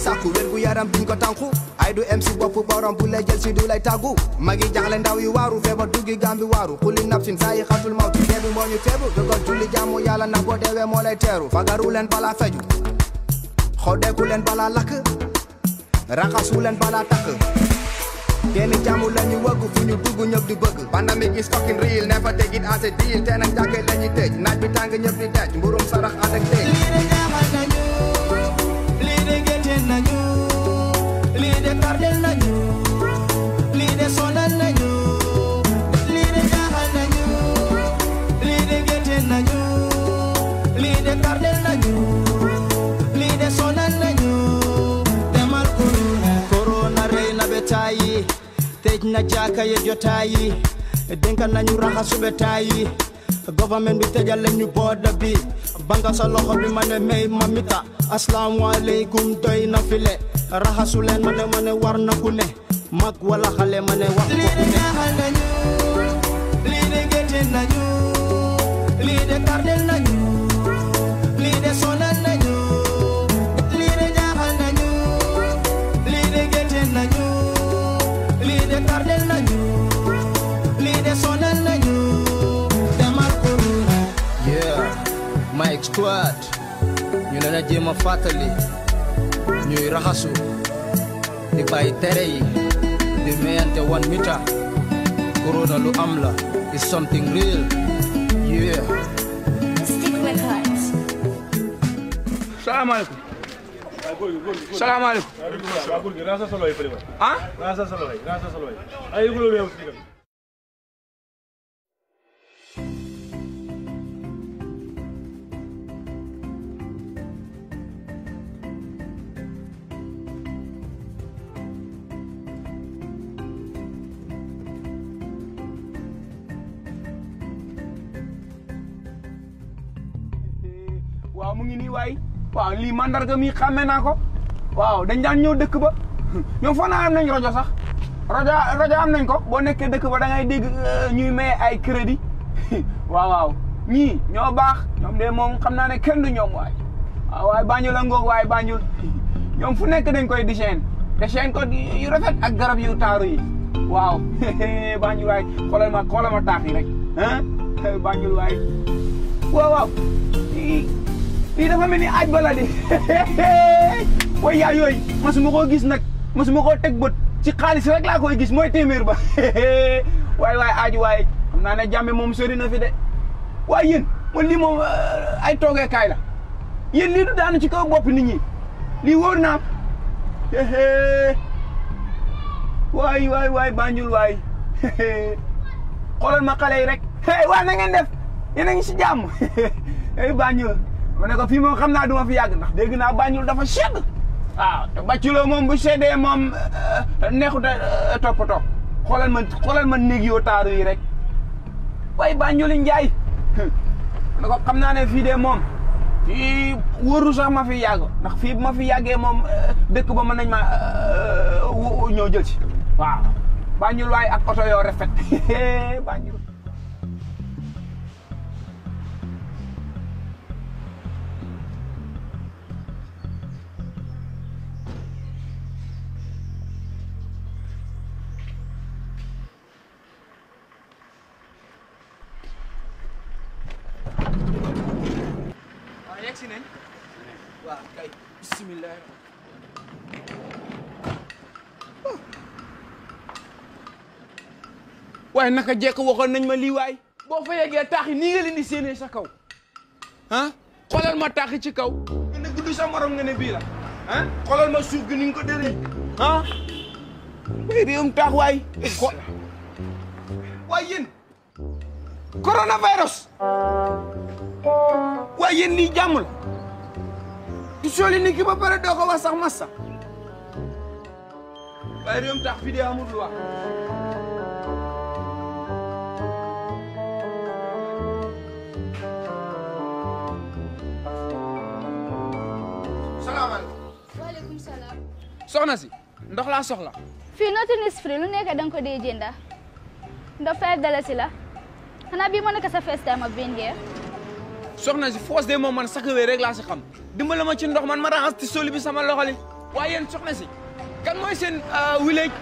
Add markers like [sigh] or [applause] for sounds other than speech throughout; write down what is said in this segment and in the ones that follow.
Saku sàkku wer gu yaram buñ ko tanku ay du MC bop borom bu lay jël si du lay tagu magi jaaxle ndaw yu waru feba duggi gambi waru kuli nafsin sayi khatul mau maw ci deebi moo ñu teebu julli jamu yalla na bo dewe mo lay teru, fagaru len bala xode ku len bala lak raxasu len bala tak Then it jamu lañu wagu fu ñu dugg di bëgg Pandemic is fucking real never take it as a deal Tenang nag lañu tej naaj bi tang ñëpp di daj mburum sarax ak tej tayi tejna jaka ye jotayi denka nañu raha suɓe tayi government bi tëjal lañu border bi banga sa loxo bi ma ne may mamita asalaamaaleykum doy na file raxasu mane mane ne ma ne war na ku ne mag wala xale ma ne squad ñu leena jema fatali ñuy raxasu di bay téré yi di meyante one meter corona lu am la is something real yeah stick with us Assalamualaikum. Assalamualaikum. ah rasa Assalamualaikum. rasa Assalamualaikum. rasa Assalamualaikum. Assalamualaikum. Assalamualaikum. meew mandarga mi xàmme naa ko waaw dañ daan ñëw dëkk ba ñoom foog naa am nañ rajo sax rajo rajo am nañ ko boo nekkee dëkk ba da ngay dégg euh, ñuy maye ay crédit [laughs] waaw waaw ñii ñoo baax ñoom de moom xam naa ne kenn du ñoom waay waaw waay Banjul a ngoog waay Banjul [laughs] ñoom fu nekk dañ koy di seen te seen ko yu rafet ak garab yu taaru yi waaw [laughs] Banjul waay xoolal ma xoolal ma taax yi Banjul waay waaw waaw ini dafa mel ni aaj bala di way [laughs] yaay mas masuma koo gis nak, masuma koo tek bot ci xaalis rek laa koy gis mooy téeméer ba waay waay aaj waay xam naa ne jàmme moom na fi de waaye yéen man lii moom ay toogeekaay la yéen lii du daanu ci kaw bopp nit ñi lii wóor naam waay waay waay Banjul waay xoolal ma rek na ngeen def yéen si ngi [laughs] si Hey Banjul mu ne ko fii moom xam naa du ma fi yàgg ndax dégg naa bañul dafa sedd waaw ah, te bàcculoo moom bu seddee moom eh, eh, neexut a eh, toppatoo xoolal ma xoolal ma néeg yoo taaru yi rek waaye Banjuli Njaay mu ne ko xam naa ne fii de moom fii wóoru sax ma fi yàgg ndax fii ma fi yàggee moom dëkk ba mën nañ ma ñëw jël ci waaw Banjul waaye ak oto yoo rafet [laughs] Banjul waaye naka jek waxon nañ ma li way bo fa yeggee taax nga leen di séenee sa kaw han xolal ma tax ci kaw nga ne gudd sa morom nga ne bi la han xolal ma suuf gi ni nga ko déree ah bay réewum tax way way yéen coronavirus way yéen ni jamul du sooli ki ba pare do ko wax sax massa waaye réewum taax fii amul wax salaamaaleykum. waaleykum salaam. soxna si ndox laa soxla. fii nooti nisfri lu nekk danga ko dee jënda ndox five dalasi la xanaa bii moo nekk sa first time of being here. soxna si foos de moom man sax weer rek laa si xam dimbale ma ci ndox man ma raxas ci soli bi sama loxo li waaye yéen soxna si kan mooy seen village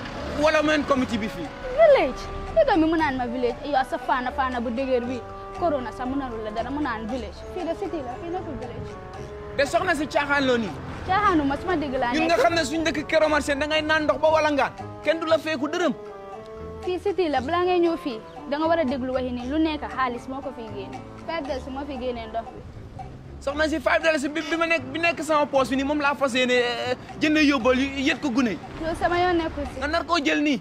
wala meen comité bi fii. village fii tamit mu naan ma village yow sa faana faana bu dëgër bi corona sax mu narul la dara mu naan village fii de city la fii nekkul village. de soxna si caaxaan loo nii. caaxaanu ma suma dégg laa ñun nga xam ne suñu dëkk Kero Marché da ngay naan ndox ba wala ngaan kenn du la feeku dërëm. fii siti la balaa ngay ñëw fii da war a déglu waxi ni lu nekk xaalis moo ko fiy génne five dalasi moo fi génne soxna si five dalasi bi ma nekk bi nekk sama poos bi nii moom laa fas yéene eh, jënd yóbbal yët ko gune. loolu sama yoon nekkul si. nga nar koo jël nii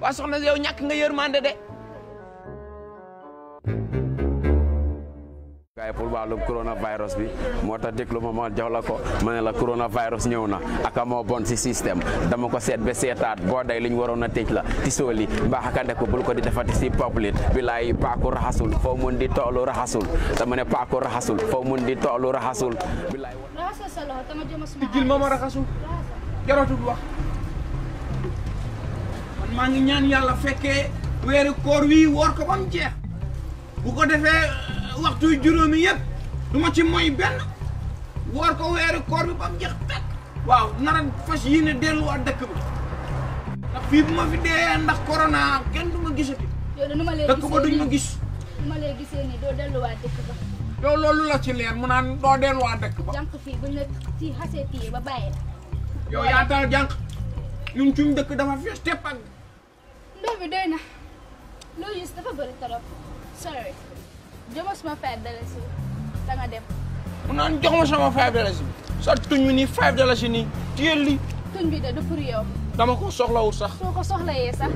waa soxna si yow ñàkk nga yërmande de. waaye pour wàllum coronavirus bi mota tax déglu ma ma jox la ko ma la coronavirus ñëw na aka moo bon ci système dama ko seet ba seetaat bo day liñ waroon a tëj la ti sooli mbaaxakande ko bul ko di defati si poplit bilaay paaku raxasul foo mun di toolu raxasul dama ne paaku raxasul foo mun di toolu raxasul bilaay jil ma ma rahasul jaratul wax man maa ngi ñaan yàlla fekkee weeru koor wi woor ko ba mu jeex bu ko defee waxtu juróomi yëpp du ma ci moy benn woor ko weeru koor bi ba mu jeex teg waaw nara fas yii ne delluwaat dëkk bi ndax fii bu ma fi dee ndax corona kenn du ma gisati dëkk ba duñ ma gis nu ma lay gisee nii yow loolu la ci leer mu naan doo delluwaat dëkk ba jànq fii buñ la ci xasee téye ba bàyyi la yow yaa tax jànq ñun suñ dëkk dafa fees tepp ak ndox bi doy na loo gis dafa bëri trop Jomos ma five dollars yi da nga dem. mu Tu jox ma sama five dollars yi sa tuñ mi nii five Tu yi nii Tu li. tuñ ya, ya, bi de du ah, pour yow. dama Tu soxlawul sax. soo ko soxlayee sax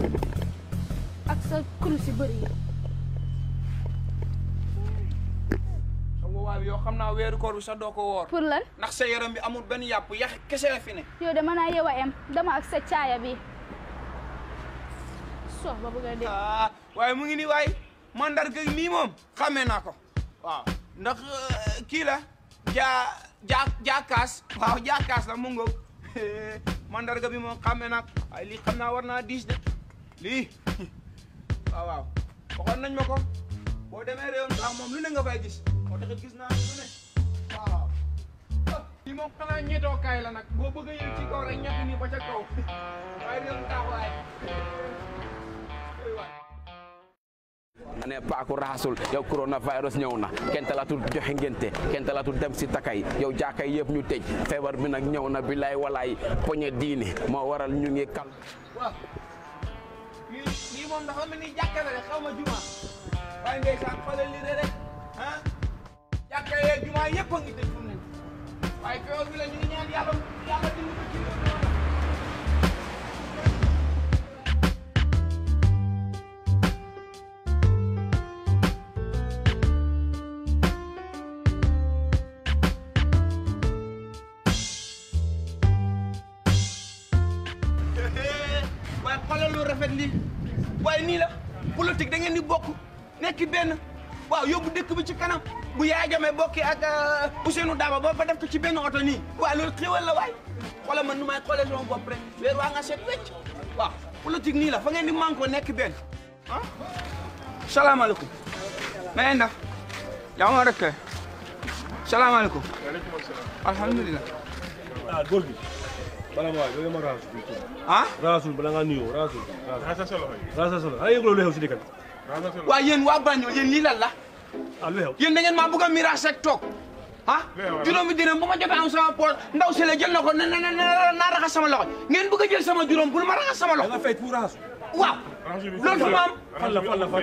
ak sa kuru si bëri Tu waaw yow xam naa weeru koor bi sax doo ko là. Tu lan ndax sa yaram bi amul benn yàpp yax kese la Tu ne. yow de mën naa yow a em dama ak sa Tu bi soo ba bëgg a dee. waaye mu ngi nii là mandarga mi mom xamé nako waaw ndax eh, ki la ja ja jakas waaw jakas la mu ngok [laughs] mandarga bi mom xamé nak ay ah, li xamna warna dis de li waaw waaw waxon nañ mako bo démé réew ndax mom lu ne nga fay gis mo taxit gis na lu ne waaw li mom xana ñeto kay la nak bo bëgg yeul ci kaw rek ñatt ni ba ca kaw way [laughs] rew taxaway ma ne paaku raxasul yow coronavirus ñëw na kenn talatul joxe ngénte kenn talatul dem si takay yow jaakay yëpp ñu tëj feebar bi nag ñëw na bilaay walaay poñe diine moo waral ñu ngi kal lii moom dafa mel ni jàkka rek xaw ma juma waaye ndeysaan fale li rek ah jàkka yeeg juma ngi tëj mu ne waaye feebar bi ñu ngi ñaan yàlla yàlla dimbali ko ci rafet li way ni la politique da ngeen di bokk nek ben waaw yóbbu dekk bi ci kanam bu yaay jame bokki ak euh, Ousseynou Daba ba ba def ko ci ben auto ni waaw loolu xewal la way xoola man numay xolé son bop rek wer wa nga set wetch waaw politique ni la fa ngeen di manko ben benn ah? salam alaykum may ndax jaamoo rek salaamaaleykum alhamdulilah ah bala ma waay loolu ma raxasu ah raxasu bala lu xew si dëkk waa yéen waa Banjul yéen lii lan la ah lu xew yéen da ngeen maa bëgg a mirage rek toog juróomi dërëm bu ma jotee am sama poos ndaw si la jël na ko na na loxo ngeen bëgg a sama juróom bul ma raxas sama loxo da nga fay pour raxasu waaw loolu fu ma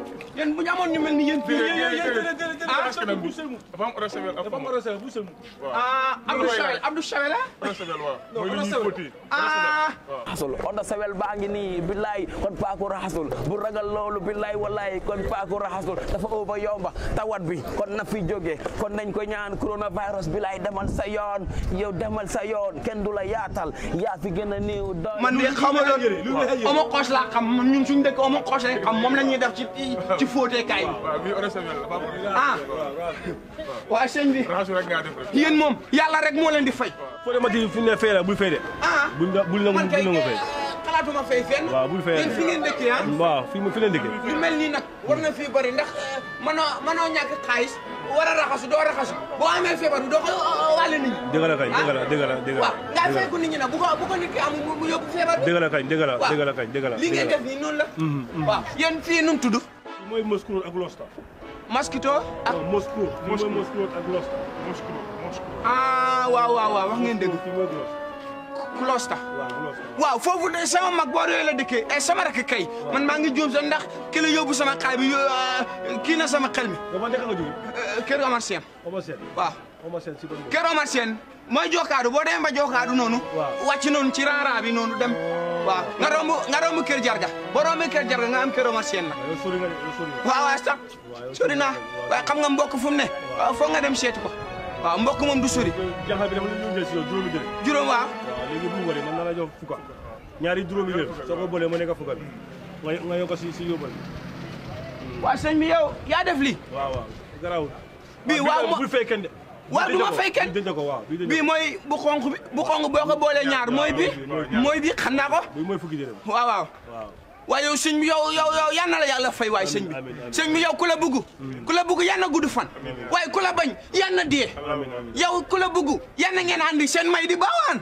yéen bu ñu amoon ñu mel ni yéen. déedéet déedéet déedéet ah dafa am Orosewel dafa am Orosewel bu sëmu. waaw ah Abdou Chawel Abdou Chawel ah. Orosewel waaw mooy lu ñuy fóoti. ah raxasul Ondo Sewel baa ngi nii billaay kon paaku raxasul bu ragal loolu billaay wallaay kon paaku raxasul dafa ëpp yomba tawat bi kon na fi jógee kon nañ ko ñaan coronavirus billaay demal sa yoon yow demal sa yoon kenn du la yaatal yaa fi gën a néew. man de xaw ma doon Omo Kos laa xam man ñun suñu dëkk Omo Kos lañ xam moom la ñuy def ci ci fóoteekaay bi ah waaw sëñ bi yeen mom yalla rek mo len di fay fóote ma di fi ne fay la bul fay de ah bul nangu bul nangu fay xalaatuma fay fenn waaw bul fay fi ngeen dëkkee ah waaw fi fi leen dëkkee lu mel nii nag war na ndax eh, manoo manoo ñàkk xaalis war raxasu doo raxasu boo amee feebar doo ko eh, eh, wàll nit ñi dëgg la kañ ah. dëgg la dëgg la nit ñi nag bu ko bu ko nit ki amul mu la kañ dëgg la dëgg li ngeen def la mm-hmm, mm-hmm. mooy Moscrot ak Losta. Mosquito ak non Moscrot. Moscrot mooy Moscrot ak ah, waaw waaw waaw wax ngeen dëgg. Losta. waa foofu de sama mag boo yooyu la dëkkee ay eh, sama rakk kay. man maa ngi juum sax ndax ki la yóbbu sama xaay bi ah, kii na sama xel mi. dafa nekk nga juum. Eh, eh, kër kër Omar Sène mooy jokkaadu boo demee ba jokkaadu noonu wàcc noonu ci raaraa bi noonu dem waaw nga romb nga romb kër jarga boo rombee kër jarga nga am kër Omar Sène la waaw waaw sax sori naa waaye xam nga mbokk fu mu ne waaw foog nga dem seeti ko waaw mbokk moom du sori juróom waaw léegi bu waree man la jox fukka ñaari juróomi lépp soo ko boolee mu nekk fukka bi nga yokk si si yóbbal waa sëñ bi yow yaa def lii waaw waaw garawul bii waaw bu fekkee waaw du ma fay kenn bii mooy bu xonq bi bu xonq boo ko boolee ñaar mooy bi mooy bi xam naa ko waaw waaw waaye yow sëñ bi yow yow yow la yàlla fay waa sëñ bi sëñ bi yow ku la bugg ku la bugg yal na fan waaye ku la bañ yal dee yow ku la bugg yal na ngeen andi seen may di baawaan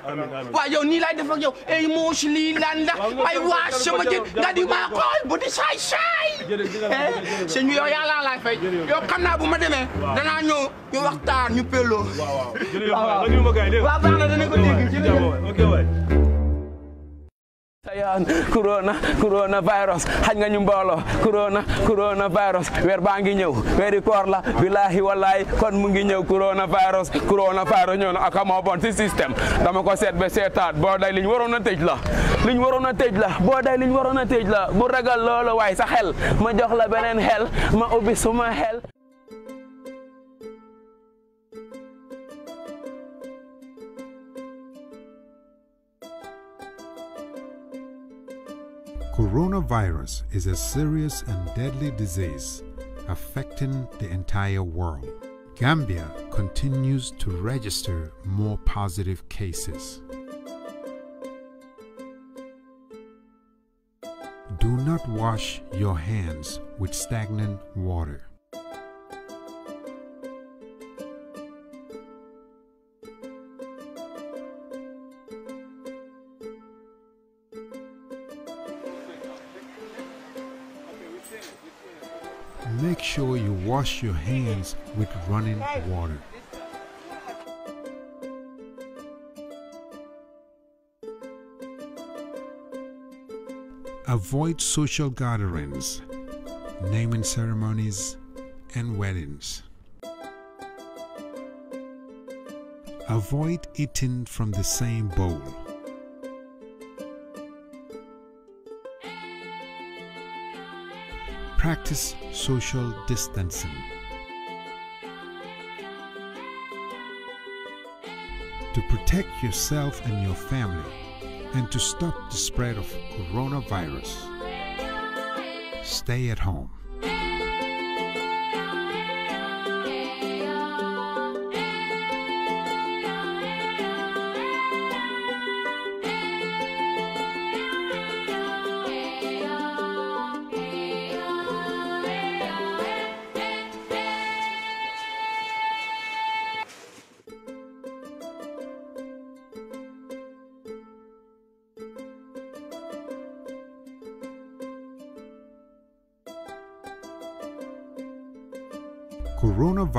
waaye yow nii laay def ak yow ay moos lii lan la ay waa sama jën nga di maa bu di saay saay eh, sëñ bi yow yàlla laay fay yow xam naa bu ma demee danaa ñëw ñu waxtaan ñu pelloo waaw waaw [laughs] baax na dana ko dégg yaan corona corona virus xaj nga ñu mbooloo corona corona virus weer baa ngi ñëw weeri koor la billaahi wallaahi kon mu ngi ñëw corona virus corona virus ñëw na aka moo bon si système dama ko seet ba seetaat boo day liñ waroon a la liñ waroon a tëj la boo day liñ waroon a tëj la bu ragal loolu waaye sa xel ma jox la beneen xel ma ubbi suma xel Coronavirus is a serious and deadly disease affecting the entire world. Gambia continues to register more positive cases. Do not wash your hands with stagnant water. make sure you wash your hands with running water. Avoid social gatherings, naming ceremonies, and weddings. Avoid eating from the same bowl. practice social distancing. To protect yourself and your family and to stop the spread of coronavirus, stay at home.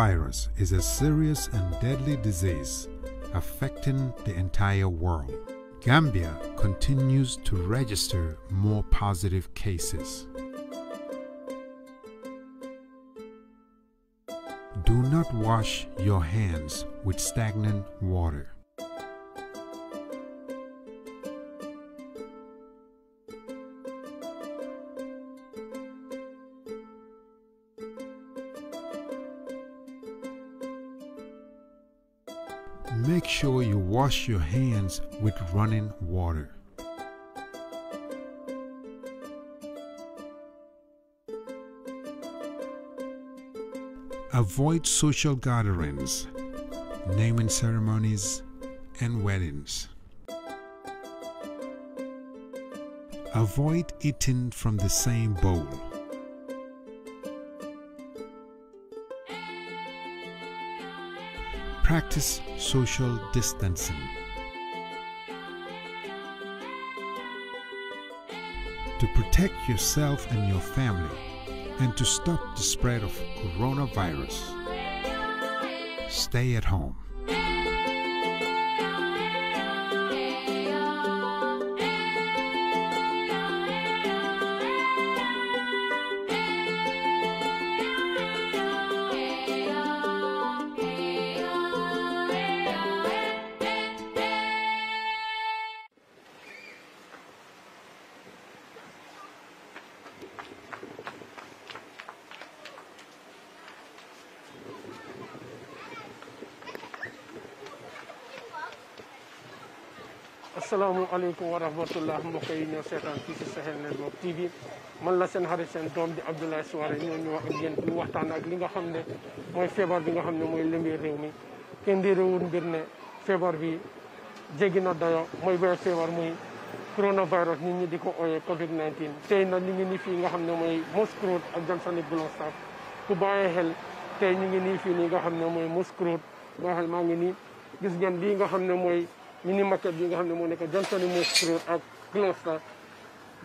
virus is a serious and deadly disease affecting the entire world. Gambia continues to register more positive cases. Do not wash your hands with stagnant water. wash your hands with running water. Avoid social gatherings, naming ceremonies, and weddings. Avoid eating from the same bowl. practice social distancing. To protect yourself and your family and to stop the spread of coronavirus, stay at home. seetaan fii si Sahel Network TV man la seen xarit seen doom di Abdoulaye Souare ñoo ñëw ak yéen pour waxtaan ak li nga xam ne mooy feebar bi nga xam ne mooy lëmbee réew mi kenn di réewul mbir ne feebar bi jéggi na dayo mooy benn feebar muy coronavirus nit ñi di ko ooyee Covid 19. tey nag ñu ngi nii fii nga xam ne mooy Mosque Road ak Johnson Blanchard ku bàyyi xel tey ñu ngi nii fii nii nga xam ne mooy Mosque Road boo xam maa ngi nii gis ngeen lii nga xam ne mooy mini market bi nga xam ne moo nekk Johnson Mosque Road ak Gloucester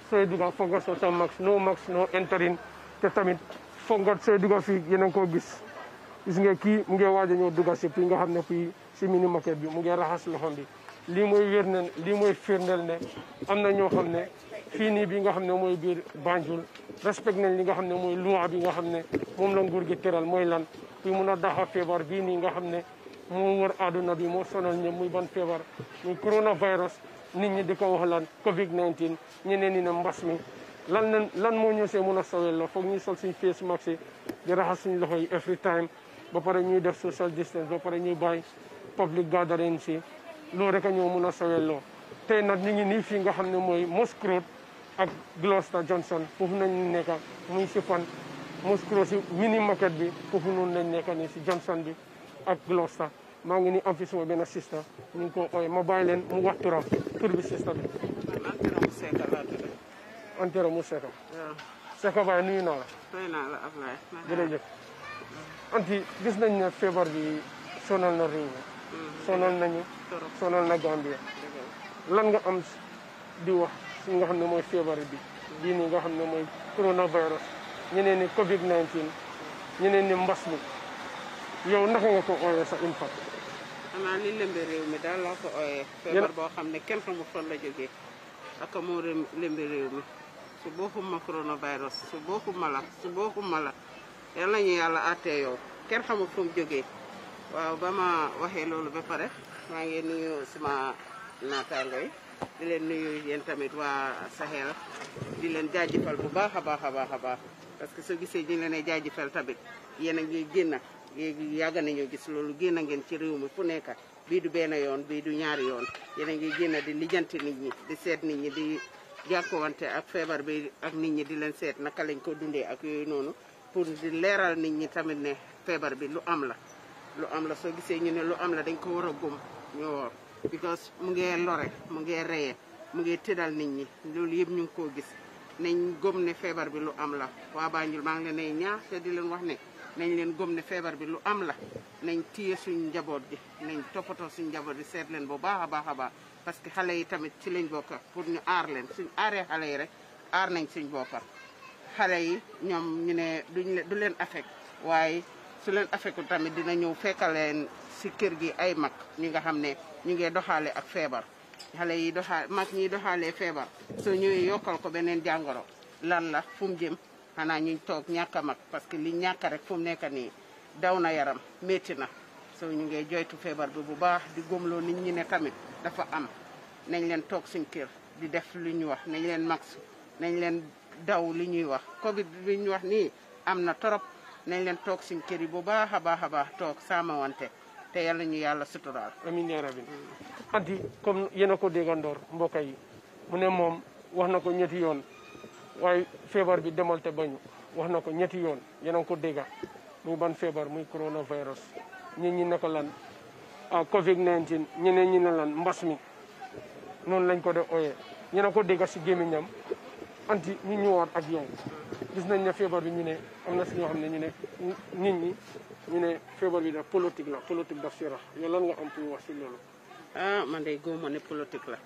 sooy dugal foogal soo sa max no max no entering te tamit fongat sooy dugal fii yéen a ngi koo gis gis nga kii mu ngi waaj a ñëw dugal si fii nga xam ne fii si mini market bi mu ngi raxas loxom bi lii mooy wér na lii mooy firndeel ne am na ñoo xam ne fii nii bi nga xam ne mooy biir Banjul respect nañ li nga xam ne mooy loi bi nga xam ne moom la nguur gi tëral mooy lan fii mun a daxa feebar bii nii nga xam ne moo bi moo sonal muy ban feebar coronavirus nit ñi di ko wax lan covid-19 ñeneen ñi ne mbas mi lan lan lan moo ñu see mun a sawel la foog ñuy sol suñ face mask yi di raxas suñ loxo yi every time ba pare ñuy def social distance ba pare ñuy bàyyi public gathering si loolu rek a ñoo mun a sawel loo tey nag ñu ngi nii fii nga xam ne mooy Mosque ak Gloucester Johnson foofu nañu nekk muy si fan Mosque si mini market bi foofu noonu lañ nekk nii si Johnson bi ak Gloucester maa ngi ni am fi sista ñu ko oy ma bàyyi leen mu wax turam tur bi sista bi antero mu seeka seeka baay nuyu na la jërëjëf anti gis nañ na feebar bi sonal na réew mm-hmm. sonal nañu sonal na Gambia lan nga am di wax ci nga xamne moy mooy bi di ni nga xamne moy coronavirus ñeneen ni covid 19 ñeneen ni mbass bi yow naka nga ko ooyee sa impact xanaa li lëmbe réew mi daal laa ko ooyee feebar boo xam ne kenn xamul fan la jógee ak moo lëmbe réew mi su bokkuma coronavirus su bokkuma la su bokkuma la yal nañu yàlla àttee yow kenn xamul fu mu jógee waaw ba ma waxee loolu ba pare maa ngi nuyu sama naataango yi di leen nuyu yéen tamit waa Sahel di leen jaajëfal bu baax a baax a baax a baax parce que soo gisee ñu leen ay jaajëfal tamit yéen a ngi génn yàgg nañoo gis loolu génn ngeen ci réew mi fu nekk bi du benn yoon bii du ñaari yoon yéen a ngi génn di lijjanti nit ñi di seet nit ñi di jàkkuwante ak feebar bi ak nit ñi di leen seet naka lañ ko dundee ak yooyu noonu pour di leeral nit ñi tamit ne feebar bi lu am la. lu am la soo gisee ñu ne lu am la dañ ko war a gum ñu woor because mu ngee lore mu ngee reye mu ngee tëddal nit ñi loolu yëpp ñu ngi koo gis nañ gëm ne feebar bi lu am la waa Banjul maa leen ay nañ leen gëm ne feebar bi lu am la nañ téye suñ njaboot gi nañ toppatoo suñ njaboot gi seet leen bu baax a baax a parce que xale yi tamit ci lañ bokk pour ñu aar leen suñ aaree xale yi rek aar nañ suñ boppam xale yi ñoom ñu ne duñ du leen affect waaye su leen affectul tamit dina ñëw fekkaleen si kër gi ay mag ñi nga xam ne ñu ngee doxaale ak feebar xale yi doxaale mag ñiy doxaalee feebar soo ñuy yokkal ko beneen jàngoro lan la fu jëm xanaa ñu toog ñàkk a mag parce que li ñàkka rek fu mu nekk nii daw na yaram métti na soo ñu ngay joytu feebar bi bu baax di gomloo nit ñi ne tamit dafa am nañ leen toog suñ kër di def lu ñu wax nañ leen max nañ leen daw li ñuy wax covid bi ñu wax nii am na torop nañ leen toog suñ kër yi bu baax a baax a baax toog saamawante te yàlla ñu yàlla suturaal amiin yaa rabbi anti comme yéen a ko déggandoor mbokk yi mu ne moom wax na ko ñetti yoon feebar bi demal te bañu wax na ko ñetti yoon yéen ko dégga muy ban feebar muy coronavirus ñi ñi ne ko lan ah, covid 19 ñeneen ñi ne lan mbas mi noonu lañ ko de ooyee ñene ko dégga si gémmiñam anti ñu ñëwaat ak yow gis nañ ne feebar bi ñu ne am na si ñoo xam ne ñu ne nit ñi ñu ne feebar bi daf politique la politique daf si rax yow lan nga am pour wax si loolu ah man de góoma ne politique la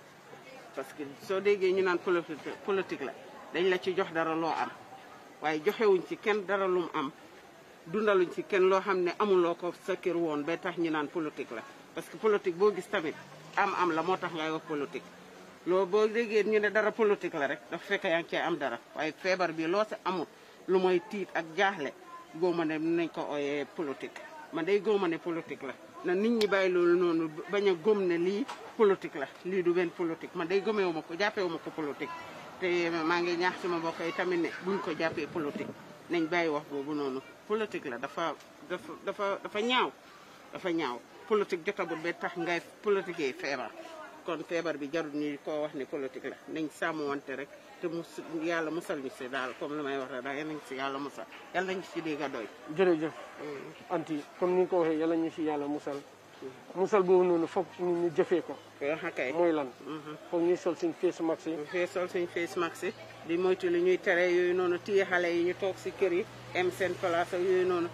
parce que soo déggee ñu naan politique la dañ la ci jox dara loo am waaye joxewuñ ci kenn dara lum am dundaluñ ci kenn loo xam ne amuloo ko sa kër woon ba tax ñu naan politique la parce que politique boo gis tamit am am la moo tax ngay wax politique loolu boo déggee ñu ne dara politique la rek dafa fekkee yaa ngi cee am dara waaye feebar bi loo si amul lu mooy tiit ak jaaxle góoma ne nañ ko ooyee politique man day góoma ne politique la na nit ñi bay loolu noonu bañ a góom ne lii politique la lii du benn politique man day gómewu ko jàppewu ma ko te maa ngi ñaax sama mbokk yi tamit ne buñ ko jàppee politique nañ bàyyi wax boobu noonu politique la dafa dafa dafa dafa ñaaw dafa ñaaw politique jotagul ba tax ngay politiquee feebar kon feebar bi jarul ñu ko wax ne politique la nañ sàmmwante rek te mus yàlla musal ñu si daal comme li may wax rek daal yàlla nañ si yàlla musal yàlla nañ si dégg a doy jërëjëf mm. anti comme ni nga ko ñu si yàlla musal mu sol boobu noonu foog ñu ñu jëfee ko. mooy lan. Mhm. foog ñuy suñ face mask yi. ñu sol suñ face mask yi di moytu li ñuy tere yooyu noonu téye xale yi ñu toog si kër yi am seen place ak yooyu noonu.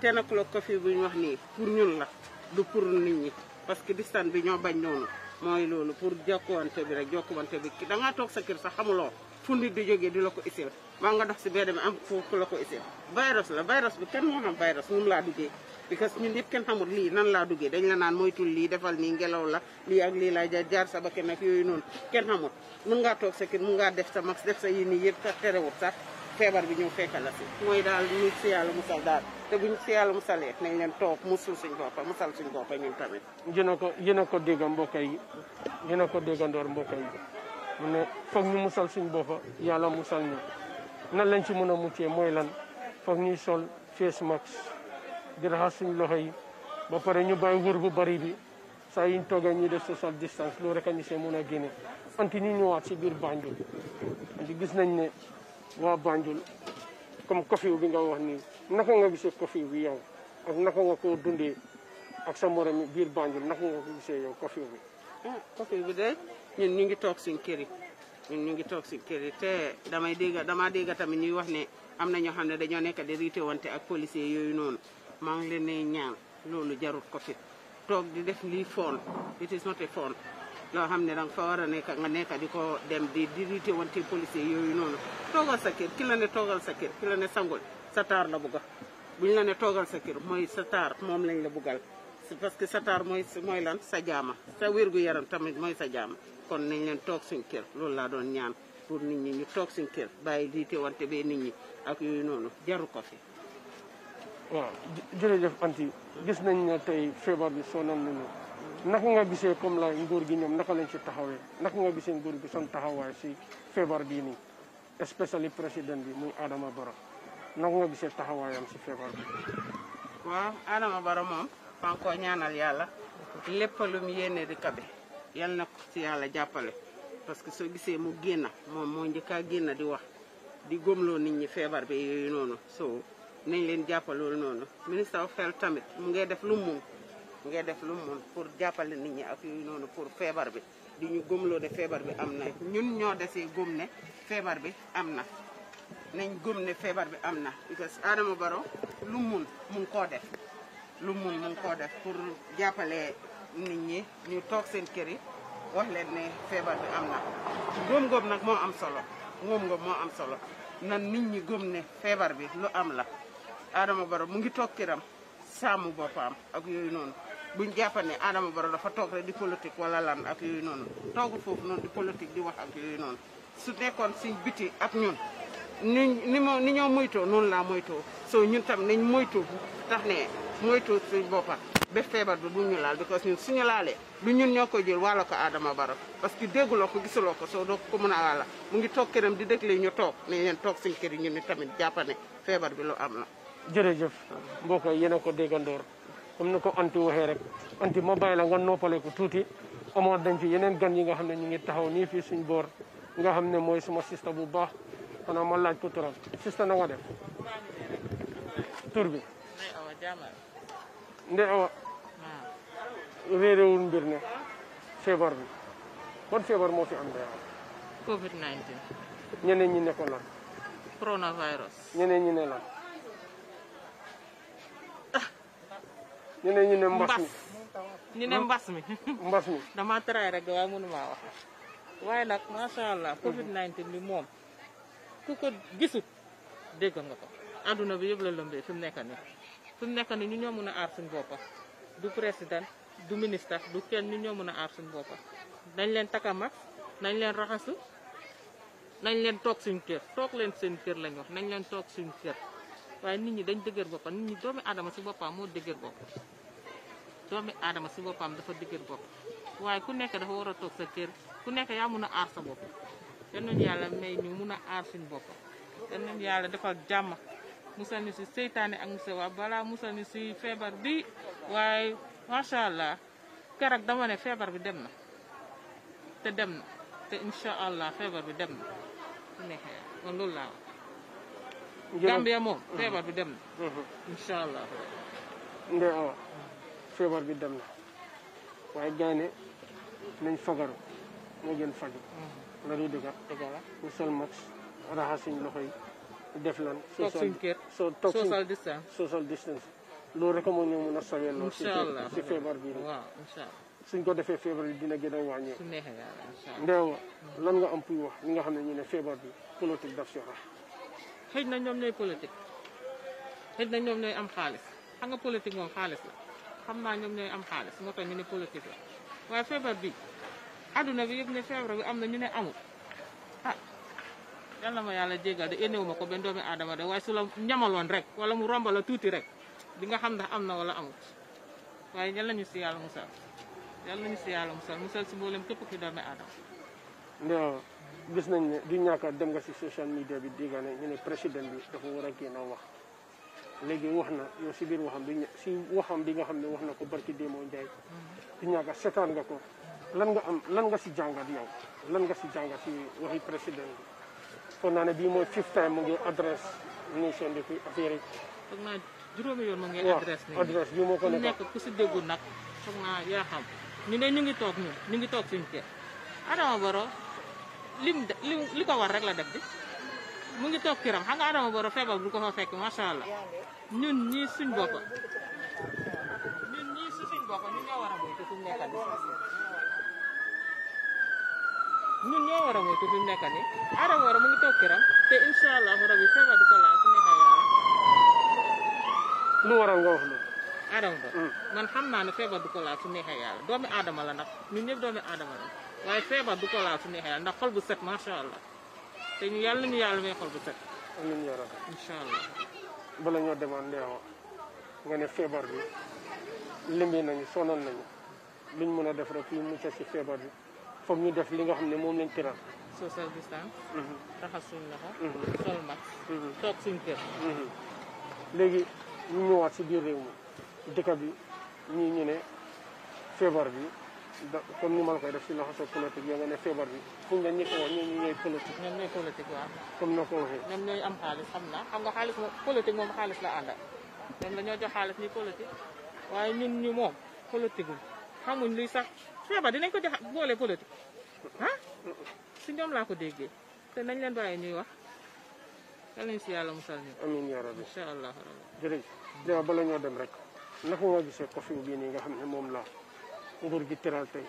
ten o'clock coffee bu ñu wax nii pour ñun la du pour nit ñi parce que distance bi ñoo bañ noonu mooy loolu pour jokkuwante bi rek jokk jokkuwante bi da ngaa toog sa kër sax xamuloo fu nit di jógee di la ko isil maa nga dox si bee demee am foofu la ko isil virus la virus bi kenn moo xam virus moom laa duggee because ñun yëpp kenn xamul lii nan laa duggee dañ la naan moytul lii defal nii ngelaw la lii ak lii laa jaar sa bakkan ak yooyu noonu kenn xamul mun ngaa toog sa kër mun ngaa def sa max def sa yi nii yëpp sax terewut sax feebar bi ñëw fekk la si mooy daal ñu si yàlla musal daal te buñ si yàlla musalee nañ leen toog musul suñ boppa musal suñ boppa ñun tamit yéen a ko ko dégg mbokk yi yéen a ko déggandoor mbokk yi mu ne foog ñu musal suñ boppa yàlla musal ñu nan lañ ci mën a muccee mooy lan foog ñuy sol face mask di raxas suñu loxo yi ba pare ñu bàyyi wër bu bari bi saa yuñ ñu de def social distance loolu rek a ñu see mun a génne anti ñu ñu ñëwaat si biir Banjul anti gis nañ ne waa Banjul comme curfew bi nga wax ni nako nga gisee curfew bi yow ak naka nga koo dundee ak sa morom yi biir Banjul naka nga ko gisee yow curfew bi hmm, curfew bi de ñun ñu ngi toog suñ kër yi ñu ngi toog si kër yi te damay dégg damaa dégg tamit ñuy wax ne am na ñoo xam ne dañoo nekk di riite wante ak policier yooyu noonu maa ngi leen di ñaan loolu jarut kofi toog di def lii foon it is not a foon loo xam ne danga fa war a nekk nga nekk di ko dem di dirité wante policier yooyu noonu toogal sa kër ki la ne toogal sa kër ki la ne sangul sa taar la bugga buñ la ne toogal sa kër mooy sa taar moom lañ la buggal parce que sa taar mooy mooy lan sa jaama sa wérgu yaram tamit mooy sa jaama kon nañ leen toog suñ loolu laa doon ñaan pour nit ñi ñu toog suñ kër bàyyi diite wante bee nit ñi ak yooyu noonu jaru ko fi waaw jërëjëf anti gis nañ ne tey feebar bi sonal nañu naka nga gisee comme la nguur gi ñoom naka lañ si taxawee naka nga gisee nguur gi son taxawaay si feebar bii nii especially président bi muy Adama Barrow naka nga gisee taxawaayam si feebar bi. waaw Adama Barrow moom maa ngi ñaanal yàlla lépp lu mu yéene di kabe yal na ko si yàlla jàppale parce que soo gisee mu génn moom moo njëkk a génn di wax di gomloo nit ñi feebar bi yooyu noonu so nañ leen jàppale noonu ministre of health tamit mu ngay def lu mu mun mu ngay def lu mun pour jàppale nit ñi ak yooyu noonu pour feebar bi di ñu gëmloo de feebar bi am na ñun ñoo desee gëm ne feebar bi am na nañ gëm ne feebar bi am na because Adama Barrow lu mun mu koo def lu mu ngi koo def pour jàppale nit ñi ñu toog seen kër yi wax feebar bi am na nag moo am solo gëm-gëm moo am solo nan nit ñi gëm ne feebar bi lu am la Adama Baro mu ngi toog këram saamu boppam ak yooyu noonu buñ jàpp ne Adama Baro dafa toog rek di politique wala lan ak yooyu noonu toogu foofu noonu di politique di wax ak yooyu noonu su nekkoon si biti ak ñun ni ni moo ni ñoo moytoo noonu laa moytoo soo ñun tam nañ moytoo tax ne moytoo suñ boppam ba feebar bi bu ñu laal because ñun suñu laalee du ñun ñoo ko jël wàlla ko Adama Baro parce que dégguloo ko gisuloo ko soo doo ko mën a wàlla mu ngi toog këram di déglee ñu toog ne leen toog suñ kër yi ñun ni tamit jàpp feebar bi lu am la jërëjëf mbokk yi yéen a ko déggandoor comme ni ko anti waxee rek anti ma bàyyi la nga noppale ko tuuti amoon dañ fi yeneen gan yi nga xam ne ñu ngi taxaw nii fii suñ boor nga xam ne mooy suma sista bu baax xanaa ma laaj ko turam sista na nga def tur bi nde awa réeréwul mbir ne feebar bi kon feebar moo fi am de covid 19 ñeneen ñi ne ko lan coronavirus ñeneen ñi ne lan ñu ne ñu mbas mi ñu ne mbas mi. mbas mi [laughs] damaa tëraay rek waaye mënu maa wax. waaye nag macha allah Covid 19 bi moom ku ko gisut dégg nga ko. àdduna bi yëpp la lëmbee fi mu nekk nii fi mu nekk nii ñu ñoo mën a aar suñu boppa du président du ministre du kenn ñu ñoo mën a aar suñu boppa nañ leen takka mag nañ leen raxasu nañ leen toog suñu kër toog leen seen kër lañ wax nañ leen toog suñu kër. waaye nit ñi dañ dëgër boppam nit ñi doomi adama si boppam moo dëgër bopp doomi aadama si boppam dafa dëgër bopp waaye ku nekk dafa war a toog sa kër ku nekk yaa mun a aar sa bopp yal yàlla may ñu mun a aar suñu bopp yal nañu yàlla defal jàmm musal ñu si seytaane ak musal waa balaa musal ñu si feebar bi waaye macha allah keroog dama ne feebar bi dem na te dem na te incha allah feebar bi dem na ku nekk kon loolu laa wax Gambia moom mm-hmm. feebar bi dem na mm-hmm. allah ndey bi dem na waaye gaynde nañ fagaru moo gën faju mm-hmm. la du dëgga ñu sol max raxas suñ loxo yi def lan so toog social distance social distance loolu rek moo ñu mën a sawee si feebar bi suñ ko defee feebar bi dina gën a wàññeeku ndeewa lan nga am puy wax ñi nga xam ne ñu ne feebar bi politique daf si rax xëj na ñoom ñooy politique xëj na ñoom ñooy am xaalis xam nga politique moom xaalis la xam naa ñoom ñooy am xaalis moo tax ñu ne politique la waaye feebar bi adduna bi yëpp ne feebar bi am na ñu ne amul ah yal na ma yàlla jéggal de éneewu ma ko benn doomi adama de waaye su la ñamaloon rek wala mu rombala tuuti rek di xam ndax am na wala amut waaye yal nañu si yàlla musal yal nañu si yàlla mu musal si mboolem képp ki doomi aadama gis nañ ne du ñàkk dem nga si social media bi dégg ne ñu ne président bi dafa war a génn wax léegi wax na yow si biir waxam bi si waxam bi nga xam ne wax na ko barki démoo njaay du ñàkk setaan nga ko lan nga am lan nga si jàngat yow lan nga si jàngat si waxi président bi foog naa ne bii mooy fifth time mu ngi adresse nation bi affaire yi foog naa juróomi yoon mu ngi adresse nii adresse bi moo ko nekk ku si déggu nag foog naa yaa xam ñu ne ñu ngi toog ñu ñu ngi toog suñu kër Adama Barrow lim li ko war rek la def bi mu ngi toog këram xam nga Adama Barrow feebar bu ko fa fekk macha allah ñun ñii suñ bopp ñun ñii suñ bopp ñun ñoo war a moytu mu nekk nii ñun war a moytu fi mu nekk nii Adama Barrow mu ngi toog këram te incha allah rabi feebar du ko laal ku nekk yàlla. lu waral Adama Barrow mm. man xam naa ne feebar du ko laal ku nekk doomi Adama la nag ñun ñëpp doomi Adama la. waaye feebar du ko laal su neexee yàlla ndax xol bu set macha allah te ñu yàlla nañu yàlla may xol bu set. amiin yaa rabbi incha allah. bala ñoo demaan Léona nga ne feebar bi limbi nañu sonal nañu luñ mën a def rek ñu mucc si feebar bi foog ñu def li nga xam ne moom lañ tëral. social distance. Mhm. raxas suñ loxo. Mhm. sol max. Mhm. toog suñ kër. léegi ñu ñëwaat si biir réew bi ñii ñu ne feebar bi. comme ni ma koy def si loxo politique yoo nga ne feebar bi fu ñu la ko wax ñoom ñooy politique. ñoom ñooy politique waaw. comme na ko waxee. ñoom ñooy am naa xam nga xaalis moom politique moom xaalis la àndal ñoom dañoo jox xaalis ni politique waaye ñun ñu moom politique gu xamuñ luy sax feebar dinañ ko jox boole politique ah si ñoom laa ko déggee te nañ leen bàyyi ñuy wax. yal nañ si yàlla musal ñu. amiin yaa rabbi incha allah. jërëjëf. jërëjëf bala ñoo dem rek naka nga gisee couvre-feu bii nii nga xam ne moom la nguur gi tëral tey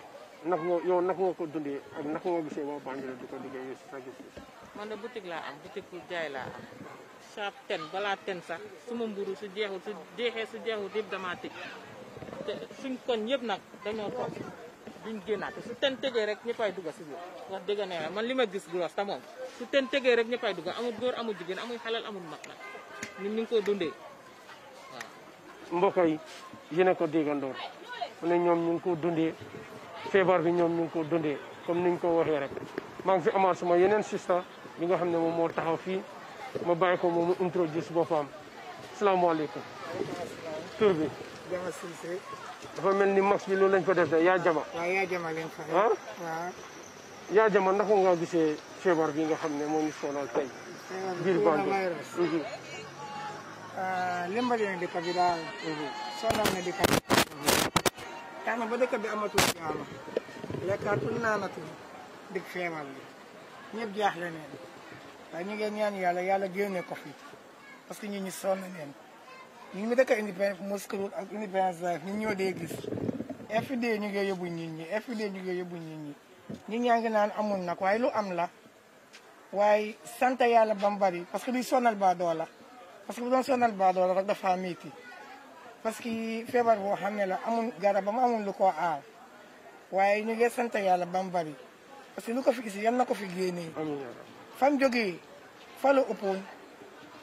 nak nga yow nak nga ko dundee ak nak nga gisee waa Banjul di ko liggéey si sa gis man de boutique laa am boutique pour jaay laa am saab ten balaa ten sax su ma mburu su jeexul su jeexee su jeexul yëpp damaa tëj te suñ koñ yëpp nag dañoo toog duñ génnaat su ten tëgee rek ñëppay dugg si biir wax man li ma gis gros ta moom su ten tëgee rek ñëppay dugg amul góor amul jigéen amul xalal amul mag nag ñun ñu ngi ko dundee waaw mbokk yi yéen a ko déggandoor mu ne ñoom ñu ngi ko dundee feebar bi ñoom ñu ngi ko dundee comme niñ ko waxee rek maa ngi fi amaat suma yeneen sista bi nga xam ne moom moo taxaw fii ma bàyyi ko moom mu introduce boppam salaamaaleykum tur bi jama silsé dafa mel ni max bi loolu lañ ko def yaa jama waaw yaa jama leen fa ah waaw yaa nga gisee feebar bi nga xam ne moo ñu sonal tey biir Banjul limba dina dëkk bi daal mhm. sonal na dëkk tax na ba dëkk bi amatul jàmm lekkaatul naanatul dëkk feebar bi ñëpp jaaxle neen waaye ñu ngeen ñaan yàlla yàlla génne ko fi parce que ñi ñi sonn neen ñu ngi dëkk Independence Mosque Road ak Independence Drive ñu ñoo dee gis FID ñu ngi yóbbu nit ñi FID ñu nit ñi nit ñaa ngi naan amul nag waaye lu am la waaye sant yàlla ba mu bari parce que duy sonal baadoola parce que bu doon sonal baadoola rek dafa métti parce que feebar boo xam ne la amul garabam amul lu ko aar waaye ñu ngi sant yàlla ba mu bari parce que lu ko fi gis yan na ko fi génnee. fam jógee fa la ëppoon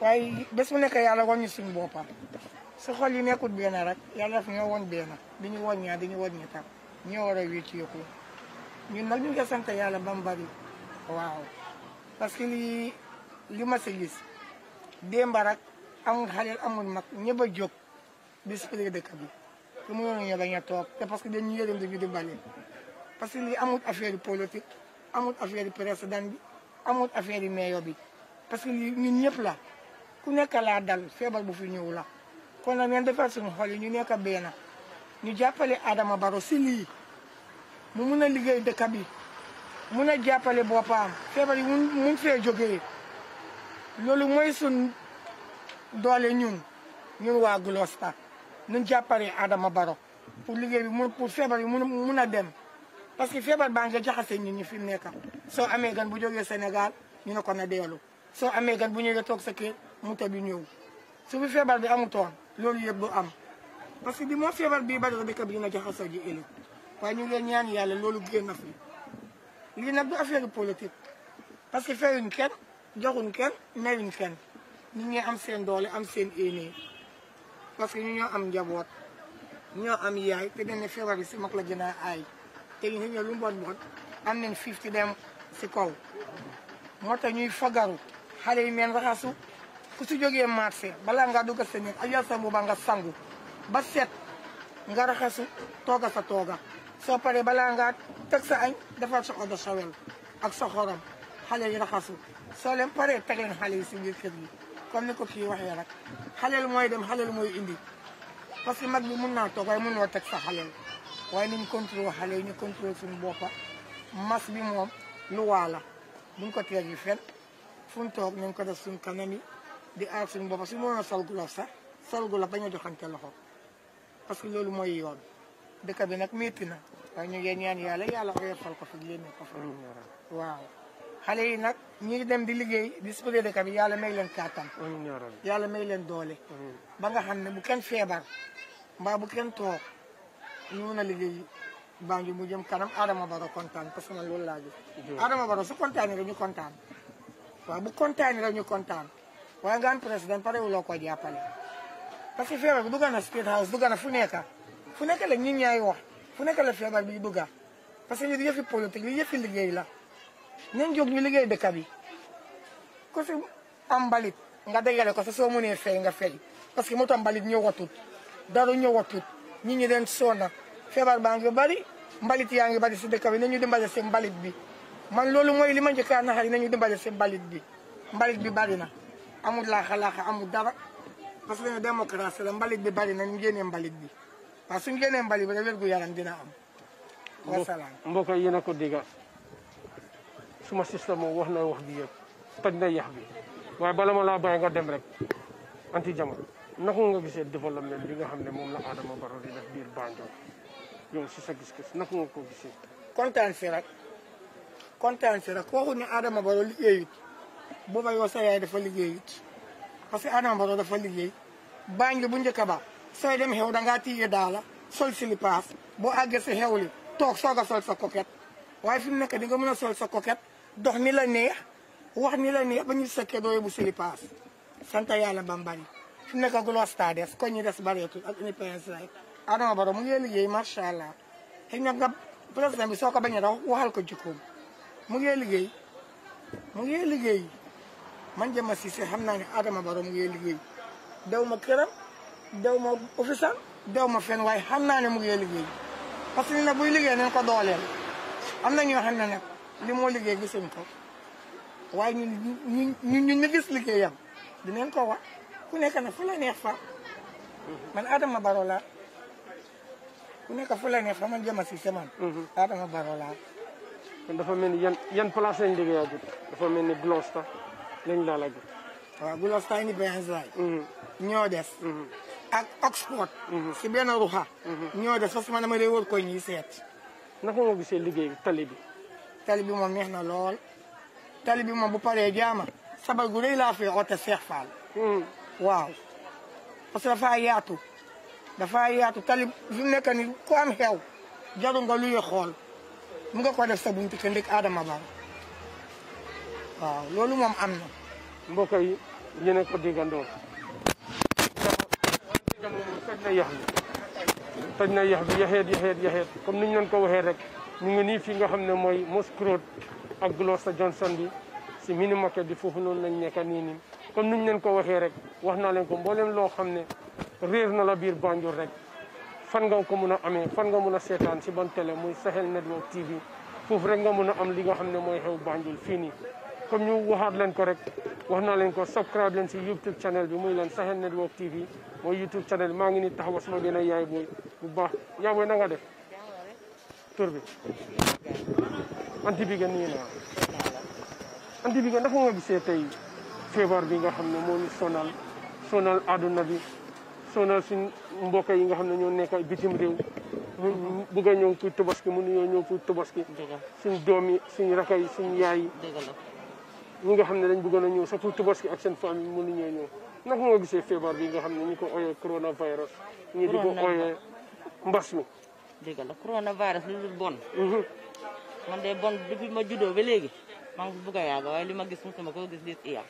waaye bés bu yàlla woon ñu suñu boppam su xol yi nekkul benn rek yàlla daf ñoo woon benn di ñu woon ñaar di ñu woon ñettam ñoo war a wécceeku ñun nag ñu ngi sant yàlla ba bari waaw parce que li ma si gis démb rek amul xaleel amul mag ñëpp a jóg. discipline dëkk bi lu mu doon ñu dañuy toog te parce que dañuy yërëm di di bale parce que lii amul affaire politique amul affaire président bi amul affaire maire bi parce que lii ñun ñëpp la ku nekk laa dal feebar bu fi ñëw la kon nag neen defar suñu xol yi ñu nekk benn ñu jàppale Adama Barrow si lii mu mun a liggéey dëkk bi mun a jàppale boppam feebar yi mun mun fee jógee loolu mooy suñ doole ñun ñun waa Gloucester nuñ jàppale Adama Baro pour liggéey bi mun pour feebar bi mun mun a dem parce que feebar baa nga jaxase nit ñi fi mu nekk soo amee gan bu jógee senegal ñu ne a na deelu soo amee gan bu ñëwee toog sa kër mu tëdd ñëw su fi feebar bi amutoon loolu yëpp du am parce que bi moo feebar bii bari dëkk bi dina jaxasoo ji ëllëg waaye ñu ngi leen ñaan yàlla loolu génn na fi lii nag du affaire politique parce que feyuñ kenn joxuñ kenn mayuñ kenn nit ñi am seen doole am seen éenée parce que ñu ñu am njaboot ñoo am yaay te dañ ne si mag la gën a aay te ñu ñoo lu mbot mbot am nañ fifty dem si kaw moo tax ñuy fagaru xale yi men raxasu ku si jógee marché balaa ngaa dugg sa néeg ak yor sa mbubb nga sangu ba set nga raxasu tooga sa tooga soo paree balaa nga teg sa añ defar sa eau de ak sa xorom xale yi raxasu soo leen paree teg leen xale yi si biir comme ni ko kii waxee rek xaleel mooy dem xaleel mooy indi parce que mag bi mun naa toog waaye mënoo teg sa xaleel waaye ni ñu contrôle xale yi ñu contrôle suñu boppa mas bi moom lu waa buñ ko teg yi fen fu mu ko def suñ kanam di aar suñu boppa su mënoon sol gu sax sol gu la joxante loxo parce que loolu mooy yoon dëkk bi nag métti na ñu ngeen ñaan yàlla yàlla oyofal ko fi génne ko fa waaw xale yi nag ñuy dem di liggéey di sauver dëkk bi yàlla may leen kàttan yàlla may leen doole ba nga xam ne bu kenn feebar mbaa bu kenn toog ñu mun a liggéey Banjul mu jëm kanam Adama Barrow kontaan parce que man loolu laa gis Adama Barrow su kontaan rek ñu kontaan waaw bu kontaan rek ñu kontaan waaye nga am président pare wuloo ko jàppale parce que feebar bi dugg na State House dugg na fu nekk fu nekk la ñi ñaay wax fu nekk la feebar bi dugg parce que li yëfi politique li yëfi liggéey la nañ jóg ñu liggéey dëkk bi ku si am mbalit nga dégale ko sa soo mënee fay nga fay parce que moo tax mbalit ñëwatut dara ñëwatut nit ñi den soona feebar baa ngi bari mbalit yaa ngi bari si dëkk bi nañu dimbale si mbalit bi man loolu mooy li ma njëkkaa naxari nañu dimbale si mbalit bi mbalit bi bari na amul laaxa laaxa amul dara parce que démocratie la mbalit bi bari na ñu génnee mbalit bi waaw suñ génnee mbalit bi rek wér gu yaram dina am wasalaam mbokk yi na ko diga suma système moom wax na wax gi yëpp toj na yax bi waaye bala ma laa bàyyi nga dem rek anti jama naka nga gisee développement bi nga xam ne moom la Adama Barrow i def biir Banjul yow si sa gis-gis naka nga ko gisee. kontaan si rek ne Adama Barrow liggéeyut booba yow sa yaay dafa liggéeyut parce que Adama Barrow dafa liggéey Banjul bu njëkk ba sooy dem xew da ngaa tiye daala sol silipaas boo àggee si xew li toog soog a sol sa coquette waaye fi mu nekk di nga mën a sol sa coquette. dox ni la neex wax ni la neex ba ñu sekkee doo yóbbu sili paas sant yàlla bambali fi mu nekk gloss taa des ko ñu des bareetul ak UPS lay Adama Barrow mu ngi liggéey macha allah xëy na nga soo ko bañ a daw waxal ko jikkoom mu ngi liggéey mu ngi liggéey man jëma si si xam naa ne Adama Barrow mu ngi liggéey daw ma këram daw ma office am daw ma fen waaye xam naa ne mu ngi liggéey parce que na buy liggéey nañ ko dooleel am na ñoo xam na li moo liggéey gisuñ ko waaye ñun ñun ñu gis liggéeyam dinañ ko wax ku nekk nag fu la neex fa man Adama Baro laa ku nekk fu la neex fa man jëma si man. Mhm. Adama Baro laa. kon dafa mel ni yan yan place lañ liggéeyaagut dafa mel ni Glosta lañ laa la gis. waaw Glosta ni Bayanzwaay. ñoo des. Mhm. ak Oxford. Mhm. si benn ruxa. ñoo des parce que ma dama dee wër koy ñuy seet. naka nga gisee liggéey tali bi. tali bi moom neex na lool tali bi moom bu paree jaama sabar gu rëy laa fee oote Seex Faal hmm. waaw parce que dafa yaatu dafa yaatu tali fi nekk ni ku am xew jaru luye xool mu nga ko def sa buntu te ndek Adama Ba waaw loolu moom am na mbokk yi yéen a ko déggandoo toj na yax bi toj na yax bi yaxeet yaxeet yaxeet comme niñ leen ko waxee rek ñu ngi nii fi nga xam ne mooy Mosque Road ak Gloster Johnson bi si mini market bi foofu noonu lañ nekka nii nii comme nuñ leen ko waxee rek wax naa leen ko mbooleem loo xam ne réer na la biir Banjul rek fan nga ko mun a amee fan nga mun a seetaan si ban télé muy Sahel Network TV foofu rek nga mun a am li nga xam ne mooy xew Banjul fii nii comme ñu waxaat leen ko rek wax naa leen ko subscribe leen si YouTube channel bi muy lan Sahel Network TV mooy YouTube channel maa ngi ni taxaw sama benn yaay booy bu baax yaa booy na nga def tur bi anti Bigué nuyu naa anti Bigué ndax nga gisee tey feebar bi nga xam ne moo ñu sonal sonal àdduna bi sonal suñ mbokk yi nga xam ne ñoo nekk bitim réew mu bëgg a ñëw pour tabaski mu nuyoo ñëw pour tabaski suñ doom yi suñ raka yi suñ yaay yi nga xam ne dañ bëggoon a ñëw sax pour tabaski ak seen famille mënuñoo ñëw naka nga gisee feebar bi nga xam ne ñu ko ooyee coronavirus ñi di ko ooyee mbas mi dégg la coronavirus lu dul bon. Mhm. man de bon depuis ma juddoo ba léegi maa ngi bugg a waaye li ma gis mosuma koo gis this year.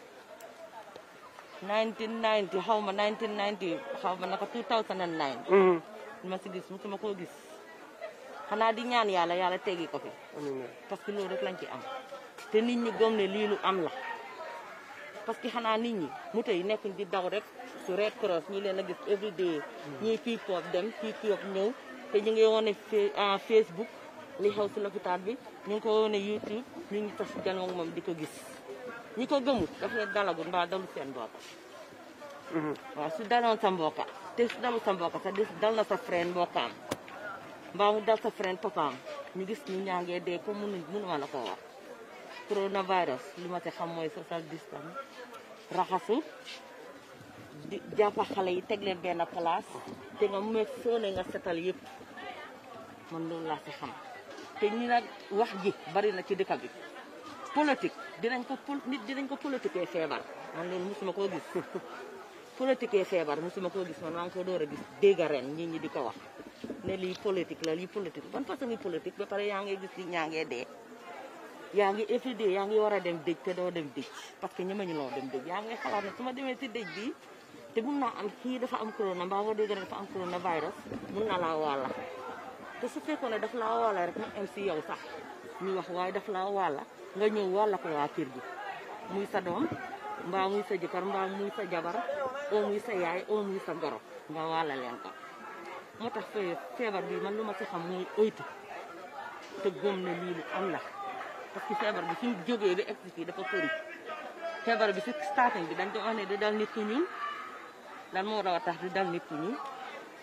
1990 xaw ma 1990 xaw ma naka 2009. Mhm. li ma si gis mosuma koo gis xanaa di ñaan yàlla yàlla teggi ko fi. parce que loolu rek lañ ci am. te nit ñi gëm ne am la. parce que xanaa nit ñi moto yi nekkuñ di daw rek su Red Cross ñi leen a gis every day. Mhm. ñii fii foofu dem fii foofu ñëw. té ñu ngi wone en ah, facebook li xew ci l'hôpital bi ñu ko wone youtube ñu ngi tas janoog moom mom diko gis ñu ko gëmul daf ne dalagu mbaa dalu seen hmm wa su dalon sa mboka té su dalu sa mboka sa des dal na sa frère mbokkaam mbaa mu dal sa frère papaam ñu gis ñu ñangé dé ko mënu mënu wala ko wax coronavirus li ma xam moy social distance raxasu di jafa xalé yi tegg leen benn place té nga mëk soo nga sétal yépp man loolu laa fi xam te ñi nag wax ji bari na ci dëkk bi politique dinañ ko nit dinañ ko politiquee feebar man loolu mosuma koo gis [laughs] politiquee feebar mosuma koo gis man maa ngi ko door a gis dégg ren ñii ñi di ko wax ne lii politique la lii politique ban façon bi politique ba pare yaa ngi gis li ñaa ngee dee yaa ngi étudier yaa ngi war a dem dëj te doo dem dëj parce que ñemeñu loo dem dëj yaa ngi xalaat ne su ma demee si dëj bi te mun naa am kii dafa am corona mbaa nga dégg dafa am corona virus mun na laa wàlla te su fekkoon ne daf laa waala rek mu em si yow sax ñu wax waaye daf laa waala nga ñëw walla ko waa kër muy sa doom mbaa muy sa jëkkër mbaa muy sa jabar oo muy sa yaay oo muy sa goro nga waala leen ko moo tax feebar bi man lu ma ci xam mooy oytu te gëm ne am la parce que feebar bi suñ jógee ba egsi fii dafa sori feebar bi si starting bi dañ ko wax ne du dal nit ku ñuul lan moo war tax du dal nit ku ñuul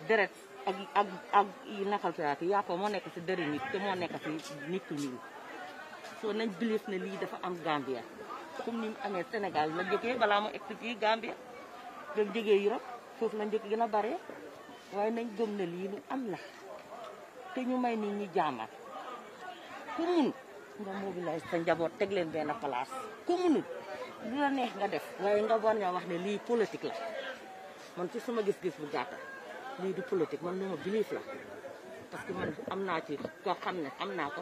deret ak ak ak yi nakal salaatu yàpp ya, moo nekk si dëri nit te moo nekk si nit ku ñuul nañ bilif ne lii dafa am Gambia comme ni mu amee Sénégal la jógee balaa mu expliqué Gambia dem jógee Europe foofu la njëkk gën a bare waaye nañ gëm ne lii lu am la te ñu may nit ñi jaamal ku mun nga mobilise sa njaboot teg leen benn place ku lu la neex nga def waaye nga nga wax ne politique la man ci suma gis-gis bu lii du politique man lu ma biliif la parce que man naa ci koo xam ne am naa ko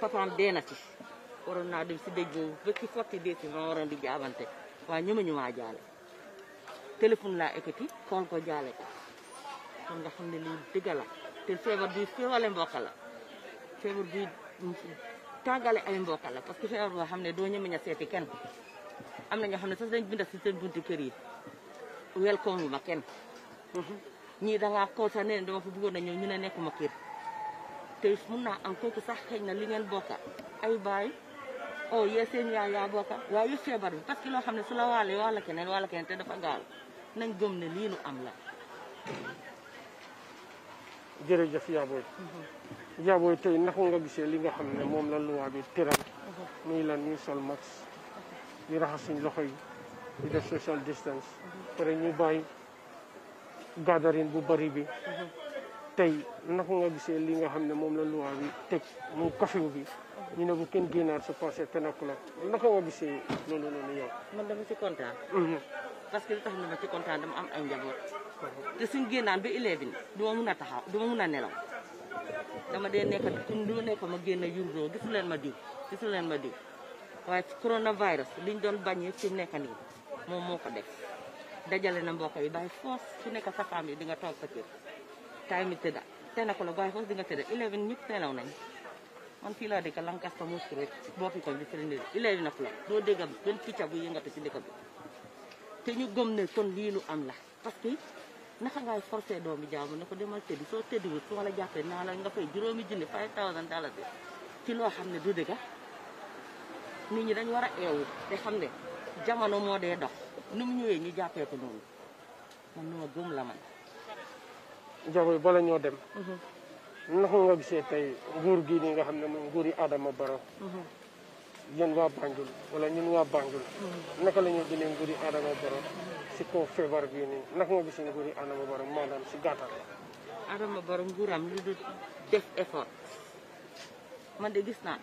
papaam dee na ci waroon naa dem si dëj boobu ba ci fotti dee ci ma waroon di jaabante waaye ñëma ñu maa jaale téléphone laa ekkati xool ko jaale ko kon nga xam ne lii dëgg la te feebar bi la feebar bi tàggale ay mbokk la parce que feebar boo xam ne doo ñëmeñ a seeti kenn am na ñoo xam ne sax dañ binda si seen bunti kër yi welcome ma kenn mm-hmm. ñii da ngaa koo sax nee dama fa bëggoon a ñu ne nekkuma kër te mun naa am kooku sax xëy na li ngeen bokka ay baay oh, yee seen yaay yaa bokka waaye yëpp feebar bi parce que loo xam ne su la waale wala keneen wala keneen te dafa gaal nañ gëm ne lii nu am la. jërëjëf Yaaboy. Mm-hmm. Yaaboy tey naka nga gisee li nga xam ne moom la luwaa bi tëral. Mm-hmm. muy lan ñuy sol max. di raxas suñ loxo yi. di def social distance. Mm-hmm. pare ñu bàyyi. gathering bu bëri bi tey naka nga gisee li nga xam ne moom la loi bi teg muy curfew bi ñu ne bu kenn génnaat su passé ten o'clock naka nga gisee loolu noonu yow man dama ci kontaan mhm. parce que li tax na ma ci kontaan dama am ay njaboot te suñ génnaan bi eleven duma mun a taxaw duma mun a nelaw dama dee nekk du ma nekk ma génn yurdoo gisu leen ma diw gisu leen ma diw waaye coronavirus liñ doon bañee fi nekk nii moom moo ko def dajale na mbokk yi by force su nekk sa famille di nga toog sa kër time it tëdda te na ko la by force di nga tëdda 11 ñëpp nelaw nañ man fii laa dëkk Lancaster Mosque rek boppi ko bi seen néeg 11 doo dégg am benn picca bu yëngatu ci te ñu gëm ne kon lii lu am la parce que naka ngay forcé doomi jaamu ne ko demal tëddi soo tëddiwul su ma la jàppee naa la nga fay juróomi junni 5000 dollars bi ci loo xam ne du dëgg nit ñi dañ war a eewu te xam ne jamono moo dee dox ni mu ñëwee ñu jàppee ko noonu man noo gëm la man jamono bala ñoo dem mhm. naka nga gisee tey nguur gii nii nga xam ne mooy nguur yi Adama Barrow mhm. yéen waa Banjul wala ñun waa Banjul mhm. naka la ñoo jëlee nguur yi Adama Barrow si kaw feebar bii nii naka nga gisee nguur yi Adama Barrow maanaam si gàttal Adama Barrow nguuram lu du def effort dina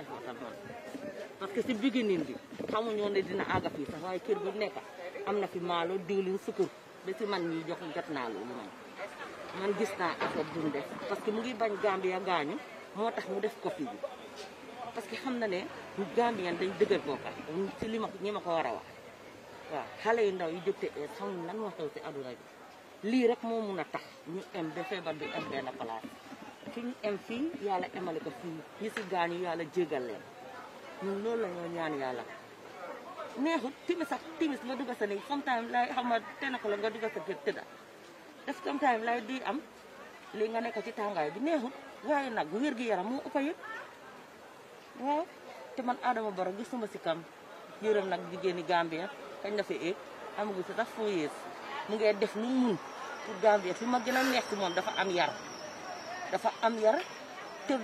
àgg fii sax waaye kër am na fi maalo diwlin sukur ba si man ñuy jox jot naa loolu man man gis naa effort bu mu def parce que mu ngi bañ Gambia gaañu moo tax mu def ko bi parce que xam na ne Gambien dañ dëgër bokka si li ma ñi ko war a wax waaw xale yu ndaw yi jógte ees eh, xamuñ lan moo xew si aduna lii rek moo mun a tax ñu em ba feebar bi em benn place fi ñu em fii yàlla emale ko fii ñi si gaañu yàlla jégal leen ñun loolu la ñaan yàlla neexut timis ak timis nga dugg sa néeg sometimes like, xam nga ten ko la nga sa sometimes like di am li nga nekk ci tàngaay bi neexut waaye nag wér gi yaram moo ëpp teman waaw te man Adama kam yërëm nag jigéeni Gambia kañ la fi éeg amagu si sax foo yées mu ngay def lu mun pour Gambia fi dafa am yar dafa am yar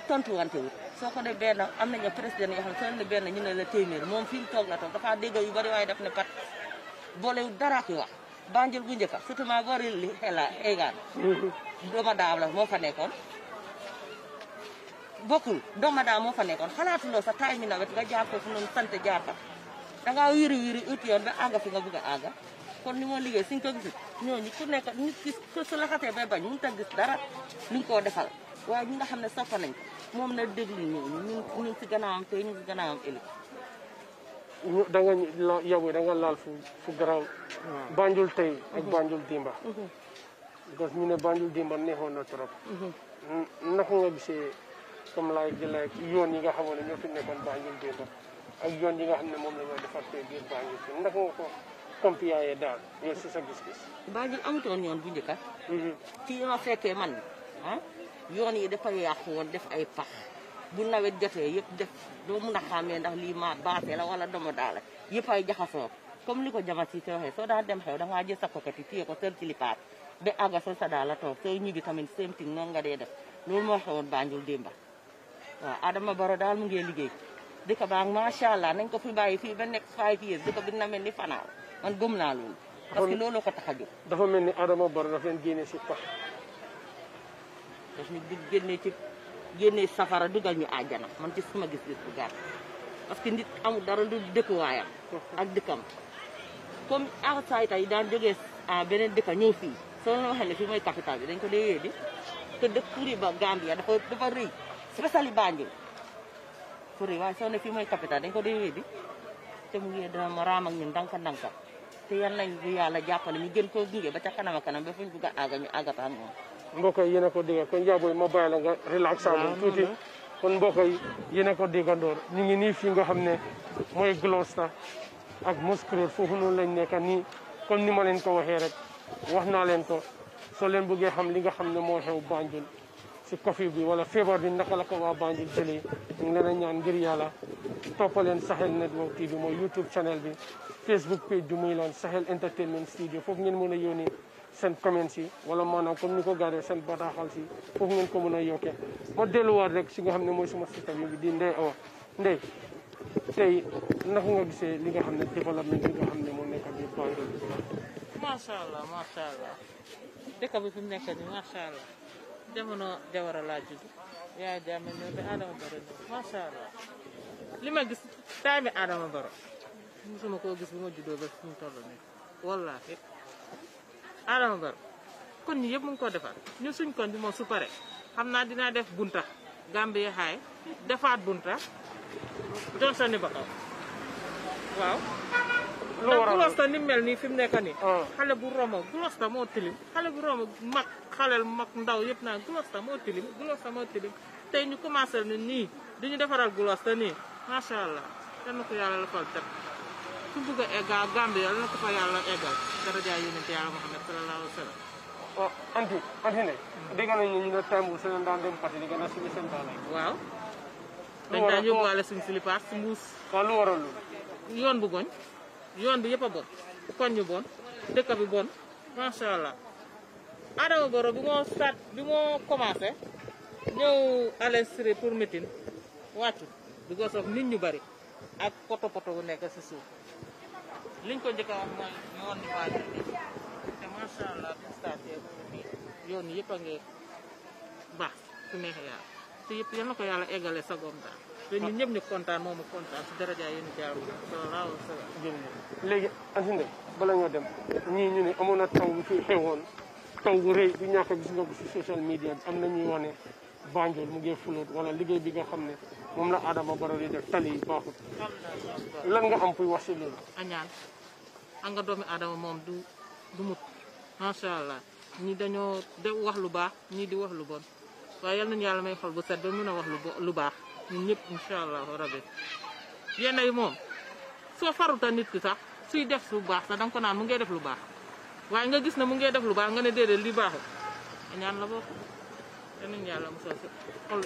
tontuwante wut soo ko ne benn am nañu président yoo xam ne soo ne benn ñu ne la téeméer moom fi mu toog la toog dafa dégg yu bari waaye daf ne pat boolewul daraa ki wax Banjul bu njëkka surtout maa bari li xela egaan [laughs] dooma daaw la moo fa nekkoon bokkul dooma daaw moo fa nekkoon xalaatuloo sa taay mi nawet nga jaar ko fu noonu sant jaar fa dangaa wiri wiri ut yoon ba àgga fi nga bëgg a àgga kon ni moo liggéey suñ ko gisit ñooñu ku nekk nit ki su la xasee bay bañ mënut a gis dara luñ koo defal waaye ñi nga xam ne safa nañ moom na déglu ñooñu ñu ñu ngi si gannaawam tey ñu si gannaawam ëllëg. ñu da nga la yow laal fu fu garaaw. Banjul tey ak mhm. Banjul Dimba. parce mhm. que ñu ne Banjul Dimba neexoon na trop. Mhm. naka nga gisee comme laay yoon yi nga xamoon ne nekkoon Banjul Dimba ak yoon yi nga xam ne moom la ñoo defar tey biir Banjul fi naka nga ko. compiyaayee daal yow si sa gis-gis. Banjul amutoon yoon bu njëkk ci fekkee man ah. yoon yi dafa yàqu woon def ay pax bu nawet jotee yëpp def doo mun a xàmmee ndax lii ma baase la wala dama daala yëpp ay jaxasoo comme li ko jama si te waxee soo daan dem xew da ngaa jël sa kokati téye ko tër ci li paat ba àgga sol sa daala toog soo ñibbi tamit same thing noonu nga dee def loolu moo xewoon Banjul démba waaw Adama Baro daal mu ngi liggéey dëkk baa macha allah nañ ko fi bàyyi fii ba nekk five years dëkk bi na mel ni fanaaw man gëm a jóg dafa daf ñu di génnee ci génnee safara dugal ñu àjjana man ci sama gis-gis parce que nit amul dara lu dëkkuwaayam ak dëkkam comme outsider yi daan jógee a beneen dëkka ñëw fii soo leen waxee ne fii mooy capital bi dañ ko dee yéedi te dëkk Kouri ba Gambia dafa dafa rëy spécial yi Banjul Kouri waaye soo ne fii mooy capital dañ ko dee yéedi te mu ngi dina ma raam ak ñun ndanka ndanka te yal nañ bu yàlla jàppale ñu gën koo gunge ba ca kanam a kanam ba fuñ bugg a àgga ñu àgga ak moom mbokk yi yéen a ko dégg kon jaaboy ma bàyyi la nga relax wu tuuti kon mbokk yi yéen a ko déggandoor ñu ngi nii fii nga xam ne mooy Gloucester ak Moskureer foofu noonu lañ nekk nii comme ni ma leen ko waxee rek wax naa leen ko soo leen bëggee xam li nga xam ne moo xew Banjul si Covid bi wala feebar bi naka la ko waa Banjul jëlee ñu ngi leen a ñaan ngir yàlla toppaleen Sahel Network TV mooy YouTube channel bi Facebook page bi muy lan Sahel Entertainment Studio foofu ngeen mën a yónnee seen commune si wala maanaam comme ni ko gaaree seen bataaxal si foofu ngeen ko mën a yokkee ma delluwaat rek si nga xam ne mooy suma système bi di Ndeye Awa Ndeye tey naka nga gisee li nga xam ne développement bi nga xam ne moo nekk biir Banjul macha allah macha allah dëkk bi fi mu nekk nii macha allah jamono jawara laa judd yaay jaame ñëw Adama Baro li ma gis taay bi Adama Baro mosuma koo gis bi ma juddoo ba fi mu toll nii wallaahi Adama Barrow kon ñi yëpp mu ngi ko defar ñun suñ kon bi moom su xam naa dinaa def bunta Gambie xaay defaat bunta doon sonni ba kaw waaw ndax Gloucester ni mel nii fi mu nekk nii ah. xale bu romo Gloucester moo tilim xale bu romo mag xaleel mag ndaw yëpp naa Gloucester moo tilim Gloucester ñu commencé nu nii duñu defaral Gloucester nii macha allah kenn ko yàlla la fal fu mu bëgg a eggal Gambie na ko yàlla eggal daraja yonent yàlla Muhammad sallallahu wa sallam. waaw oh, anti anti ne. dégg nañ ñu ne Tambou seen daan dem parti di gën a suñu seen daan waaw. dañ daan yóbbuwaale suñu silipaas si mbuus. waaw lu waral loolu. yoon bu goñ yoon bi yëpp bon koñ ñu bon dëkk bi bon macha allah. Adama Barrow bi moo start bi moo commencé ñëw alestre pour meeting wàccu because of nit ñu bari ak poto bu nekk si suuf. liñ ko njëkk mooy ñu ni waajal bi te macha allah bi statue mu ngi yëpp a ngi baax su neexee yàlla te yëpp yal na ko yàlla eggale sa ñëpp ñu kontaan moomu kontaan si daraja yi ñu jaaru léegi Alioune bala ñoo dem ñii ñu ne amoon na taw bu fi xewoon taw bu rëy bu ñàkk gis nga ko social media am na ñuy wane Banjul mu ngi flotte wala liggéey bi nga xam ne moom la Adama Barrow di def tali yi baaxut lan nga am fuy wax si loolu añaan am nga doomi Adama moom du du mut macha allah ñi dañoo de wax lu baax ñii di wax lu bon waaye yal nañu yàlla may xol bu set ba mën a wax lu baax ñun ñëpp incha allah rabbi yenn yi moom soo faruta nit ki sax suy def lu baax sax danga ko naan mu ngee def lu baax waaye nga gis ne mu ngee def lu baax nga ne déedéet li baaxul añaan la bokk yal nañu yàlla mosal si xolu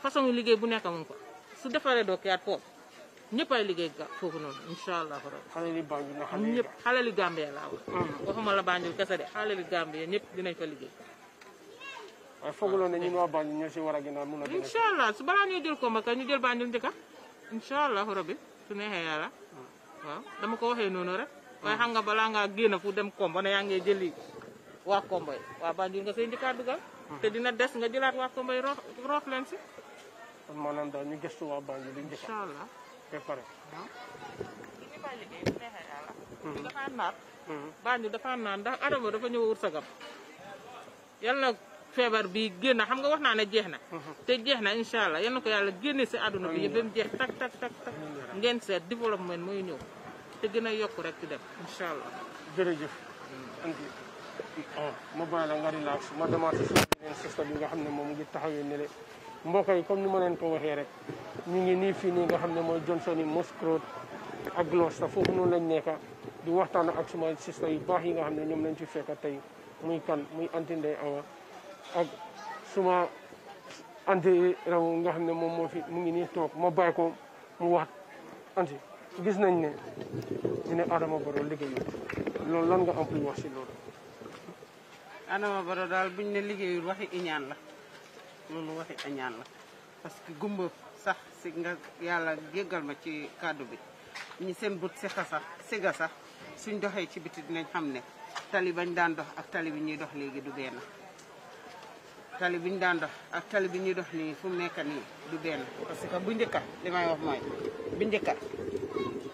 façon liggéey bu nekk mu ko su defaree Docker port ñëpp ay liggéey foofu noonu incha allah rabbi. xale li Banjul nga xam ne ñëpp xale li Gambie laa wax. Mm. waxuma la Banjul kese de xale li Gambie ñëpp dinañ fa liggéey. waaye fooguloo ne ñun waa Banjul ñoo si war a gën a mun a. incha allah su balaa ñuy jël ko ka ñu jël Banjul njëkk a incha allah rabbi su neexee yàlla waaw dama ko waxee noonu rek. waaye mm. xam nga balaa ngaa génn fu dem combo ne yaa ngi jëli waa Komba yi waa Banjul nga say njëkkaat dugal. Mm. te dina des nga jëlaat waa combo yi roof roof leen si maanaam ñu gëstu waa Banjul li njëkk ba ñu dafaa naat. Banjul Adama dafa ñëw wërsëgam. yal na feebar bi génn xam nga wax naa ne jeex na. Hmm. te jeex na incha allah yal na ko yàlla génn si àdduna bi yëpp mu jeex tak tak tak ngeen seet développement mooy ñëw te gën a yokk rek di dem incha allah. jërëjëf. Ah, ma bàyyi la nga ma demaat si bi nga xam ne moom ngi taxawee ne mbokk yi comme ni ma leen ko waxee rek mu ngi nii fii nii nga xam ne mooy Johnson yi Mosque Road ak Gloucester foofu noonu lañ nekka di waxtaan ak suma sista yu baax yi nga xam ne ñoom lañ ci fekk tey muy kan muy anti Ndeye Awa ak suma anti raw nga xam ne moom moo fi mu ngi nii toog ma bàyyi ko mu wax anti gis nañ ne ñu ne Adama Barrow liggéeyul loolu lan nga am pour wax si loolu Adama Barrow daal buñ ne liggéeyul waxi iñaan la loolu waxi añaan la parce que gumba sax si nga yàlla jéggal ma ci kàddu bi ñi seen but sixa sax siga sax suñ doxee ci biti dinañ xam ne tali bañ daan dox ak tali bi ñuy dox léegi du benn tali bi ñu daan dox ak tali bi ñuy dox nii fu mu nekk nii du benn parce que bu njëkka li may wax mooy bu njëkka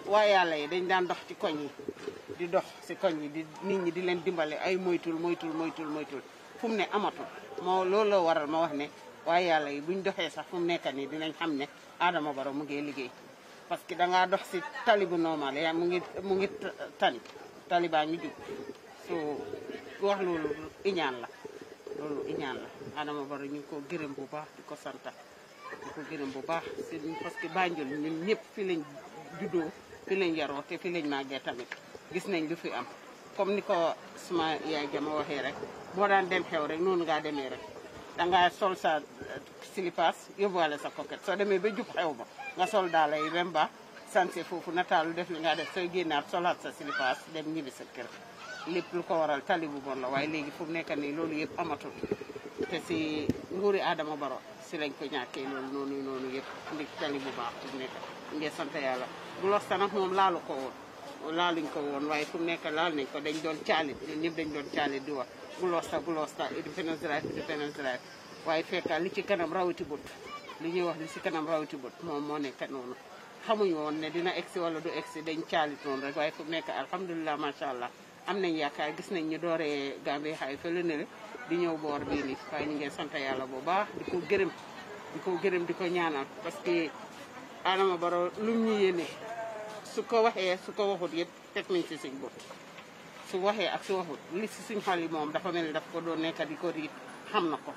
waaye yàlla yi dañ daan dox ci koñ yi di dox si koñ yi di nit ñi di leen dimbale ay moytul moytul moytul moytul fu mu ne amatul moo loolu la waral ma wax ne waaye yalla yi buñ doxé sax fu mu nekk nii dinañ xamné ne Adama Barrow mu ngi liggéey parce que da nga dox si talibu normal ya, mu ngi mu ngi tan taliba ñu jup so wax lolu iñaan la lolu iñaan la Adama Barrow ñu ko gërëm bu baax di santa di ko gërëm bu baax si parce que bañjul ñun ñepp fi lañ juddoo fi lañ yaro te fi lañ màggee tamit gis nañ lu fi am comme niko suma yaay jama waxé rek bo daan dem xew rek nonu nga démé rek dangaa sol sa eh, silipaas yóbbuwaale sa coquette soo demee ba jub xew ba nga sol daala yi même ba sanse foofu nataalu def li nga def sooy génnaat solaat sa silipaas dem ñibbi sa kër lép lu ko waral tali bu bon la waaye léegi fu mu nekk nii loolu yëpp amatul te si nguuri Adama Baro si lañ ko ñàkkee loolu noonu noonu yëpp ndi bu baax fu mu nekk ngeen sant yàlla bu los moom laalu ko woon laaluñ ko woon waaye fu mu nekk laal nañ ko dañ doon caalit ñun ñëpp dañ doon caalit di gulosta gulosta independence drive independence drive waaye fekka li ci kanam rawati bët li ñuy wax li ci kanam rawati bët moom moo nekk noonu xamuñu woon ne dina egsi wala du egsi dañ caalit noonu rek waaye fu nekk alhamdulilah macha allah am nañ yaakaar gis nañ ñu doore Gambie xaay fële ne di ñëw boor bii nii waaye ni ngi sant yàlla boo baax di ko gërëm di ko gërëm di ko ñaanal parce que Adama Barrow lum ñu su ko waxee su ko waxut yëpp teg nañ ci suñ bopp su waxee ak su waxut li si suñ xol yi moom dafa mel ni daf ko doon nekk di ko riit xam na ko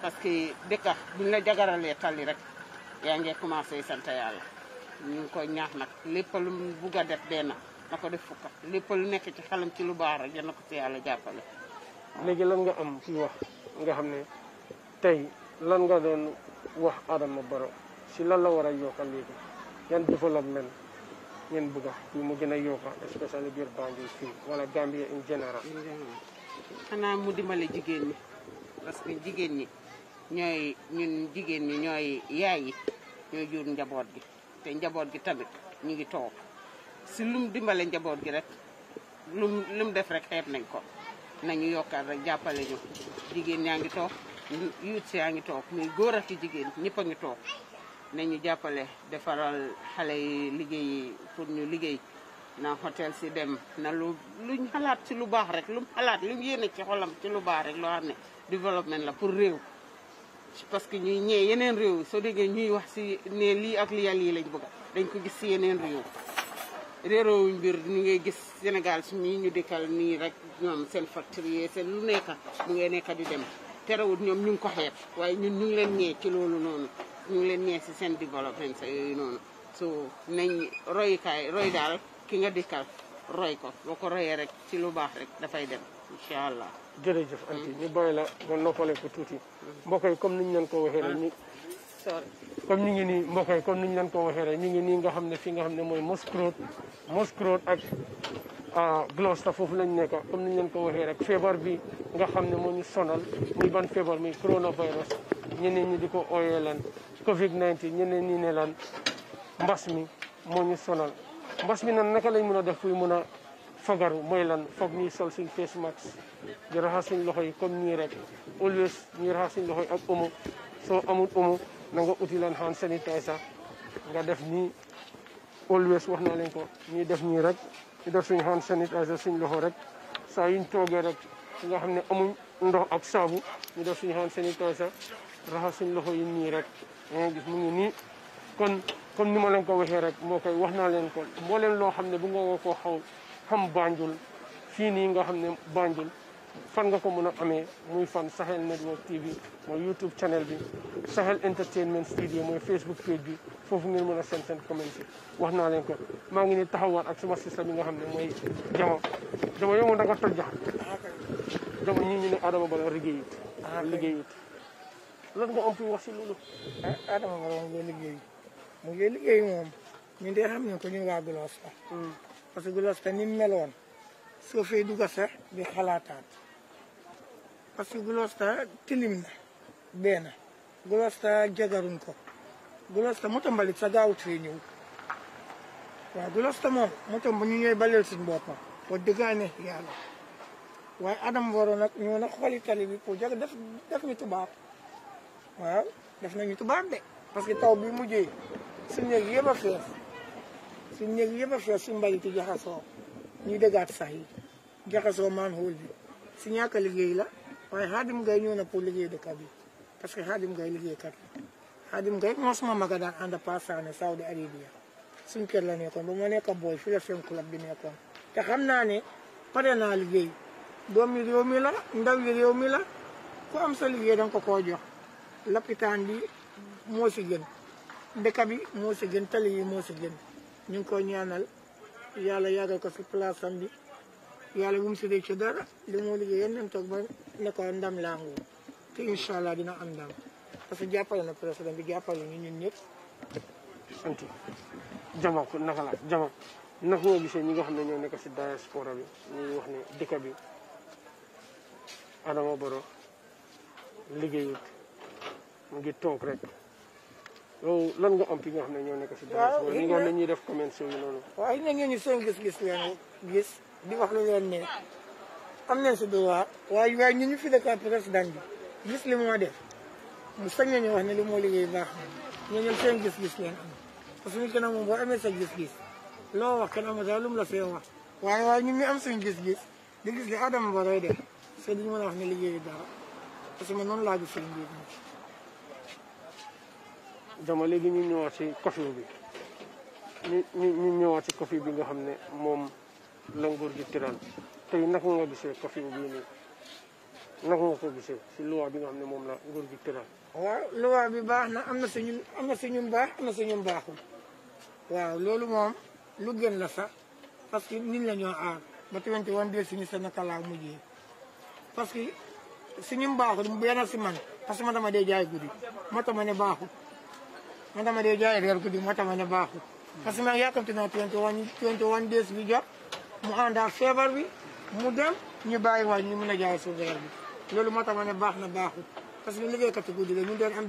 parce que dëkka buñ la jagaralee tali rek yaa ngee commencé sant yàlla ñu ngi koy ñaax nag lépp lu mu bugg a def benn na ko def fukka lépp lu nekk ci xelam ci lu baar rek na ko ci yàlla jàppale. léegi lan nga am ci wax nga xam ne tey lan nga doon wax Adama Barrow si lan la war a yokkal léegi yan développement ngeen bëgg a pour mu gën a yokka especially biir Banjul fii wala Gambia in general. xanaa mu dimbale jigéen ñi parce que jigéen ñi ñooy ñun jigéen ñi ñooy yaay yi ñooy jur njaboot gi te njaboot gi tamit ñu ngi toog si lum dimbale njaboot gi rek lum lum def rek xeet nañ ko nañu yokkaat rek jàppale ñu jigéen ñaa ngi toog yuut si yaa ngi toog muy góor ak jigéen ñëpp a ngi toog. ne ñu jàppale defaral xale yi liggéey pour ñu liggéey na hôtel si dem na lu luñ xalaat ci lu baax rek lu mu xalaat lu mu yéene ci xolam ci lu baax rek loo xam ne développement la pour réew parce que ñuy ñee yeneen réew soo déggee ñuy wax si ne lii ak lii ak lii lañ bëgg dañ ko gis si yeneen réew réeróowuñ mbir ni ngay gis Sénégal suñu ñu dëkkal nii rek ñoom seen facturier seen lu nekk mu ngay nekk di dem terewut ñoom ñu ngi ko waaye ñu ngi leen ñee ci loolu ñu ngi leen ñee si seen développement sa yooyu noonu so nañ royukaay roy daal ki nga dikkal roy ko boo ko royee rek ci lu baax rek dafay dem incha allah jërëjëf anti ñu bàyyi la nga noppale ko tuuti mm-hmm. mbokk yi comme niñ leen ko waxee rek ñu comme ñu ngi nii mbokk yi comme niñ leen ko waxee rek ñu ngi nii nga xam ne fi nga xam ne mooy Moskrod Moskrod ak ah, Gloucester foofu lañ nekk comme niñ leen ko waxee rek feebar bi nga xam ne moo ñu sonal muy ban feebar muy coronavirus ñeneen ñi di ko ooyee lan Covid 19 ñeneen nii ne lan mbas mi moo ñu sonal mbas mi nan naka lañ mën a def pour mun a fagaru mooy lan foog ñuy sol suñ face mask di raxas suñ loxo yi comme nii rek always ñuy raxas suñ loxo yi ak omo soo amul omo na nga uti lan hand sanitizer nga def nii always wax naa leen ko ñuy def nii rek ñu def suñ hand sanitizer suñ loxo rek saa yuñ toogee rek nga xam ne amuñ ndox ak saabu ñu def suñ hand sanitizer raxas suñ loxo yi nii rek da ngay gis mu ngi nii kon comme ni ma leen ko waxee rek moo koy wax naa leen ko mbooleem loo xam ne bu nga ko xaw xam Banjul fii nii nga xam ne Banjul fan nga ko mën a amee muy fan Sahel Network TV mooy YouTube channel bi Sahel Entertainment Studio mooy Facebook page bi foofu ngeen mën a seen seen comment yi wax naa leen ko maa ngi ni taxawaat ak sama système bi nga xam ne mooy jama jama yow moom da nga tojjax jama ñii ñu ne Adama Barrow liggéeyut ah, liggéeyut lan nga am pour loolu. ah Adama Morom nga liggéey mu ngi liggéey moom ñun de xam nañ ko ñun waa Gulos hmm. parce que Gulos fa ni mu meloon soo fee dugg sax di xalaataat parce que Gulos fa tilim na bee na Gulos fa jagaruñ ko Gulos fa moto mbalit sa gaawut fee ñëw waaw Gulos fa moom moto bu ñu ñooy baleel suñu boppam. wax dëgg yàlla waaye Adama Morom ñoo na xooli bi pour jag def def ñu tubaab. waaw def nañu tubaab de parce que taw bi mujjee suñu néeg yëpp a fees suñu néeg yëpp a fees suñu mbalit yi jaxasoo ñuy dëggaat sax yi jaxasoo maan xool bi si ñàkk a liggéey la waaye xaadim gay ñëw na pour liggéey dëkk bi parce que xaadim gay liggéeykat la xaadim gay moo suma maga daan ànd paasaane Saudi Arabia suñ kër la nekkoon ba ma nekk booy fi la seen club bi nekkoon te xam naa ne pare naa liggéey doom yi réew la ndaw yi réew mi la ku am sa liggéey danga ko jox lapitaan bi moo si gën ndeka bi moo si gën tali yi moo si gën ñu ngi ko ñaanal yàlla yàggal ko si place am bi yàlla bu mu si ci dara li moo liggéey yéen nañ toog ba ne ko ndam laangu te incha allah dina am ndam parce que jàppale na président bi jàppale ñu ñun ñëpp. sant jama gisee ñi nga xam ne ñoo nekk si diaspora bi ñu wax ne dëkk bi Adama Barrow liggéeyut mu ngi toog rek yow lan nga am fi nga xam ne ñoo nekk si daara si nga xam ne ñuy def commerce yu noonu waaw xëy na ñooñu seen gis-gis leen gis di wax lu leen ne am nañ si droit waaye waaye ñu ñu fi dëkk président bi gis li moo def mu sañ nañu wax ne li moo liggéey baax na ñooñu seen gis-gis leen am parce que nit ki nag moom boo amee sa gis-gis loo wax kenn amata lu mu la fee wax waaye waaye ñun ñu am suñ gis-gis di gis li Adama Barrow def parce que duñu mën a wax ne liggéey dara parce que man noonu laa gis seen gis-gis dama léegi ñu ñëwaat ci couvre bi ñu ñu ñu ci couvre bi nga xam ne moom la nguur gi tëral tey naka nga gisee couvre-feu bi nii naka nga ko gisee ci loi bi nga xam ne moom la nguur gi tëral. waaw loi bi baax na am na suñu am na suñu baax am na suñu baaxul waaw loolu moom lu gën la sax parce que nit la ñoo aar ba twenty one days suñu sa naka laa mujjee parce que suñu baaxul benn si man parce que ma dama dee jaay guddi moo tax ma ne baaxul. man dama dee jaay reer guddi moo tax ma ne baaxul mu ànd ak feebar bi mu dem ñu bàyyi waaj ñu mën a jaay suñu reer bi loolu moo tax ne baax na baaxul parce que ñu liggéeykat yi guddi la ñu doon am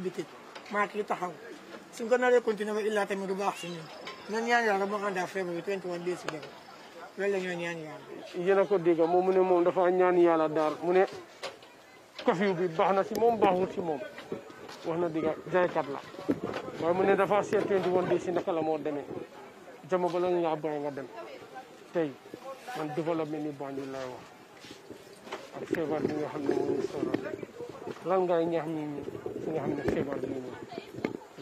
maak yi taxaw suñ ko naree continuer ba illaa tamit baax si ñun nan ñaan yàlla mu ànd ak feebar bi twenty one days bi dem loolu la ñoo ñaan yàlla yéen a ko dégg moom mu ne moom dafa ñaan yàlla daal mu ne curfew bi baax na si moom baaxul si moom wax na digga jaaykat la waaye mu ne dafa seetlu woon bi si naka la moo demee jamono ba la ñu nga dem tey man développement ni Banjul lay wax ak feebar bi nga xam ne moom la lan ngay ñaax ñi ñi fi nga xam ne feebar bi ñu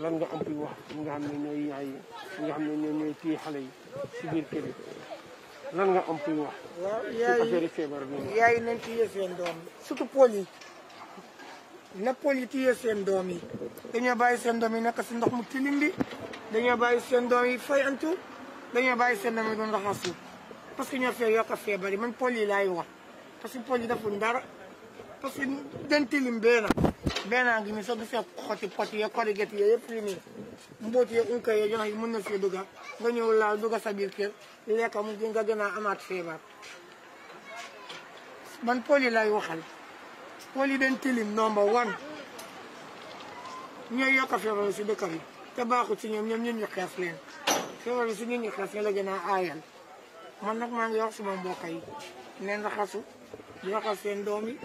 lan nga am wax ñi nga xam ne ñooy yaay yi ñi nga xam ne ñooy téye xale yi si biir kër nga am wax. waaw yaay yi affaire feebar bi ñu. yaay nañ ci yee yi. na poli téye seen doom yi dañoo bàyyi seen doom yi nekk si ndox mu tilim bi dañoo bàyyi seen doom yi fayantu dañoo bàyyi seen doom yi doon raxasu parce que ñoo fee yokk a feebar yi man poli yi laay wax parce que poli yi defuñ dara parce que den tilim beena beena ngi nii soo gisee xoti poti ye korigét ye yëpp li nii mboot ye unka ye jox yi mën na see dugga nga ñëw laal dugga sa biir kër lekka mu nga gën a amaat feebar man poli yi laay waxal wali den tilim number one ñooy yokk feebar si dëkk bi te si ñoom ñoom ñun ñu xees leen feebar si ñun ñu xees la gën a man nag maa ya, ngi wax suma mbokk yi neen raxasu di raxas seen doom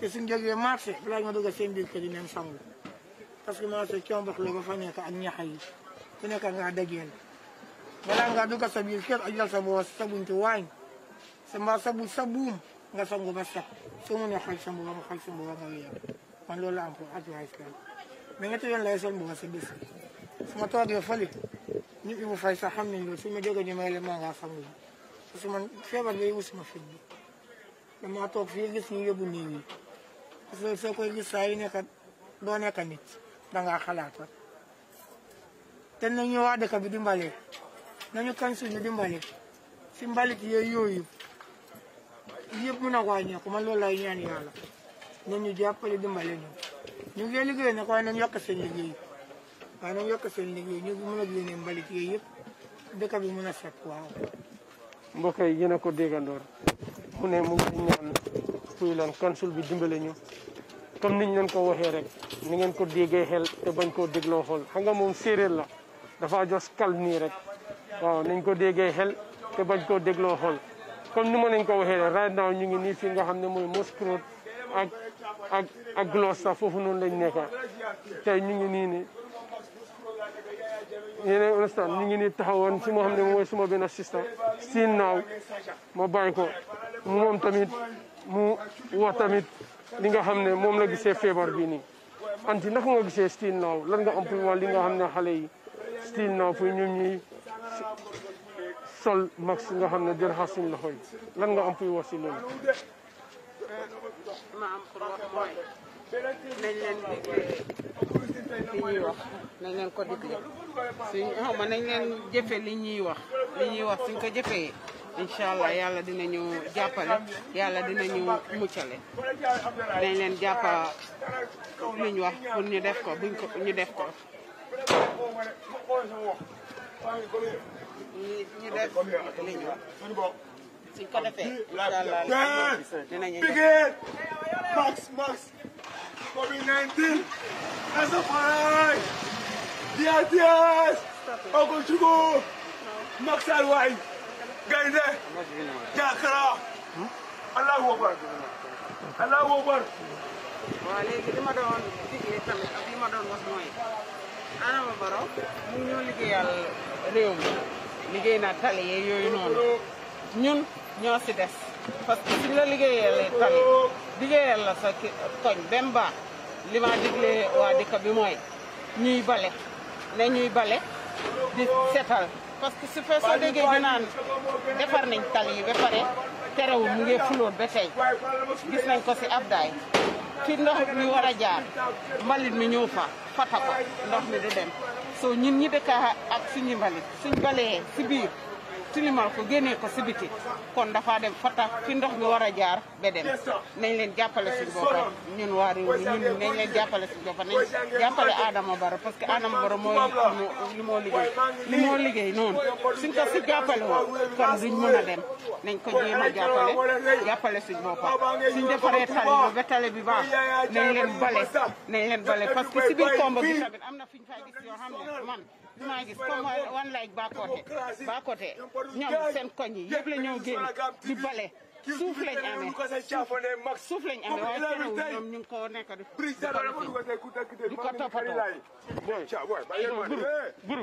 te suñ marché sangu parce que marché la ba fa nekk ak ku nekk dugg sa biir sa sa buntu nga sangu ba set soo mënee xool sa mbuba nga xool sa mbuba nga wéyal man loolu la am pour advice la mais ñetti yoon lay sol mbuba sa bés su ma toogee fële nit ñi bu fay sax xam nañ ma jógee ñu may la maa ngaa sangu parce que man bi damaa toog fii gis ñu yóbbu nit ñi parce soo koy gis saa yi nekk doo nekk nit dangaa xalaat rek te nañu waa dëkk bi dimbale nañu kañ suñu dimbale si mbalit yooyu yooyu yëpp mën a wàññeeku man loolu lay ñaan yàlla nañ ñu jàppale dimbale ñu ñu ngi liggéey nag waaye nañ yokk seen liggéey waaye nañ yokk seen liggéey ñu mën a génne mbalit yooyu yëpp dëkk bi mën a set waaw. mbokk yi yéen a ko déggandoor mu ne mu ngi ñaan fuy lan kansul bi dimbale ñu comme niñ leen ko waxee rek ni ngeen ko déggee xel te bañ koo dégloo xool xam nga moom séeréer la dafa jos kal nii rek waaw niñ ko déggee xel te bañ koo dégloo xool. comme ni ma leen ko waxee right now ñu ngi nii fii nga xam ne mooy Mosque Road ak ak Gloss sax foofu noonu lañ nekk tey ñu ngi nii nii yéen understand ñu ngi nii taxawoon si moo xam ne mooy suma benn sista still now ma bàyyi ko moom tamit mu wax tamit li nga xam ne moom la gisee feebar bi nii anti naka nga gisee still now lan nga am pour li nga xam ne xale yi still now pour ñun ñi sol max nga xam ne di raxas suñ loxo yi lan nga am wax si loolu. ma am wax mooy nañ leen digle li ñuy wax ko digle li ñuy wax li ñuy wax suñ ko jëfee incha allah yàlla dinañu jàppale yàlla dinañu muccale nañ leen jàppa liñ wax pour ñu def ko buñ ko ñu def ko. ñi def li ñu wax suñu bopp suñ ko defee dinañu bigé max max covid 19 as a fight eh. dia dia ogo chugo max alway gaynde jaakara allahu akbar allahu akbar waaw léegi li ma doon digle tamit ak li ma doon wax mooy Adama Barrow mu ñoo liggéeyal réew mi liggéey naa tali yeeg yooyu noonu ñun ñoo si des parce que suñ la liggéeyalee tali liggéeyal la sa koñ benn baax li ma waa dëkk bi mooy ñuy bale ne ñuy bale di setal parce que su fekkee naan defar nañ tali yi ba pare terewul mu ngi fuloon tey gis nañ ko si Abdaay fi ndox mi war a jaar mbalit mi ñëw fa fata ko ndox mi du dem so ñun ñi dëkk ak suñu mbalit suñ balee si biir tilimal ko génnee ko si biti kon dafa dem fa tax fi ndox mi war a jaar ba dem nañ leen jàppale suñu boppam ñun waa réew mi ñun nañ leen jàppale suñu boppam nañ jàppale Adama Barrow parce que Adama Barrow mooy li moo liggéey li moo liggéey noonu suñ ko si jàppale woon kon duñ mën a dem nañ ko jéem a jàppale jàppale suñu boppam suñ defaree tali bi ba tali bi baax nañ leen bale nañ leen bale parce que si biir Kombo bi tamit am na fi ñu gis yoo man maa gis comme wan laaj Bakoteh Bakoteh ñoom seen koñ yi ñoo génn di suuf lañ amee suuf lañ amee waaye teewul ñoom ñu ngi ko nekk di ko toppatoo ko toppatoo buru buru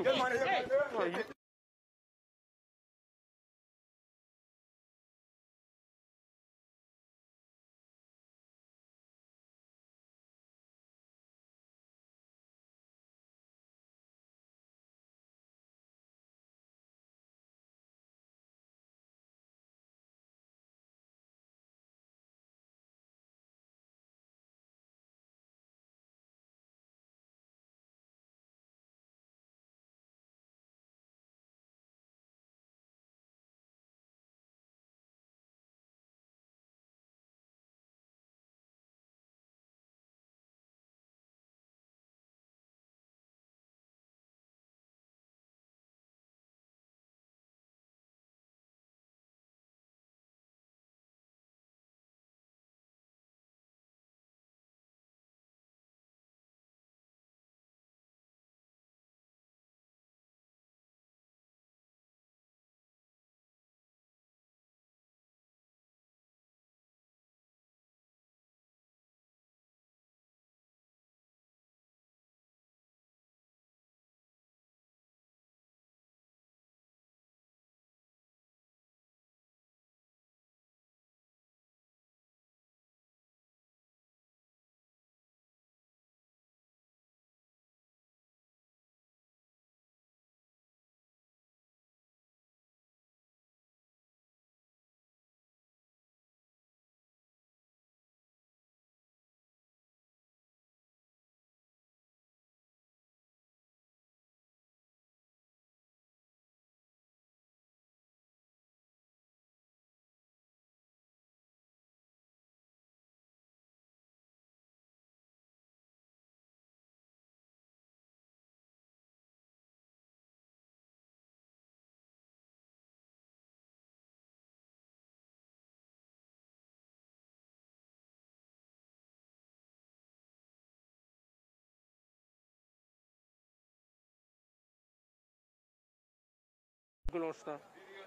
Gloucester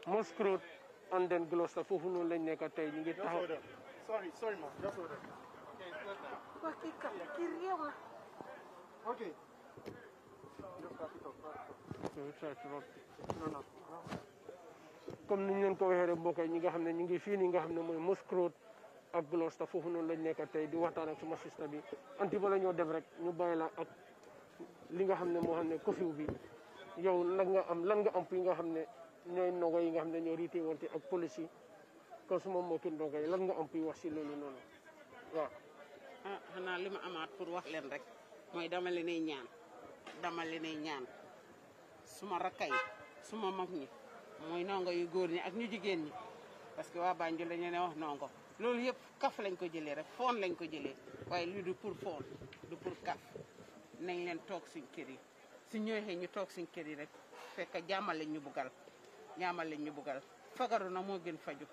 Mosque Road and then Gloucester foofu noonu lañ nekk tey ñu ngi taxaw sorry nu ñu leen ko waxee rek mbokk yi ñi nga xam ne ñu ngi fii nii nga xam ne mooy Mosque Road ak Gloucester foofu noonu lañ nekk tey di waxtaan ak suma sista bi anti bala ñoo def rek ñu bàyyi la ak li nga xam ne moo xam ne curfew bi yow lan nga am lan nga am fi nga xamne ñoy ñooy yi nga xamne ñoy rité riite ak police ko kon su moom mootul ndongo yi lan nga am fi wax ci lolu non wa ah xanaa li ma pour wax len rek moy dama leen ñaan dama leen ñaan suma rakay suma mag ni moy nogo yu goor ni ak ñu jigen ni parce que waa Banjul dañu ne wax nogo lolu yëpp kaf lañ ko jëlé rek fon lañ ko jëlé waye lu du pour fon du pour kaf nañ len tok suñu kër yi su ñëwee ñu tok suñ kër yi rek fekk jaamal lañ ñu bugal ñaamal lañ ñu bugal fagaru na moo gën faju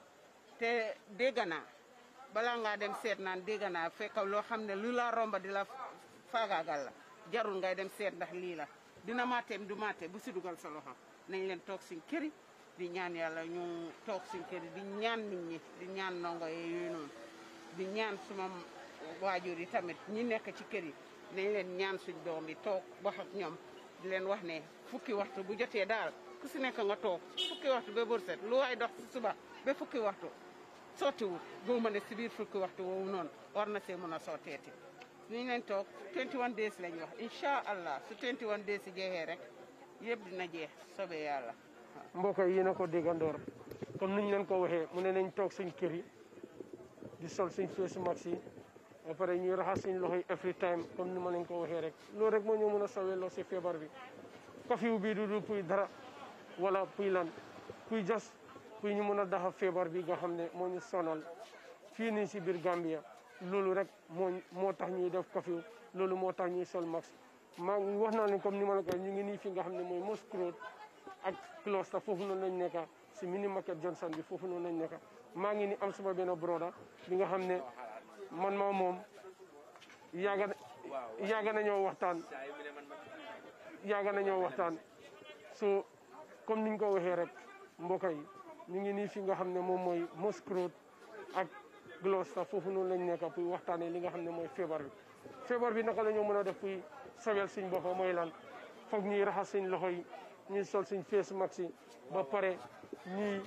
te degana, naa balaa ngaa dem degana, naan dégg fekk loo xam ne lu la romba di la faagaagal la jarul ngay dem ndax la dina maateem du maate bu dugal sa loxo nañ leen toog suñ kër yi di ñaan yàlla ñu toog suñ kër yi di ñaan nit ñi di ñaan ndongo yi yooyu noonu di ñaan suma waajur yi tamit ñi nekk ci kër yi nañ leen ñaan doom yi di leen wax ne fukki waxtu bu jotee daal ku si nekk nga toog fukki waxtu ba bërset lu waay dox si suba ba fukki waxtu sottiwul boo ma ne si biir fukki waxtu woowu noonu war na see mën a sotteeti ñu leen toog 21 days lañ wax incha allah su 21 days yi jeexee rek yëpp dina jeex sobee yàlla. mbokk yi yéen a ko déggandoor comme ni ñu leen ko waxee mu ne nañ toog suñ kër yi di sol suñ feesu max yi ba pare ñuy raxas suñu loxo yi every time comme ni ma leen ko waxee rek loolu rek moo ñu mën a sawelloo si feebar bi kafiw bi du du puy dara wala puy lan puy jos puy ñu mën a daxa feebar bi nga xam ne moo ñu sonal fii nii si biir Gambia loolu rek moo moo tax ñuy def kafiw loolu moo tax ñuy sol max maa ngi wax naa ne comme ni ma la ñu ngi nii fi nga xam ne mooy Mosque Road ak Closter foofu noonu lañ nekka si mini market Johnson bi foofu noonu lañ nekka maa ngi ni am sama benn broda bi nga xam ne man ma moom yàgg na yàgg nañoo waxtaan yàgg nañoo waxtaan so comme niñ ko waxee rek mbokk yi ñu ngi nii fi nga xam ne moom mooy Mosque Road ak Gloucester foofu noonu lañ nekk pour waxtaanee li nga xam ne mooy feebar bi. feebar bi naka la ñu mën a def pour sawel suñ bopp mooy lan foog ñuy raxas suñ loxo yi ñuy sol suñ face mask yi ba pare ñuy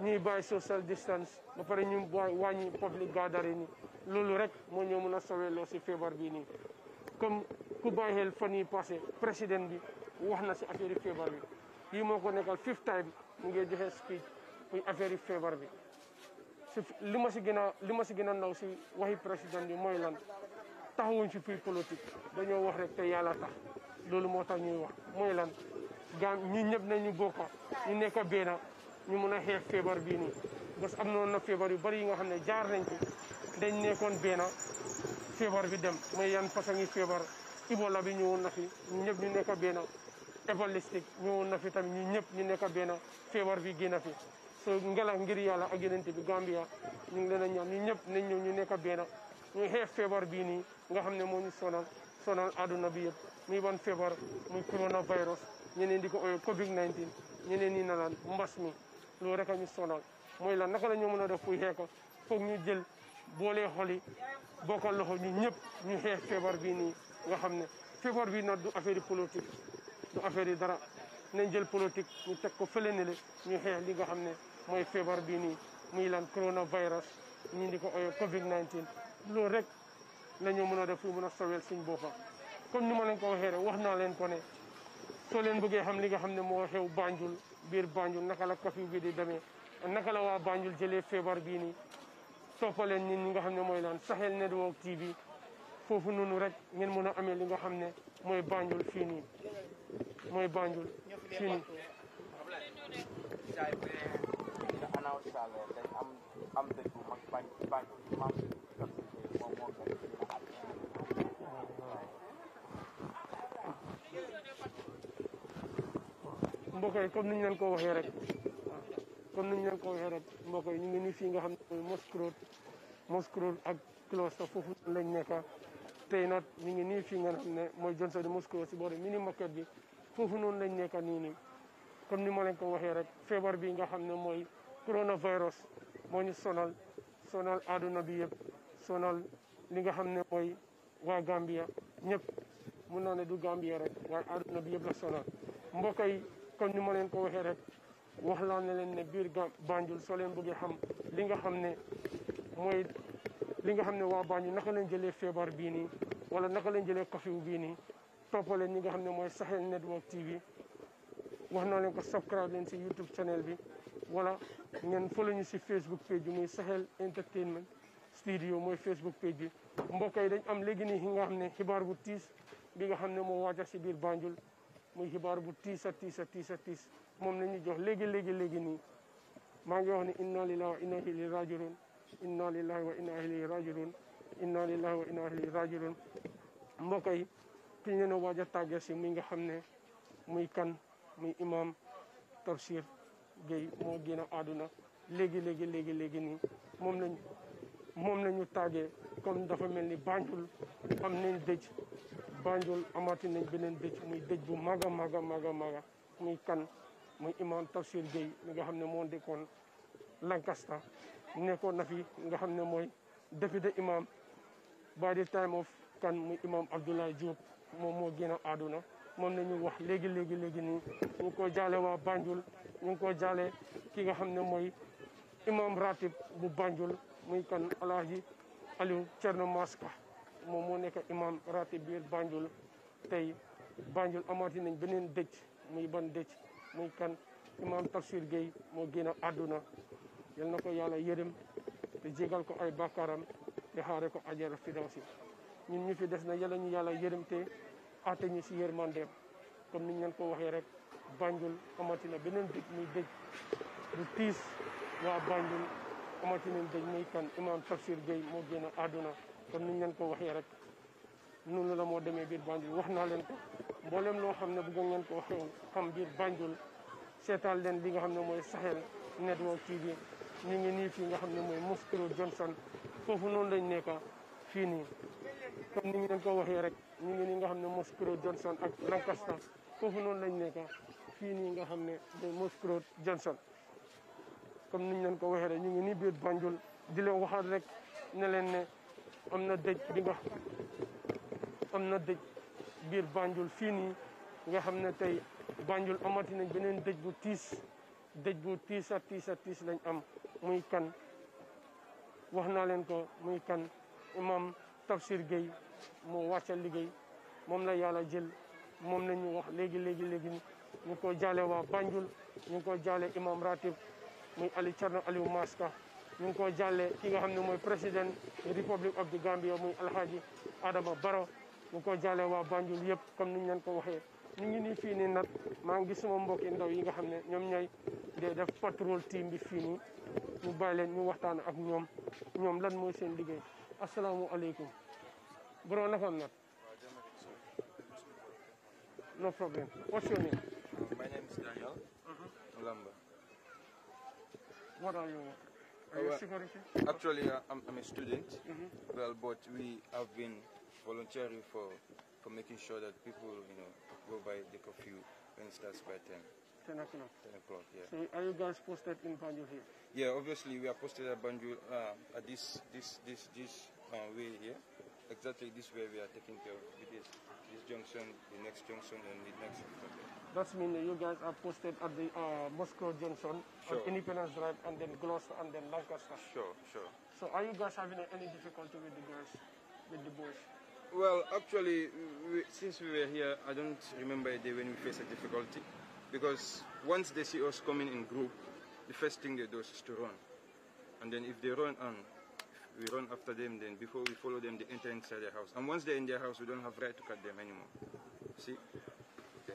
ñuy bàyyi social distance ba pare ñu wàññi public gathering yi loolu rek moo ñoo mën a soweloo si feebar bii nii comme ku bàyyi fan yii passé président bi wax na si affaire feebar bi lii moo ko nekkal fifth time mu ngi joxe speech muy affaire yi feebar bi li ma si gën a li ma si gën a ndaw si waxi président bi mooy lan taxawuñ si fii politique dañoo wax rek yàlla tax loolu moo tax ñuy wax mooy lan gaam ñi ñëpp nañu bokk ñu nekk benn ñu mën a xeex feebar bii nii parce que am noonu na feebar yu bari yi nga xam ne jaar nañ ci dañ nekkoon benn feebar bi dem muy yan façon yi feebar Ebola bi ñëwoon na fi ñu ñëpp ñu nekk benn ébolistique ñëwoon na fi tamit ñu ñëpp ñu nekk benn feebar bi génn fi so ngelaw ngir yàlla ak yeneen bi Gambia ñu ngi leen a ñaan ñu ñëpp nañ ñëw ñu nekk benn ñu xeex feebar bii nii nga xam ne moo ñu sonal sonal àdduna bi yëpp muy ban feebar muy coronavirus ñeneen di ko ooyee Covid 19 ñeneen ñi na laan mbas mi loolu rek a ñu sonal mooy lan naka la ñu boolee xol yi bokkal loxo ñu ñëpp ñu xeex feebar bii nii nga xam ne feebar bii nag du affaire yi politique du affaire yi dara nañ jël politique ñu teg ko fële ne le ñu xeex li nga xam ne mooy feebar bii nii muy lan coronavirus ñu di ko oyoo Covid 19 loolu rek la ñu mën a def pour na a sawel suñ boppam comme ni ma leen ko waxee rek wax naa leen ko ne soo leen bëggee xam li nga xam ne moo xew Banjul biir Banjul naka la kafiw bi di demee naka la waa Banjul jëlee feebar bii nii toppaleen ñun ñi nga xam ne mooy laan Sahel Network TV foofu noonu rek ngeen mën a amee li nga xam ne mooy Banjul fii nii mooy Banjul fii nii mbokk yi comme ni ñu leen ko waxee rek comme ni ñu leen waxee rek mbokk yi ñu ngi nii fii nga xam ne mooy Mosque Road Mosque ak Closter foofu lañ nekk tey nag ñu ngi nii fii nga xam ne mooy Johnson Mosque Road si boori mini market bi foofu noonu lañ nekk nii nii comme ni ma leen ko waxee rek feebar bi nga xam ne mooy coronavirus moo ni sonal sonal àdduna bi yëpp sonal li nga xam ne mooy waa Gambia ñëpp mun naa ne du Gambia rek waaye àdduna bi yëpp la sonal mbokk yi comme ni ma leen ko waxee rek wax laa ne leen ne biir Banjul soo leen bëggee xam li nga xam ne mooy li nga xam ne waa Banjul naka leen jëlee feebar bii nii wala naka leen jëlee kafiw bii nii toppaleen ñi nga xam ne mooy Sahel Network TV wax naa leen ko subscribe leen si YouTube channel bi wala ngeen follow ñu si Facebook page bi muy Sahel Entertainment Studio mooy Facebook page bi mbokk yi dañ am léegi nii nga xam ne xibaar bu tiis bi nga xam ne moo waaja si biir Banjul muy xibaar bu tiis a tiis a tiis a tiis moom la ñu jox léegi léegi léegi nii maa ngi wax ni inna lillahi wa inna ilayhi rajiun inna lillahi wa inna ilayhi rajiun inna lillahi wa inna ilayhi rajiun mbokk si mi nga xam ne muy kan muy imam Tafsir Gueye moo gën a àdduna léegi léegi léegi léegi nii moom lañ moom lañu tàggee dafa mel ni Banjul am nañ dëj Banjul amati nañ beneen dëj muy dëj bu mag a mag a mag muy kan muy imam Tafsir Gueye mi nga xam ne moo dëkkoon Lancaster nekkoon na fi nga xam ne mooy député imam by the time of kan muy imam Abdoulaye Diop moom moo génn àdduna moom la ñu wax léegi léegi léegi nii ñu ngi ko jaale waa Banjul ñu ngi ko jaale ki nga xam ne mooy imam ratib bu Banjul muy kan Alaaji Aliou Cerno Maska moom moo nekk imam ratib biir Banjul tey Banjul amaati nañ beneen dëj muy ban dëj muy kan imam Tafsir Gueye moo génn àdduna yal na ko yàlla yërëm te jégal ko ay bàkkaaram te xaare ko ajara fidansi ñun ñu fi des na yalla ñu yàlla yërëm te aate ñu si yërmandeem comme niñ leen ko waxee rek Banjul na beneen dëj muy dëj du tiis waa Banjul amatina dëj muy kan imam Tafsir Gueye moo génn àdduna comme niñ leen ko waxee rek noonu la moo demee biir Banjul wax naa leen ko mboolem loo xam ne bëggoon ngeen ko xam biir Banjul seetaan leen li nga xam ne mooy Sahel network TV ñu ngi nii fii nga xam ne mooy Mosquito Johnson foofu noonu lañ nekk fii nii ni ñu leen ko waxee rek ñu ngi nii nga xam ne Mosquito Johnson ak Lancaster foofu noonu lañ nekk fii nii nga xam ne mooy Mosquito Johnson comme ni ñu leen ko waxee rek ñu ngi nii biir Banjul di leen waxaat rek ne leen ne am na dëj bi am na dëj biir Banjul fii nii nga xam ne tey Banjul amati nañ beneen dëj bu tiis déj bu tiis a tiis a tiis lañ am muy kan wax naa leen ko muy kan imam Tafsir Gueye moo wàcca liggéey moom la yàlla jël moom la ñu wax léegi léegi léegi ni ñu ko jaale waa Banjul ñu ngi ko jaale imam ratib muy Ali Thierno Aliou Maska ñu ngi ko jaale ki nga xam ne mooy président Republic of the Gambia muy Alhaji Adama Barrow ñu ko jàllee waa Banjul yëpp comme ni ñu leen ko waxee ñu ngi nii fii nii maa ngi gis sama mbokki ndaw yi nga xam ne ñoom ñooy dee def patrol tiim bi fii nii ñu bàyyi leen ñu waxtaan ak ñoom ñoom lan mooy seen liggéey asalaamualeykum bro nakam nag no problem what's your name a student mm-hmm. well but we have volunteering for, for making sure that people, you know, go by the curfew when it starts by 10. 10 o'clock. 10 o'clock, yeah. So are you guys posted in Banjul here? Yeah, obviously we are posted at Banjul uh, at this this this this uh, way here. Exactly this way we are taking care of it is this junction, the next junction, and the next junction. That's mean you guys are posted at the uh, Moscow Junction, uh, sure. Independence Drive, and then Gloucester, and then Lancaster. Sure, sure. So are you guys having any difficulty with the guys, with the boys? Well, actually, we, since we were here, I don't remember a day when we faced a difficulty because once they see us coming in group, the first thing they do is to run. And then if they run on, we run after them, then before we follow them, they enter inside their house. And once they're in their house, we don't have right to cut them anymore. See? Yeah.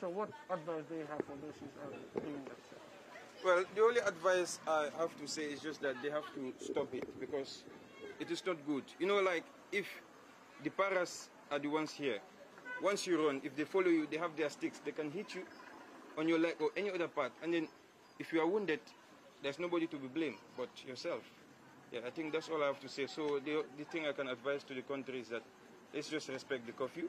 So what advice do you have for those who are doing that? Well, the only advice I have to say is just that they have to stop it because it is not good. You know, like if the paras are the ones here. Once you run, if they follow you, they have their sticks. They can hit you on your leg or any other part. And then if you are wounded, there's nobody to be blamed but yourself. Yeah, I think that's all I have to say. So the, the thing I can advise to the country is that let's just respect the curfew.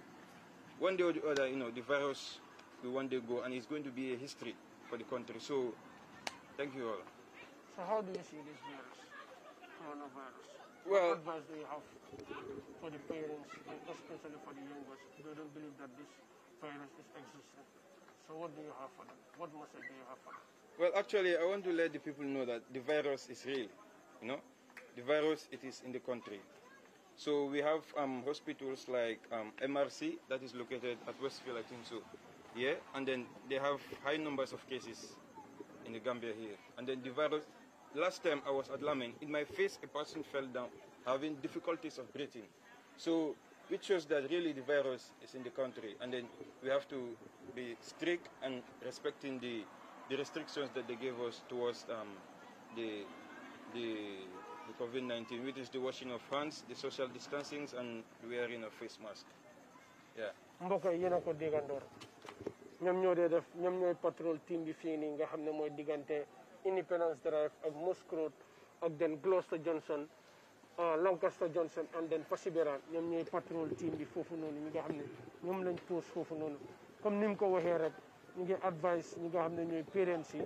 One day or the other, you know, the virus will one day go and it's going to be a history for the country. So thank you all. So how do you see this virus, coronavirus? well, advice do you have for the parents, especially for the young They don't believe that this virus is existing. So what do you have for them? What message do you have for them? Well, actually, I want to let the people know that the virus is real. You know, the virus it is in the country. So we have um, hospitals like um, MRC that is located at Westfield, I think so. Yeah, and then they have high numbers of cases in the Gambia here. And then the virus last time I was at Lameng, in my face a person fell down, having difficulties of breathing. So it shows that really the virus is in the country, and then we have to be strict and respecting the the restrictions that they gave us towards um, the the, the COVID-19, which is the washing of hands, the social distancing, and wearing of face mask. Yeah. mbokk yi yéen patrol team nga Independence Drive of Mosque Road ak then Gloucester Johnson ah, Lancaster Johnson and then Pasiberan ñoom ñooy patrol team bi foofu noonu ñu nga xam ne ñoom lañ poos foofu noonu comme ni mu ko waxee rek ñu ngi advice ñi nga xam ne ñooy parents yi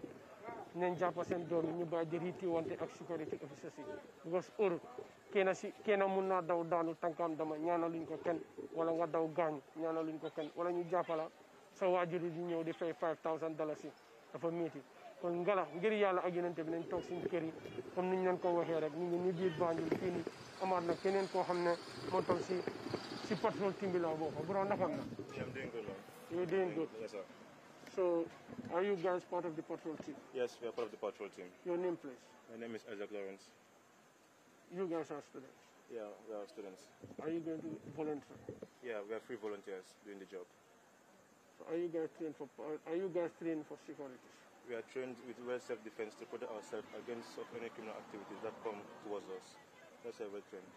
nañ jàpp seen doom yi ñu bàyyi di riiti wante ak security officers yi because heure kenn si kenn mun naa daw daanu tànkaam dama ñu ko kenn wala nga daw gaañu ñaanaluñ ko kenn wala ñu jàppala sa waajur yi di ñëw di fay 5000 dollars yi dafa métti kon ngala ngir yàlla ak bi nañ suñu kër yi comme niñ ko rek ñu biir ni na keneen patrol I'm doing good you doing good. Yes, sir. So, are you guys part of the patrol team? Yes, we are part of the patrol team. Your name, please? My name is Isaac Lawrence. You guys are students? Yeah, we are students. Are you going to volunteer? Yeah, we are three volunteers doing the job. So are you guys trained for are you guys trained for security? we are trained with well self-defense to protect ourselves against any criminal activities that come towards us. That's how we're trained.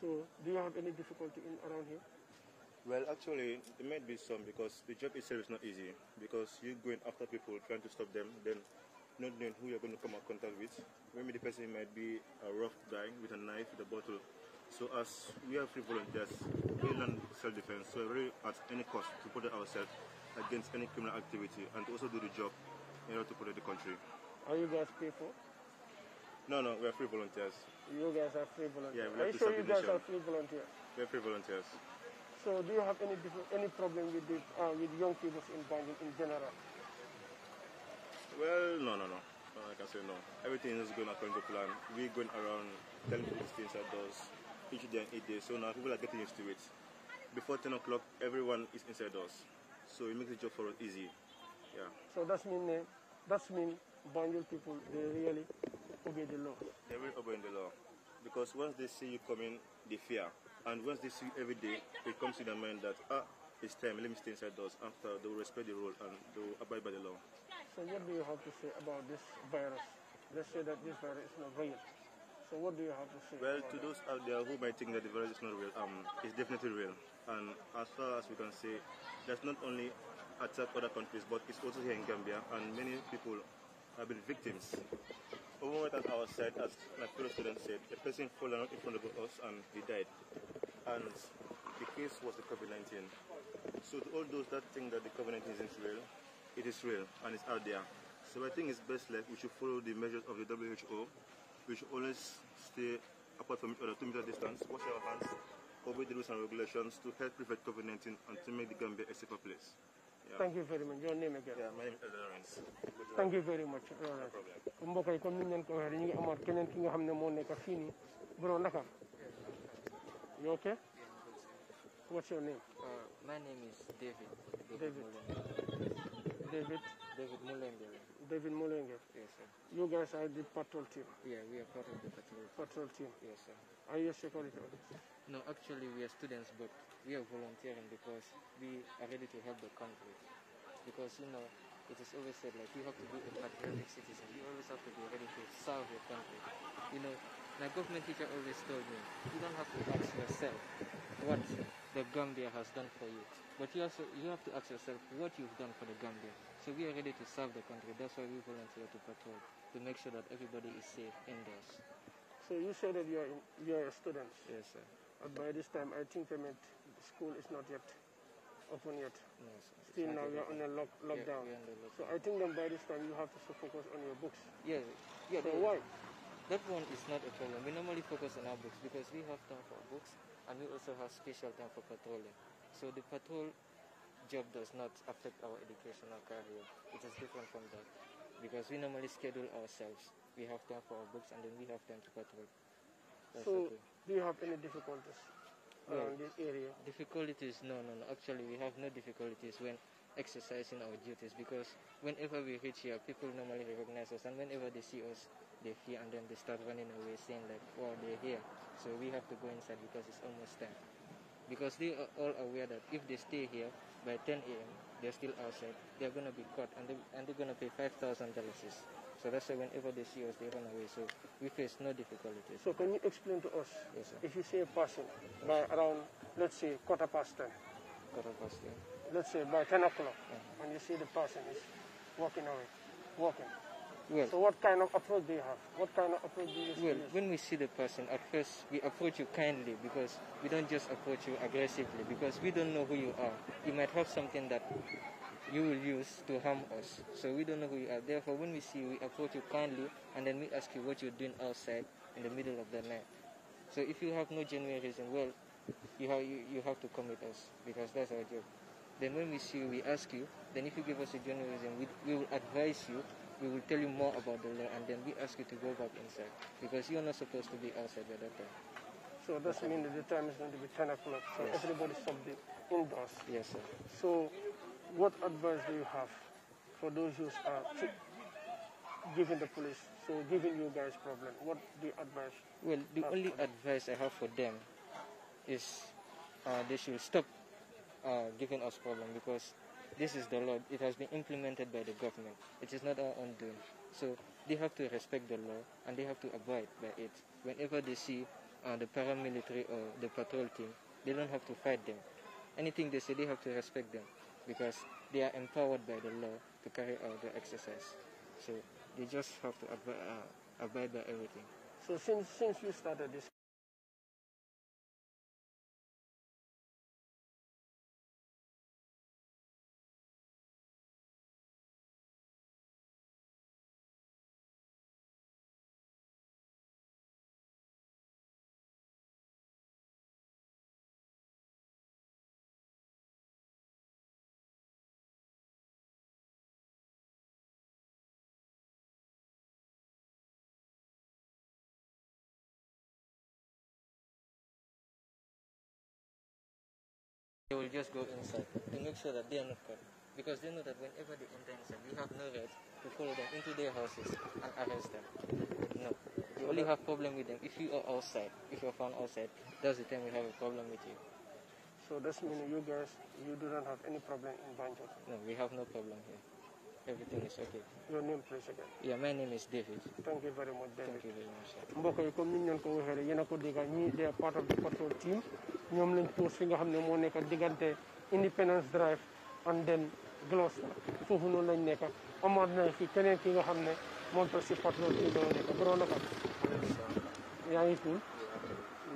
So, do you have any difficulty in, around here? Well, actually, there might be some because the job itself is not easy. Because you're going after people, trying to stop them, then not knowing who you're going to come in contact with. Maybe the person might be a rough guy with a knife, with a bottle. So as we are free volunteers, we learn self-defense. So we're really at any cost to protect ourselves against any criminal activity and to also do the job in order to protect the country. Are you guys people? No, no, we're free volunteers. You guys are free volunteers. Yeah, we are you sure you guys are free volunteers? We're free volunteers. So, do you have any any problem with the, uh, with young people in banking in general? Well, no, no, no. no I can say no. Everything is going according to plan. We're going around telling people things at doors each day and each day. So now people are getting used to it. Before 10 o'clock, everyone is inside doors. So it makes the job for us easy. Yeah. So that's mean uh, that's mean Banjul people they really obey the law. They will obey the law because once they see you coming, they fear, and once they see you every day, it comes to their mind that ah, it's time. Let me stay inside doors. After they will respect the rule and they will abide by the law. So what do you have to say about this virus? Let's say that this virus is not real. So what do you have to say? Well, to those out there who might think that the virus is not real, um, it's definitely real. And as far as we can see, that's not only attack other countries, but it's also here in Gambia, and many people have been victims. Over at I was said, as my fellow students said, a person fell down in front of us and he died. And the case was the COVID-19. So to all those that think that the COVID-19 isn't real, it is real and it's out there. So I think it's best left we should follow the measures of the WHO. We should always stay apart from each other, two meter distance, wash our hands, obey the rules and regulations to help prevent COVID-19 and to make the Gambia a safer place thank you very much your name again. yeah my Lawrence. thank you very much Lawrence. mbokk yi comme ni ñu leen ko waxee ñu ngi amaat keneen ki nga xam ne moo nekk fii nii borom you okay? what's your name? Uh, my name is David. David David. David Mulenge. David Mulenge. Yes, sir. You guys are the patrol team. Yeah, we are part of the patrol. team. Patrol team. Yes, sir. Are you a security officer? No, actually we are students, but we are volunteering because we are ready to help the country. Because, you know, it is always said like you have to be a patriotic citizen. You always have to be ready to serve your country. You know, my government teacher always told me, you don't have to ask yourself what the Gambia has done for you, but you also you have to ask yourself what you've done for the Gambia. So we are ready to serve the country. That's why we volunteer to patrol to make sure that everybody is safe indoors. So you say that you're you're a student. Yes, sir. But by this time, I think permit school is not yet open yet. Yes, Still now we are on a lock, lockdown. Yeah, lockdown. So I think then by this time you have to focus on your books. Yeah, yeah. So why? That one is not a problem. We normally focus on our books because we have time for books and we also have special time for patrolling. So the patrol job does not affect our educational career. It is different from that because we normally schedule ourselves. We have time for our books and then we have time to patrol. That's so, okay. Do you have any difficulties in this area? Difficulties? No, no, no. Actually, we have no difficulties when exercising our duties because whenever we reach here, people normally recognize us, and whenever they see us, they fear and then they start running away, saying like, "Oh, they're here." So we have to go inside because it's almost time. Because they are all aware that if they stay here by 10 a.m., they're still outside. They're gonna be caught, and they and they're gonna pay five thousand dollars so that's why whenever they see us, they run away. So we face no difficulties. So can you explain to us, yes, if you see a person by around, let's say, quarter past 10, quarter past 10, let's say by 10 o'clock, when you see the person is walking away, walking. Well, so what kind of approach do you have? What kind of approach do you well, Well, when we see the person, at first we approach you kindly because we don't just approach you aggressively because we don't know who you are. You might have something that you will use to harm us. So we don't know who you are. Therefore, when we see you, we approach you kindly and then we ask you what you're doing outside in the middle of the night. So if you have no genuine reason, well, you have, you, you have to come with us because that's our job. Then when we see you, we ask you. Then if you give us a genuine reason, we, we will advise you. We will tell you more about the law and then we ask you to go back inside because you're not supposed to be outside at that time. So that means the time is going to be 10 o'clock. So yes. everybody should be indoors. Yes, sir. So what advice do you have for those who are giving the police, so giving you guys problem? What the advice? Well, the only advice I have for them is uh, they should stop uh, giving us problem because this is the law. It has been implemented by the government. It is not our own doing. So they have to respect the law and they have to abide by it. Whenever they see uh, the paramilitary or the patrol team, they don't have to fight them. Anything they say, they have to respect them because they are empowered by the law to carry out the exercise. So they just have to abide, uh, by everything. So since since you started this They will just go inside to make sure that they are not caught. Because they know that whenever they enter inside, we have no right to follow them into their houses and arrest them. No. We only have problem with them if you are outside. If you're found outside, that's the time we have a problem with you. So that's mean you guys, you do not have any problem in Banjul? No, we have no problem here. everything is okay. Your name please again. Yeah, my name is David. Thank you very much, David. Thank you very much. mbokk yi are part of the patrol team. ñoom lañ tuur fi nga xam ne moo nekk diggante Independence Drive and then gloss foofu noonu lañ nekk amaat na fi keneen ki nga xam ne moom ta si patlool ci doon nekk borom ko. yaa ngi tuur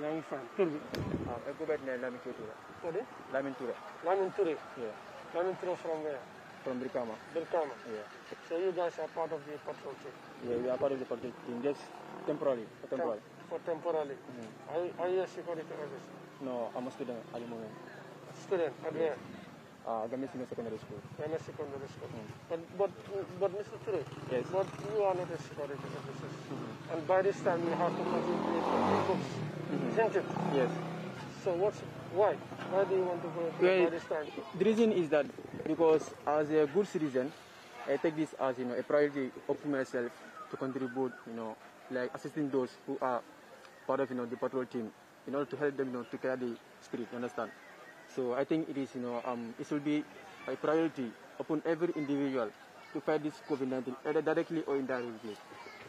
yaa ngi fan tur bi waaw e gobet ne Lamine Touré ko de Lamine Touré Lamine Touré yeah Lamin Touré from where from Brikama Brikama yeah so you guys are part of the patrol team yeah we are part of the patrol team just temporarily for temporarily for temporarily mm -hmm. are you a security officer No, I'm a student at the moment. Student at where? Uh, Gamesi Secondary School. Gamesi Secondary School. Mm. But, but, but Mr. Ture, yes. but you are not a security officer. Mm -hmm. And by this time you have to concentrate on your books, mm-hmm. isn't it? Yes. So what's, why? Why do you want to go well, by this time? The reason is that because as a good citizen, I take this as, you know, a priority of myself to contribute, you know, like assisting those who are part of, you know, the patrol team in order to help them, you know, to carry the spirit, you understand? So I think it is, you know, um, it should be a priority upon every individual to fight this COVID-19, either directly or indirectly.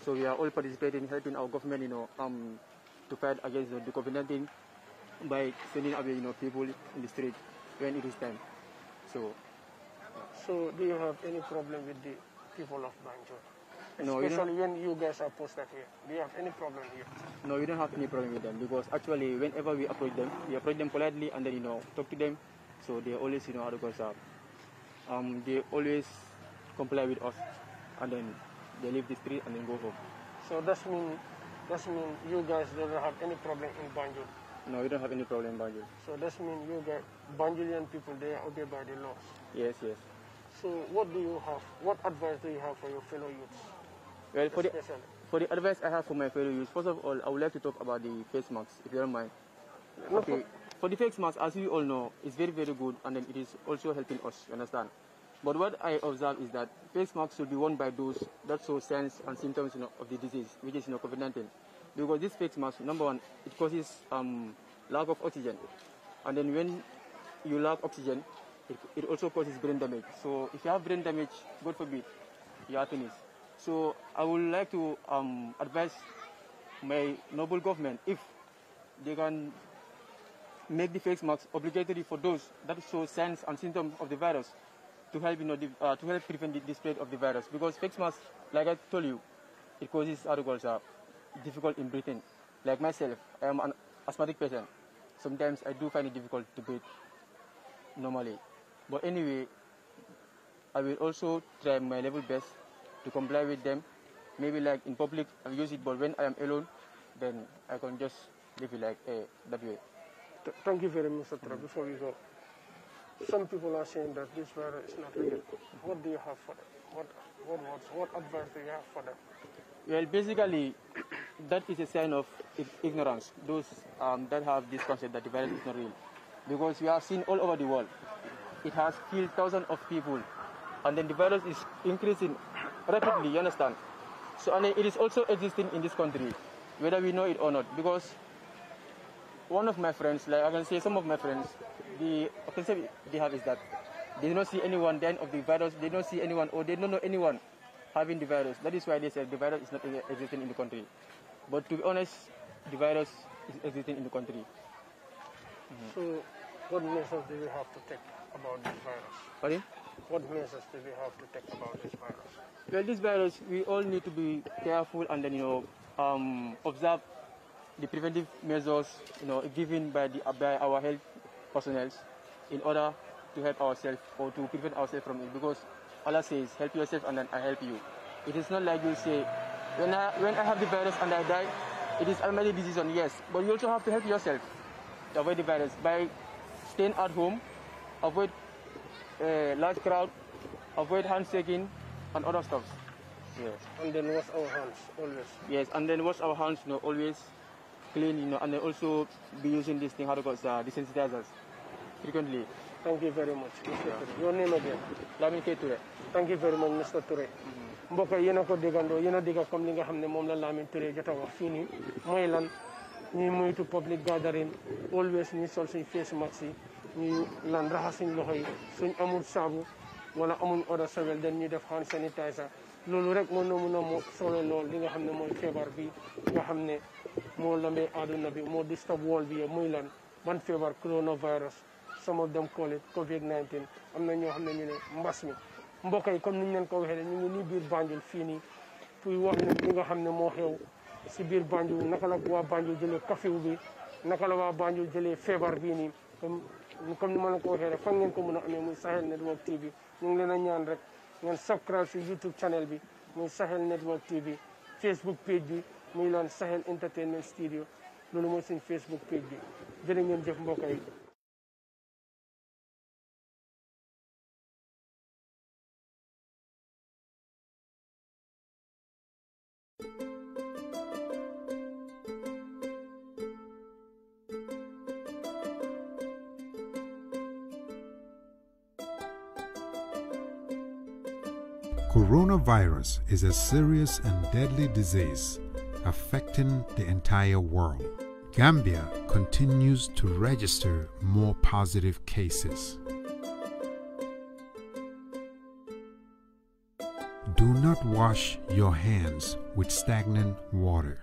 So we are all participating, helping our government, you know, um, to fight against you know, the COVID-19 by sending away, you know, people in the street when it is time. So. So do you have any problem with the people of Banjo? No, Especially when you guys are posted here. Do you have any problem here? No, we don't have any problem with them because actually whenever we approach them, we approach them politely and then, you know, talk to them. So they always, you know, how to up. Um, they always comply with us and then they leave the street and then go home. So that's mean, that's mean you guys don't have any problem in Banjul? No, we don't have any problem in Banjul. So that means you guys, Banjulian people, they obey by the laws? Yes, yes. So what do you have, what advice do you have for your fellow youths? Well, for the, for the advice I have for my fellow youth, first of all, I would like to talk about the face masks, if you don't mind. Okay. For the face mask, as you all know, it's very, very good, and then it is also helping us, you understand? But what I observe is that face masks should be worn by those that show signs and symptoms you know, of the disease, which is you know, COVID-19. Because this face mask, number one, it causes um, lack of oxygen. And then when you lack oxygen, it, it also causes brain damage. So if you have brain damage, God forbid, you are finished. So I would like to um, advise my noble government if they can make the face masks obligatory for those that show signs and symptoms of the virus to help, you know, the, uh, to help prevent the, spread of the virus. Because face masks, like I told you, it causes articles are difficult in breathing. Like myself, I am an asthmatic patient. Sometimes I do find it difficult to breathe normally. But anyway, I will also try my level best to comply with them. Maybe like in public, I use it, but when I am alone, then I can just leave it like eh, a W. thank you very much, Mr. Mm -hmm. Before we go, some people are saying that this virus is not real. What do you have for them? What, what, words, what advice do you have for them? Well, basically, [coughs] that is a sign of ignorance, those um, that have this concept that the virus is not real. Because we have seen all over the world, it has killed thousands of people, and then the virus is increasing rapidly, you understand? So and it is also existing in this country, whether we know it or not, because one of my friends, like I can say some of my friends, the concept they have is that they do not see anyone then of the virus, they don't see anyone or they don't know anyone having the virus. That is why they say the virus is not existing in the country. But to be honest, the virus is existing in the country. Mm -hmm. So what measures do we have to take about this virus? Pardon? What measures do we have to take about this virus? Well, this virus, we all need to be careful and then, you know, um, observe the preventive measures, you know, given by, the, by our health personnel in order to help ourselves or to prevent ourselves from it. Because Allah says, help yourself and then I help you. It is not like you say, when I, when I have the virus and I die, it is Almighty decision, yes. But you also have to help yourself to avoid the virus by staying at home, avoid uh, large crowd, avoid handshaking, and other stuff. Yes. And then wash our hands always. Yes, and then wash our hands, you know, always clean, you know, and then also be using this thing, how to call uh, desensitizers frequently. Thank you very much, Mr. Yeah. Your name again? Lamine K. Thank you very much, Mr. Ture. Mm-hmm. mbokk yi yéen a ko déggandoo yéen a dégga nga xam ne moom la Lamine Touré jot a wax public gathering always ñuy sol suñ face mask yi ñuy lan raxas suñ wala amuñ eau de javel dañ ñuy def hand sanitizer loolu rek mën na mun a moo solo lool li nga xam ne mooy feebar bi nga xam ne moo lambee àdduna bi moo disturb world bi muy lan ban feebar coronavirus some of them call it covid 19 am na ñoo xam ne ñu ne mbas mi mbokk yi comme niñ leen ko waxee ñu ngi nii biir Banjul fii nii puy wax ne li nga xam ne moo xew si biir Banjul naka la waa Banjul jëlee kafiw bi naka la waa Banjul jëlee feebar bi nii comme ni ma la ko waxee rek fan ngeen ko mën a amee muy Sahel Network TV ñu ngi leen a ñaan rek ngeen subscribe si YouTube channel bi muy Sahel Network TV Facebook page bi muy lan Sahel Entertainment Studio loolu mooy suñ Facebook page bi jërë ngeen jëf mbokk yi virus is a serious and deadly disease affecting the entire world. Gambia continues to register more positive cases. Do not wash your hands with stagnant water.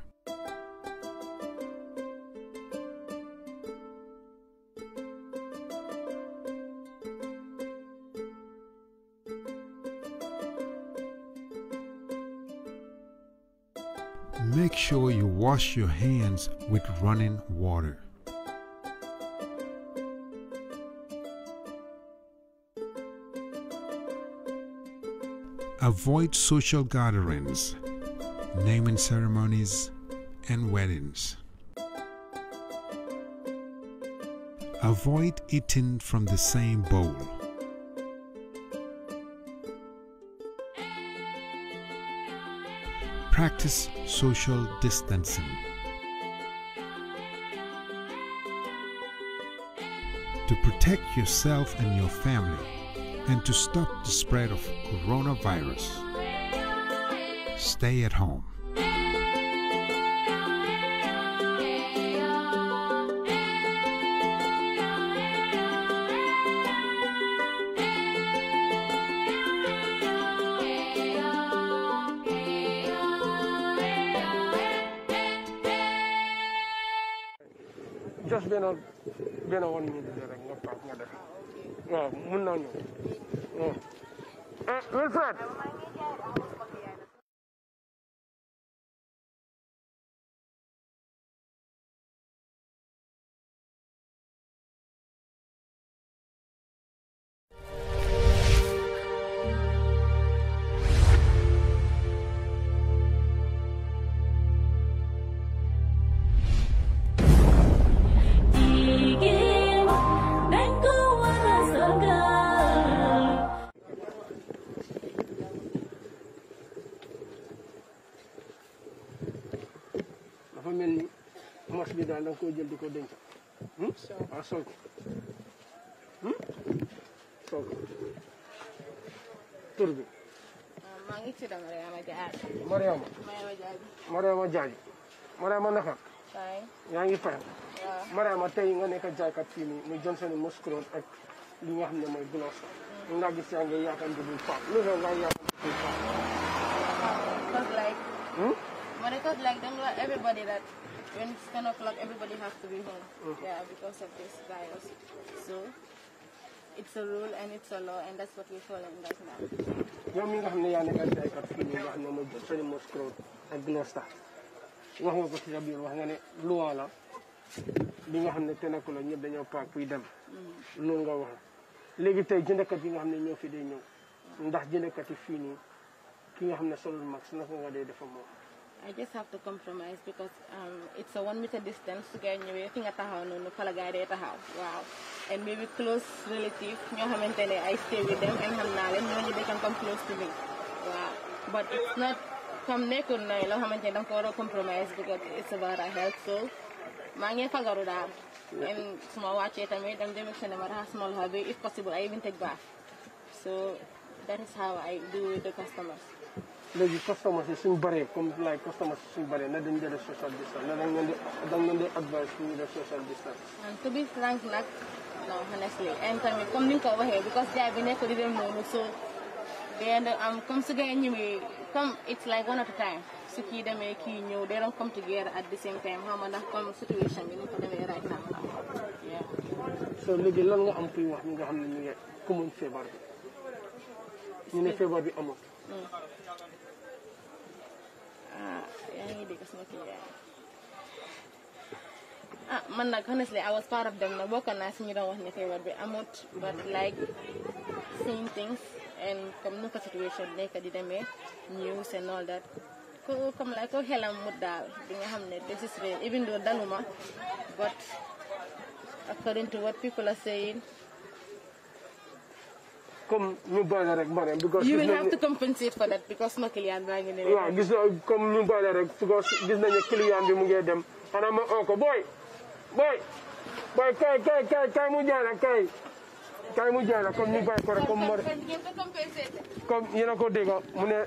wash your hands with running water. Avoid social gatherings, naming ceremonies, and weddings. Avoid eating from the same bowl. practice social distancing. To protect yourself and your family and to stop the spread of coronavirus, stay at home. tas benn benn woon ñu di rek nga toog nga def waaw mun naa ñëw waaw. ah Wilfred. naan da nga jël di ko denc. waaw sol sol ko tur bi. Ah, maa ngi ci da Diaby. Mariama. Mariama Diaby. Mariama Diaby. Mariama naka. waaye. yaa ngi fayam. Ah. waaw Mariama tey nga nekk jaaykat fii nii muy Johnson ak li nga xam ne mooy Gloss. Hmm. ndax gis yaa ngi yaakaar ah, hmm? ne duñ faam lu doon laay yaakaar ne duñ faam. cause like. when it's 10 o'clock, everybody has to be home. Mm Yeah, because of this virus. So it's a rule and it's a law, and that's what we're following right now. Yang mi nga xam ne ay kat fii nii nga xam ne mooy Jocelyn Moscow ak Glo Star wax nga ko si sa la bi nga xam ne ten o'clock ñëpp dañoo paak kuy dem. loolu nga wax léegi tey jëndkat yi nga xam ne ñoo I just have to compromise because um, it's a one meter distance su gars I think fi nga taxaw no fa la gars yi dee taxaw wow, and maybe close relative I stay with them and xam naa leen ñooñu they can come close to me Wow, but it's not comme nekkul na loo xamante ne da nga ko war a compromise because it's about our health so maa ngi fagaru daal and su ma wàccee tamit dama dem seen ma raxas small loxo if possible I even take bath so that is how I do with the customers léegi customers yi suñ bëree comme like customers yi suñ bëree na dañ jëlee social distance na dañ leen di dañ leen di advice pour ñu def social distance. to be frank nag non honestly and tamit comme ni waxee because jaay bi nekk di dem noonu so day am um, comme su gay ñëwee comme kii demee kii ñëw they don't come together at the same time xam nga ndax comme situation bi ni ko demee right now yeah. so léegi lan nga am kuy wax ñi nga xam ne ñu ngi feebar bi ñu feebar bi amul. Mm. Uh, yeah, because smoking, yeah. ah man nag honestly I was part of them nag bokkoon naa si not doon wax but I'm not. but like seeing things and comme situation. Like situation didn't make news and all that Come, like oh, hell, I'm bi this is real even though daluma but according to what people are saying comme ñu boole rek mboolem. because you will have to compensate for that because ma client baa ngi ne waaw gis na comme ñu nañu client bi mu ngi dem xanaa ma oo ko booy booy booy kay kay kay mu jaay la kay kay mu jaay la comme ñu bàyyi ko rek comme mor comme yéen mu ne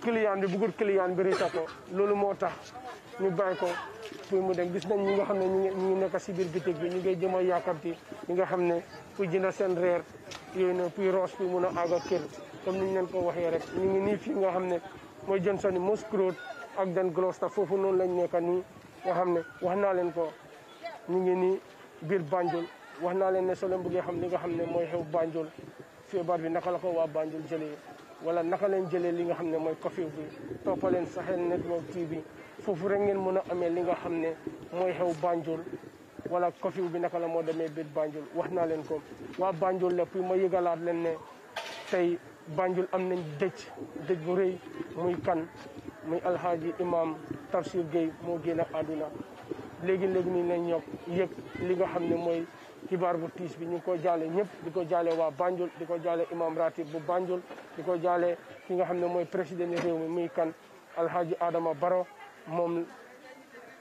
client bi bugut client bi rita ko loolu moo tax ñu bàyyi ko pour mu dem gis nañ ñi nga xam ne ñu ngi nekk si biir bitig bi ñu ngi jëm a yàkkamti ñi nga xam ne fu jënd seen reer yooyu noonu puy roos bi mun a àgg kër comme ni ñu leen ko waxee rek ñu ngi nii fii nga xam ne mooy Johnson ni mos Road ak den Gloucester foofu noonu lañ nekk nii nga xam ne wax naa leen ko ñu ngi nii biir Banjul wax naa leen ne soo leen bëggee xam li nga xam ne mooy xew Banjul feebar bi naka la ko waa Banjul jëlee wala naka leen jëlee li nga xam ne mooy curfew bi toppaleen Sahel Network bi foofu rek ngeen mën a amee li nga xam ne mooy xew Banjul wala coffee bi naka la mo demé bit Banjul waxna len ko wa Banjul la fi ma yegalat len né tay Banjul am nañ decc decc bu reuy muy kan muy alhaji imam Tafsir Gueye mo génn aduna légui légui ni nañ ñokk yëg li nga xamné moy mooy bu tiss bi ñu ko jalé ñëpp diko jalé wa Banjul diko jalé imam ratib bu Banjul diko jalé ki nga xamné moy président réew mi muy kan alhaji Adama Baro mom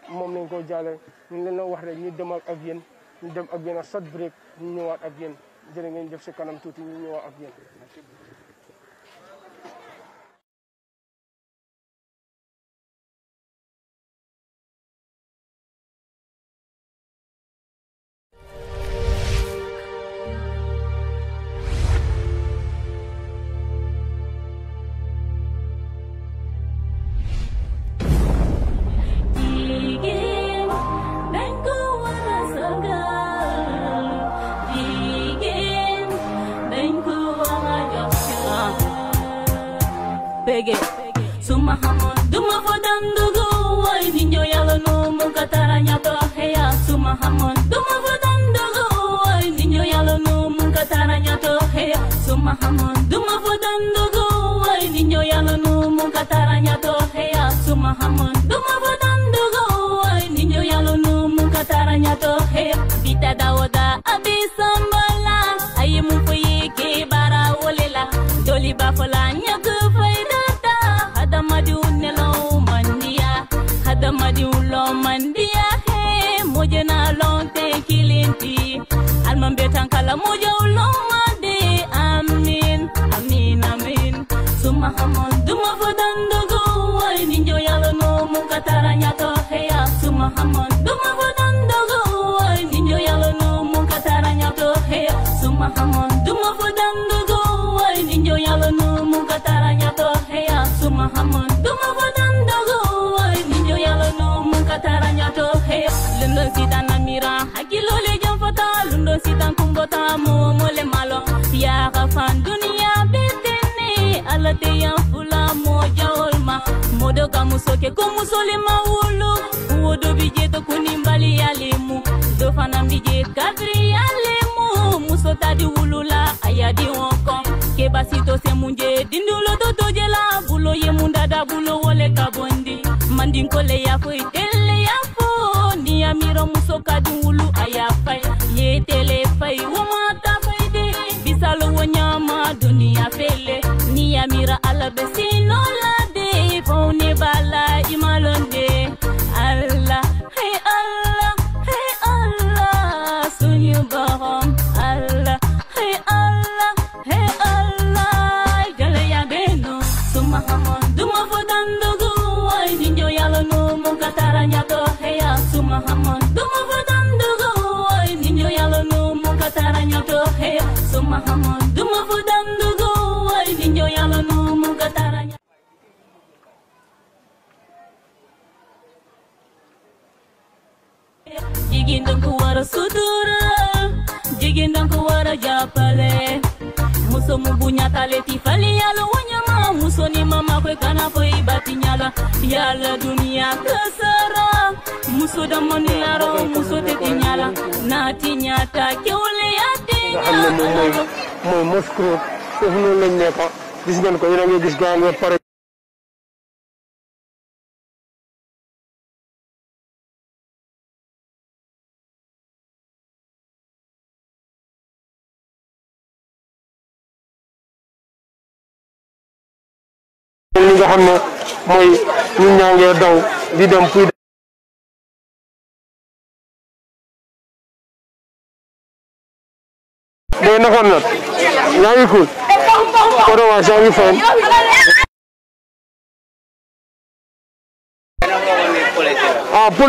moom lañ ko jaale ñu leen wax rek ñu demal ak yéen ñu dem ak yéen a sat break ñu ñëwaat ak yéen jërë ngeen jëf si kanam tuuti ñu ñëwaat ak yéen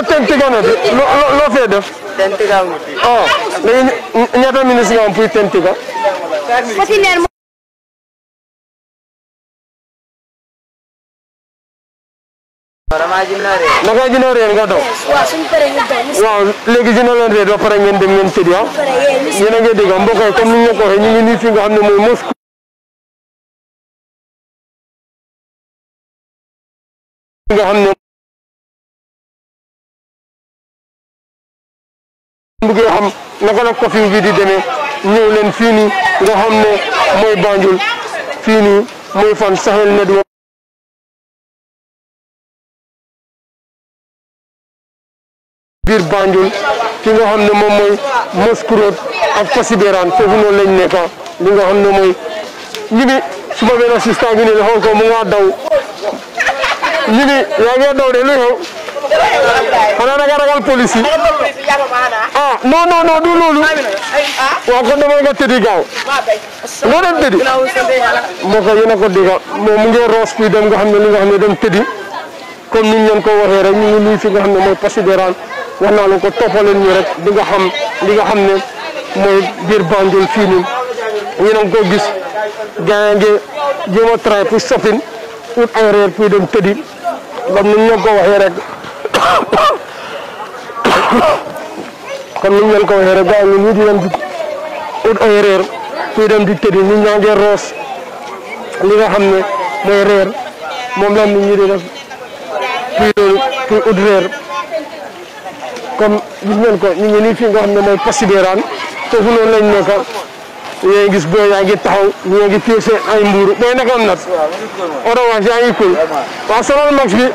loo teg tigana bi loo loo fee def. ten tiga wu. ah oh, léegi ñaata minutes nga am pour ten tiga. naka dina réer nga daw. waaw léegi dina leen réer ba pare ngeen dem ngeen tëddi ah. yéen a ngi dégg ah, mbokk yi comme ni ñu ko waxee nii fi nga xam ne mooy mosquée. nga xam bëggee xam naka la couvre-feu bi di deme ñëw leen fii nii nga xam ne mooy Banjul fii nii mooy fan Sahel Network biir Banjul fi nga xam ne moom mooy Mosque Road ak Kasibeeraan foofu noonu lañ nekka li nga xam ne mooy ñu ngi suma benn assistant bi ne xool ko mu ngaa daw ñu yaa ngi daw de lu xew xanaa da nga no police yi ah non non non du loolu waaw kon dama nga tëddi gaaw nga dem tëddi moo ko yéen ko dégg moom mu ngi roos kuy dem nga xam ne li nga xam ne dem tëddi comme ni ñu ko waxee rek ñu ngi fi nga xam ne mooy Passiberan wax naa leen ko toppaleen ñu rek di nga xam li nga xam ne mooy biir Banjul fii nii ko gis gaa ngi jéem a traité pour shopping ut ay reer kuy dem tëddi comme ni ñu ko waxee rek. kon ni ñu leen ko waxee rek gars yi ñun ñu di dem di ut ay reer ñuy dem di tëddi ñun ñoo ngi roos li nga xam ne mooy reer moom la nit ñi di def pour pour ut reer comme gis ngeen ko ñu ngi nii fii nga xam ne mooy Passibérane foofu noonu lañ nekk yaa ngi gis boo yaa ngi taxaw yaa ngi téye ay mbuuru booy nekkoon nag orange yaa ngi koy waaw sonal mag bi.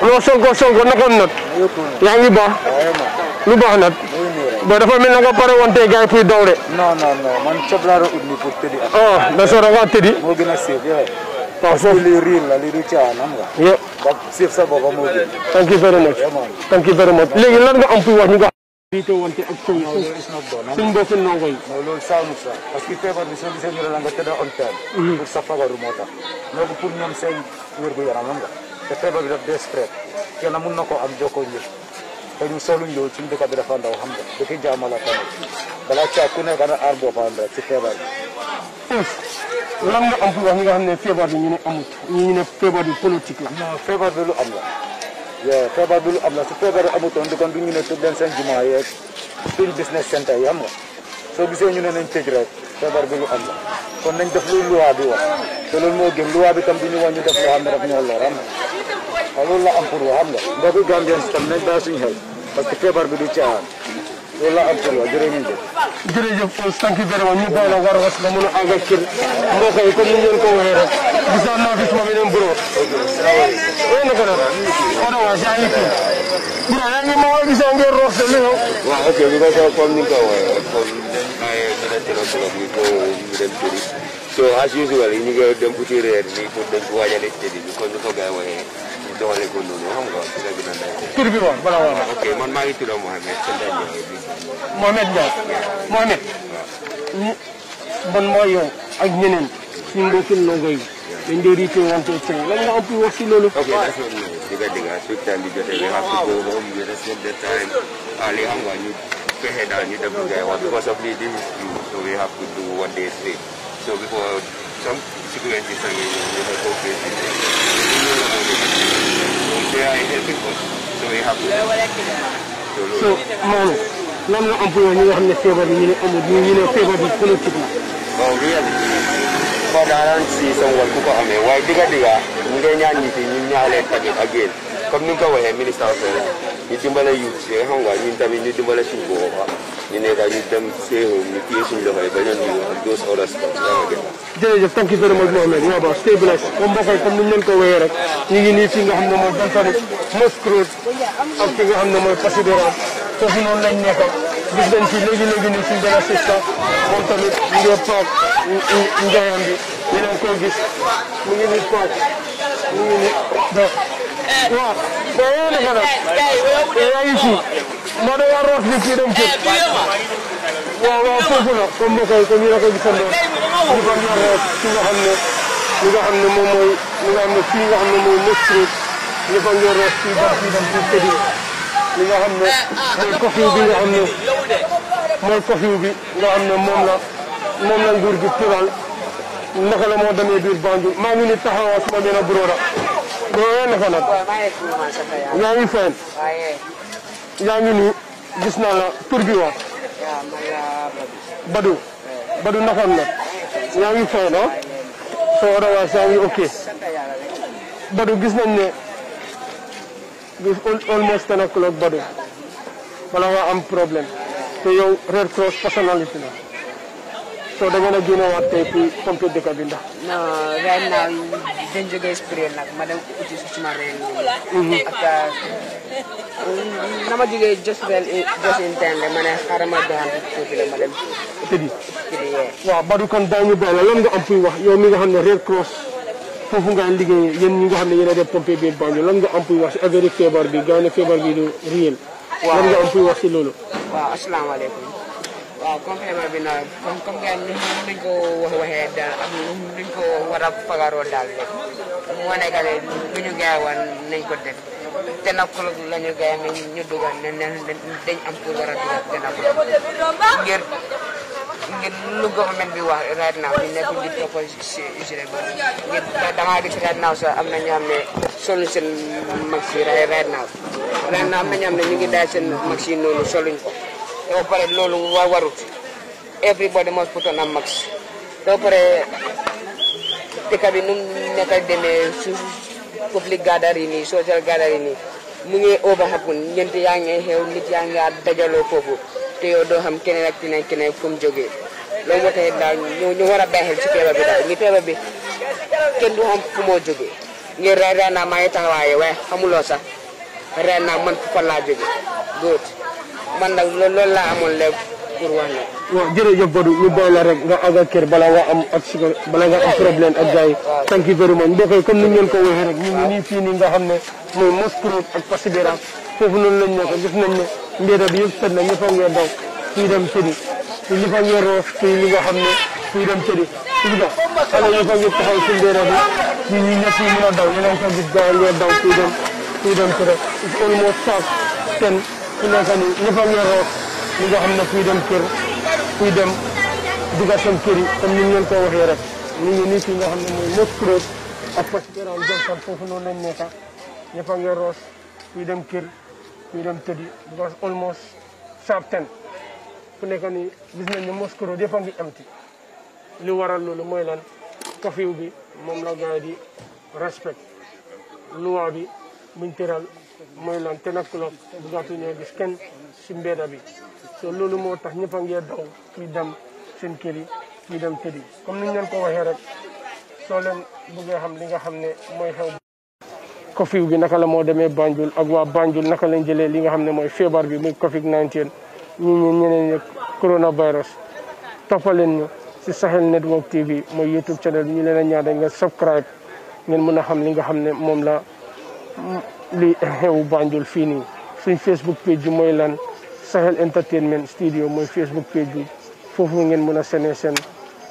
non Sonko Sonko naxoon nat yaa ngi baax lu baax nat ba dafa mel na nga pare woon tey gars yi pour daw de. non non man cob laa doon ut nii soo doon a séef yooyu. Ah, riir la lii du caaxaan am nga. yëpp sa bopp moo gën. thank you very much thank you very much léegi lan nga am pour wax ñu nga. diite wante ak suñ suñ mbokku ndongo yi. non parce que feebar bi soo gisee ñu la nga tëdd mm-hmm. fagaru moo tax. donc pour ñoom te feebar bi def dee spread kenn mun na ko am jokkoo ñëpp te ñu soxluñ loolu suñu dëkk bi dafa ndaw xam nga dëkk jaamu la tamit balaa caa ku nekk na aar boppam ci feebar bi. lan nga am pour wax ñi nga xam ne feebar bi ñu ne amut ñu ne feebar bi politique la. non feebar bi lu am la. waaw feebar bi lu am la su feebar bi amutoon di kon du ñu ne tudd leen seen jumaa yeeg suñ business center yi xam nga. soo gisee ñu ne nañ tëj rek feebar bi lu am la kon nañ def lu loi bi wax te lu moo gën loi bi tam du ñu wàññi def loo xam ne daf ñoo lor am na loolu la am pour wax am nga mbokku Gambien si tam nañ bàyyi suñu xel parce que feebar bi du caaxaan loolu laa am solo jërëjëf. jërëjëf thank you very much ñu boole war was la mën a investir mbokk yi comme ni ngeen ko waxee rek gisaa naa fi suma beneen bureau. waaw na ko def. Odo waa si ay kii. bureau yaa ngi ma wax gisaa ngeen roof sa léew. waaw ok bi ko soo comme ni nga ko waxee comme ay dina teel a solo bi ko ñu dem tëri. so as usual ñu ngi dem uti reer nii pour dañ ko waajale tëri bi comme ni ko gars yi doole ko noonu xam nga fi la gën a nekk. tur bi moom bala woon na. ok man maa ngi tudd Mohamed Senda Ndiaye. Mohamed Ndiaye. Mohamed. waaw. man maa yow ak ñeneen ñu mbokki ndongo yi. dañ dee riite wante cee lan nga am wax si loolu. ok that's not nice. di nga dégg ah suuf tamit jotee we have to go home we respect the time ah li xam nga ñu fexe daal ñu def ngay wax because of lii this is so we have to do what they say so before some situation yi ñu ñu ko so Maodo lan nga am pour ñi nga xam ne feebar bi ñu ne amul ñu ne feebar bi politique la. bon réel ko daan si sa wàll ku ko amee waaye digga digga ñu ngi ñaan nit ñi ñu ñaax comme nous avons un waxee ministre of finance ñu dimbale youth si nga xam nga ñun tamit ñu dimbale suñu bopp ñu nous avons un séeréer ñu téye suñu loxo yi ba ñoom ñu nous avons un stuff yaa ngi gën jërëjëf thank you very much nous avons un stay blessed comme mbokk yi comme ni leen ko nous avons un ngi nii fi nga xam ne mooy bantani mosque nous avons un nga xam ne mooy pasidora foofu noonu lañ nekkal gis nañ fi léegi léegi nii suñu benn sista moom tamit ñu بيان كذا يا يشي ما ده يروح في كده ممكن واو فوقنا كم كاي كم يلا كاي كم يلا كم يلا نيجا هم نموي نيجا هم في نيجا هم نموي نسري نيجا هم يروح في بس في كده نيجا هم مال كفيو بي نيجا هم مال كفيو بي نيجا هم مملا مملا يدور جبتال نخلا ما دم يدور باندو ما من التحاوس ما من البرورة doo naka nag. yaa ngi fayal. yaa ngi nii gis naa la tur bi wax. Badou. Badou eh. naka nag. yaa ngi fayal ah. soo rawaas yaa ngi ok. Badou gis nañ ne gis almost ten o'clock Badou. wala nga am problème te yow Red Cross personnalité la. so da ngeen a génnewaat tey pour pompe dëkk bi ndax. non right now dañ jógee inspiré nag ma dem uti si suma réew mi. Mhm. ak euh, na ma jógee just well euh, just in time rek ma ne xaaral ma doxantu tuuti la ma dem. tëddi tëddi waaw Badou Kane daañu bàyyi la lan nga am puy wax yow mi nga xam ne Red Cross foofu nga liggéey yéen ñi nga xam ne yéen a def pompe biir Banjul lan nga am puy wax si affaire feebar bi gaañu feebar bi du réel. waaw lan nga am puy wax si loolu. waaw asalaamaaleykum. waaw comme feebar bi nag comme comme ngeen ni ko wax waxee daal am ni ñu ko nañ ko def tenakul la ñu gaay ne ñu dugal ne ne dañ am pour war a bi wax right now ñu nekk di topp si usine bi ngir damaa gis sax am na ñoo xam ne solution machine right now right now am na ñoo ñu ngi daal seen machine noonu soluñ ko ba pare loolu wa warut everybody must put on a mask ba pare dëkk bi nu mu nekk demee su public gathering yi social gathering yi mu ngi over happen ñeent yaa ngi xew dajaloo foofu te yow doo xam keneen ak keneen keneen fu mu jógee loolu moo tax daal ñu ñu war a bàyyi xel ci feebar bi daal ñu feebar bi kenn du xam fu moo jógee ngir naa maa ngi taxawaaye waaye xamuloo sax ray naa man fu fan laa jógee góor man nag loolu laa amoon lépp pour wax ne. waaw jërëjëf Badou ñu bàyyi la rek nga àgga kër bala nga am ak si bala nga am problème ak gars yi. waaw thank you very much mbokk yi comme ni ngeen ko waxee rek. waaw ñu ngi nii fii nii nga xam ne mooy Mosque Road ak Pasibira foofu noonu lañ nekk gis nañ ne mbedd bi yëpp sët na ñëpp a ngi daw fii dem tëddi fii ñëpp a ngi roof fii li nga xam ne fii dem tëddi fii dox xale ñëpp a ngi taxaw si mbedd bi fii ñi ñëpp ñoo daw ñu leen ko gis gars yi daw fii dem fii dem tëddi it's almost past ten fi nekk nii ñëpp a ñoroo li nga xam ne kuy dem kër kuy dem dugal seen kër ni ñu leen ko waxee rek ñu ngi nii fi nga xam ne mooy Mos Crop ak Pastéral Johnson foofu noonu lañ nekk ñëpp a ñoroo kuy dem kër kuy dem tëddi because almost sharp ten fu nekk nii gis nañ ne Mos Crop yëpp a ngi empty li waral loolu mooy lan curfew bi moom la gars yi di respect loi bi buñ tëral mooy lan ténaculoos bëggatuñoo gis kenn si mbedda bi so loolu moo tax ñëpp a ngee daw kuy dem seen kër yi kuy dem tëddi comme niñ leen ko waxee rek soo leen bëggee xam li nga xam ne mooy xew covid bi naka la moo demee Banjul ak waa Banjul naka lañ jëlee li nga xam ne mooy feebar bi muy covid 19 ñu ñu ñeneen ñi coronavirus toppaleen ñu si Sahel Network TV mooy YouTube channel ñu leen a ñaan nga subscribe ngeen mën a xam li nga xam ne moom la li xew Banjul fii nii suñ Facebook page bi mooy lan Sahel Entertainment Studio mooy Facebook page bi foofu ngeen mën a senee seen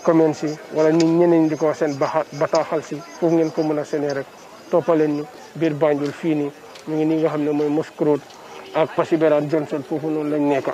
comment si wala nit ñeneen di ko seen bataaxal si foofu ngeen ko mën a senee rek toppaleen ñu biir Banjul fii nii mu ngi nii nga xam ne mooy Mosque Road ak Pasiberan Johnson foofu noonu lañ nekka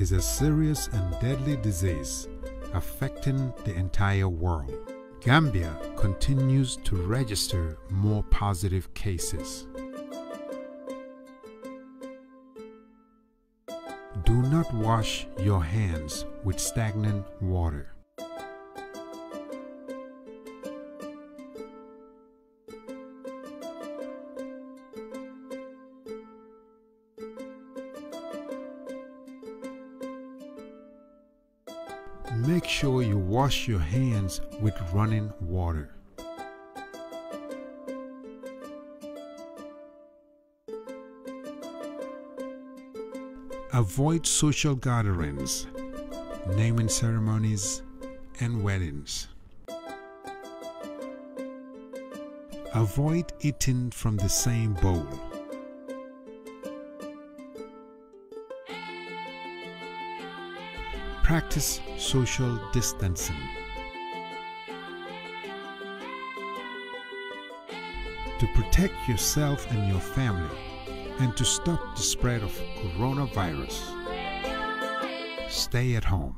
is a serious and deadly disease affecting the entire world. Gambia continues to register more positive cases. Do not wash your hands with stagnant water. wash your hands with running water. Avoid social gatherings, naming ceremonies, and weddings. Avoid eating from the same bowl. practice social distancing. To protect yourself and your family and to stop the spread of coronavirus, stay at home.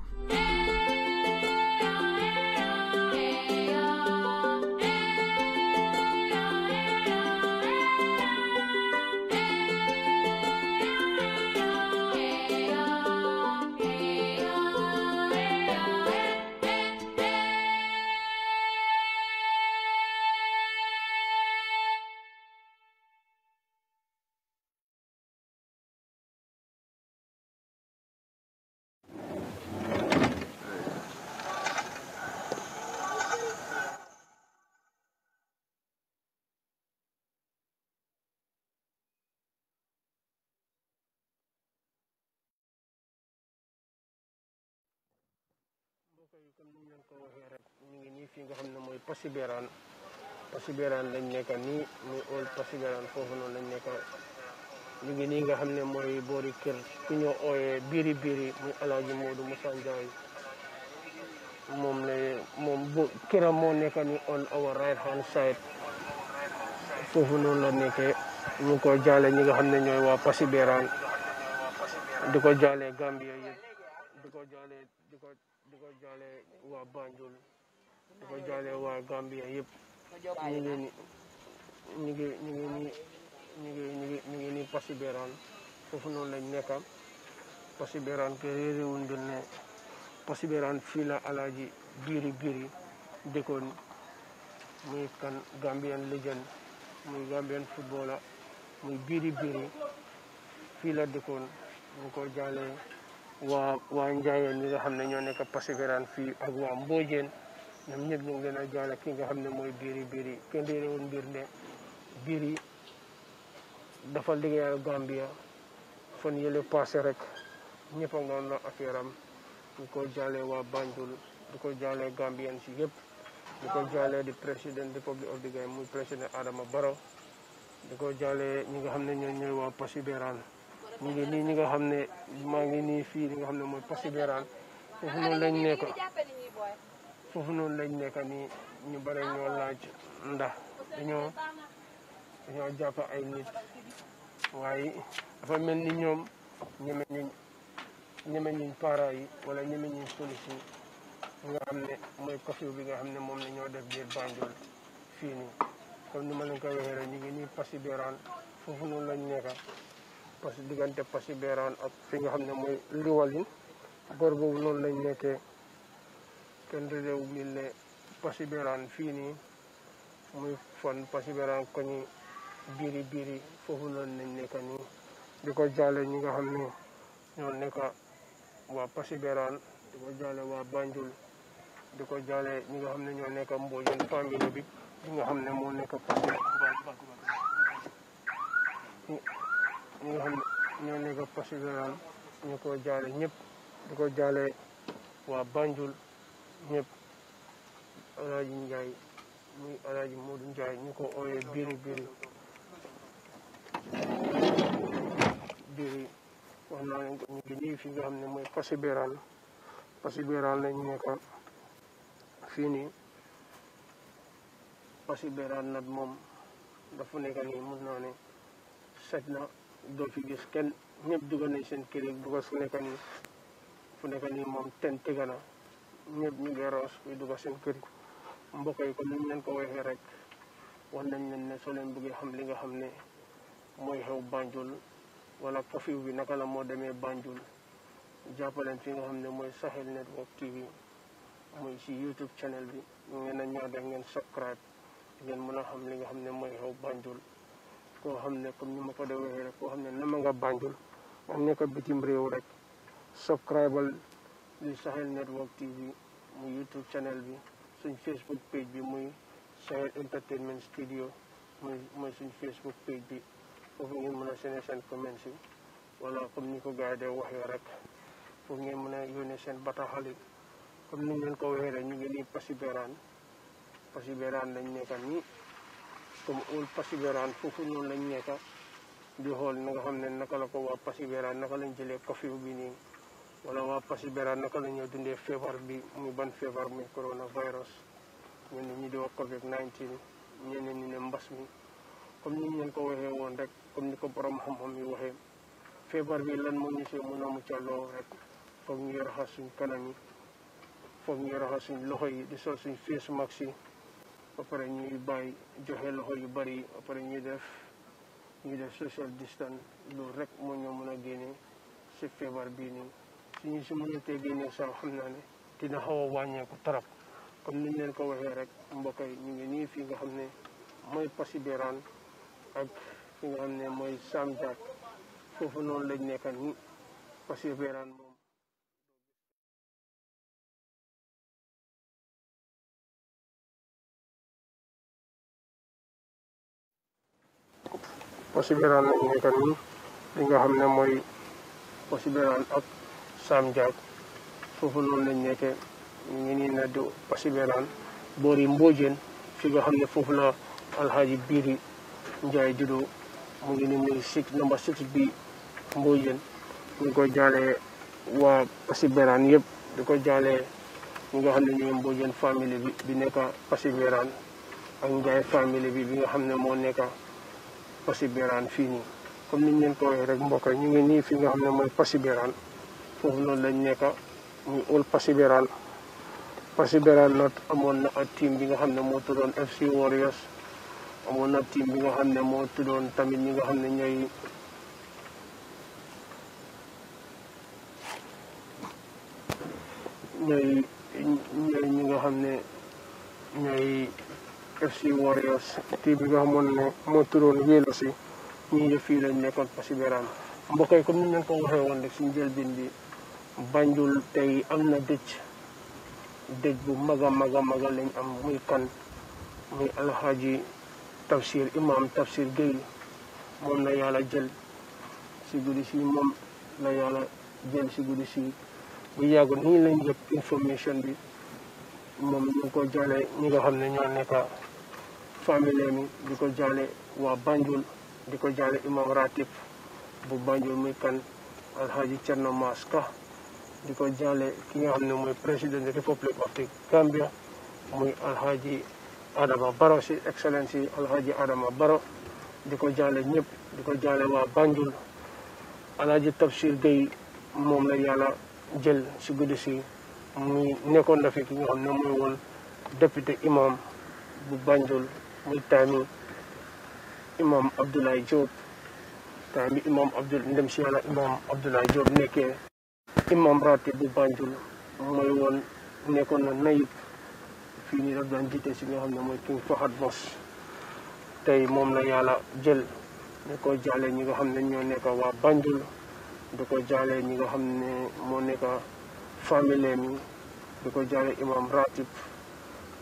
foofu noonu lañ nekk ñu ngi ni nga xam ne mooy boori kër ku ñoo ooyee biiri biiri muy alaaji Moodu Musa Njaay moom la moom bu këram moo nekk ni on our right hand side foofu noonu la nekkee ko jaale ñi nga xam ne ñooy waa Pasibeeraan di ko jaale Gambia yëpp du ko jaale di ko di ko jaale waa Banjul di ko jaale waa Gambia yëpp ñu ngi nii ñu ngi ñu ngi ñu ngi ñu ngi ñu ngi ni Passy Beroun foofu noonu lañ nekka Passy Beroun ke réeréwuñ dul ne Passy Beroun fii la alaaji biiri biiri dëkkoon muy kan Gambian legend muy Gambian footballer muy biiri biiri fii la dëkkoon ñu ko jaalee waa waa Njaayeen ñi nga xam ne ñoo nekk Passy Beroun fii ak waa Mbojeen ñoom ñëpp ñu ngi leen a jaale ki nga xam ne mooy biiri biiri kenn réeréwuñ mbir ne Biri dafa liggéeyal Gambia fan yële passé rek ñëpp a ngoon na affaire am di ko jaalee waa Banjul di ko jaalee Gambien si yëpp di ko jaalee di président Republic of the Gambia muy président Adama Barrow di ko jaalee ñi nga xam ne ñoo ñooy waa Pasiberan ñu ngi nii ñi nga xam ne maa ngi nii fii li nga xam ne mooy Pasiberan foofu noonu lañ nekk foofu noonu lañ nekk nii ñu bare ñoo laaj ndax dañoo dañoo jàpp ay nit waaye dafa mel ni ñoom ñeme ñuñ ñeme ñuñ para yi wala ñeme ñuñ police yi nga xam ne mooy curfew bi nga xam ne moom la ñoo def biir Banjul fii nii comme ni ma leen koy waxee rek ñu ngi nii Passy Beeraan foofu noonu lañ parce que diggante Passy Beeraan ak fi nga xam ne mooy Liwalin bor boobu noonu lañ nekkee kenn réew mi ne Passy Beeraan fii nii muy fan Passy koñi biiri biiri foofu noonu lañ nekk di ko jaale ñi nga xam ne ñoo nekk waa Pasiberan di ko jaale waa Banjul di ko jaale ñi nga xam ne ñoo nekk Mbojeen famille bi ñi nga xam ne moo nekk Pasi ñi nga xam ko jaale ñépp di ko jaale waa Banjul ñëpp Alaaji Njaay muy Alaaji Moodu Njaay ñu ko ooyee biiri biiri wax naa leen ko ñu ngi nii fi nga xam ne mooy pasibéral pasibéral lañ nekk fii nii pasibéral nag moom dafa nekk nii mun naa ne set na doo fi gis kenn ñëpp dugal nañ seen kër yi dugal fu nekk nii fu nekk nii moom ten tëgga na ñëpp ñu ngi roos kuy dugal seen kër yi mbokk yi ko niñ leen ko waxee rek wax nañ leen ne soo leen bëggee xam li nga xam ne mooy xew Banjul wala kafiw bi naka la moo demee Banjul jàppaleen fi nga xam ne mooy Sahel Network TV mooy si YouTube channel bi ngeen a ñoo def ngeen subscribe ngeen mën a xam li nga xam ne mooy xew Banjul koo xam ne comme ni ma ko doon waxee rek koo xam ne nama nga Banjul nga nekk bitim réew rek subscribal li Sahel Network TV muy YouTube channel bi suñ Facebook page bi muy Sahel Entertainment Studio muy muy suñ Facebook page bi foofu ngeen mën a seen seen commune si wala comme ni ko gars yi dee waxee rek foofu ngeen mën a yónnee seen bataaxal yi comme ni ngeen ko waxee rek ñu ngi nii Pasiberan Pasiberan lañ nekka nii comme ul Pasiberan foofu noonu lañ nekka di xool na nga xam ne naka la ko waa Pasiberan naka lañ jëlee curfew bi nii wala waa Pasiberan naka la ñoo dundee feebar bi muy ban feebar muy coronavirus ñenn ñi di wax covid 19 ñeneen ñi ne mbas mi comme ni ngeen ko waxee woon rek comme ni ko borom xam-xam yi waxee feebar bi lan moo ñu see mën a muccaloo rek foog ñuy raxas suñ kanam yi foog ñuy raxas suñ loxo yi di sol suñ face mask yi ba pare ñuy bàyyi joxe loxo yu bari yi ba pare ñuy def ñuy def social distance loolu rek moo ñoo mën a génne si feebar bii nii ñu si mën a tee génne sax xam naa ne dina xaw a wàññeeku tarap comme niñ leen ko waxee rek mbokk yi ñu ngi nii fii nga xam ne mooy Pasiberan ak ki nga xam ne mooy samjak foofu noonu lañ nekka ni pasiveran moom pasiveran lañ nekka ni li nga xam ne mooy pasiveran ak samjak foofu noonu lañ nekke ñi ni nadd pasiveran boori mboojen fi nga xam ne foofu la alhaaji biiri njaay judoo mu ngi ni muy number six bi Mbodiène ñu ngi koy jaalee waa Passibérane yëpp di ko jaalee ñi nga xam ne ñooy Mbodiène famille bi bi nekk Passibérane ak Njaay famille bi bi nga xam ne moo nekk Passibérane fii nii comme niñ leen ko rek mbokk ñu ngi nii fi nga xam ne mooy Passibérane foofu noonu lañ nekk muy ol Passibérane Passibérane not amoon na ak team bi nga xam ne moo tuddoon FC Warriors amoon na team bi nga xam ne moo tuddoon tamit ñi nga xam ne ñooy xam ne ñooy FC Warriors team bi nga xamoon ne moo tuddoon wéelo si ñii yëf fii lañ nekkoon Pasiberan mbokk yi ni ñu leen ko waxee woon rek si njëlbeen bi Banjul tey am na dëj dëj bu mag a mag a mag lañ am muy kan muy alxaaji tafsir imam tafsir Gueye moom la yàlla jël si guddi si moom la yàlla jël si guddi si bu yàggu nii lañ jot information bi moom ñu ko jaale ñi nga xam ne ñoo nekk famille di ko jaale waa Banjul di ko jaale imam ratib bu Banjul muy kan alhaji Cerno Ka di ko jaale ki nga xam ne mooy président de Republic of the muy alhaji Adama Baro si excellence yi alhaji Adama Baro di ko jaale ñépp di ko jaale waa Banjul alhaji Tafsir Gueye moom la yàlla jël si guddi si muy nekkoon na fi ki nga xam ne mooy woon député imam bu Banjul muy taami imam Abdoulaye Diop taami imam Abdoul ndem nekkee imam ratib bu Banjul mooy woon nekkoon na nayib fini rek dañ jité ci si nga xam ne King Fahad Boss tay mom la yalla jël ne ko jalé ñi nga xam ñoo nekk wa Banjul du ko jalé ñi nga xam mo nekk famille mi du ko jalé imam ratib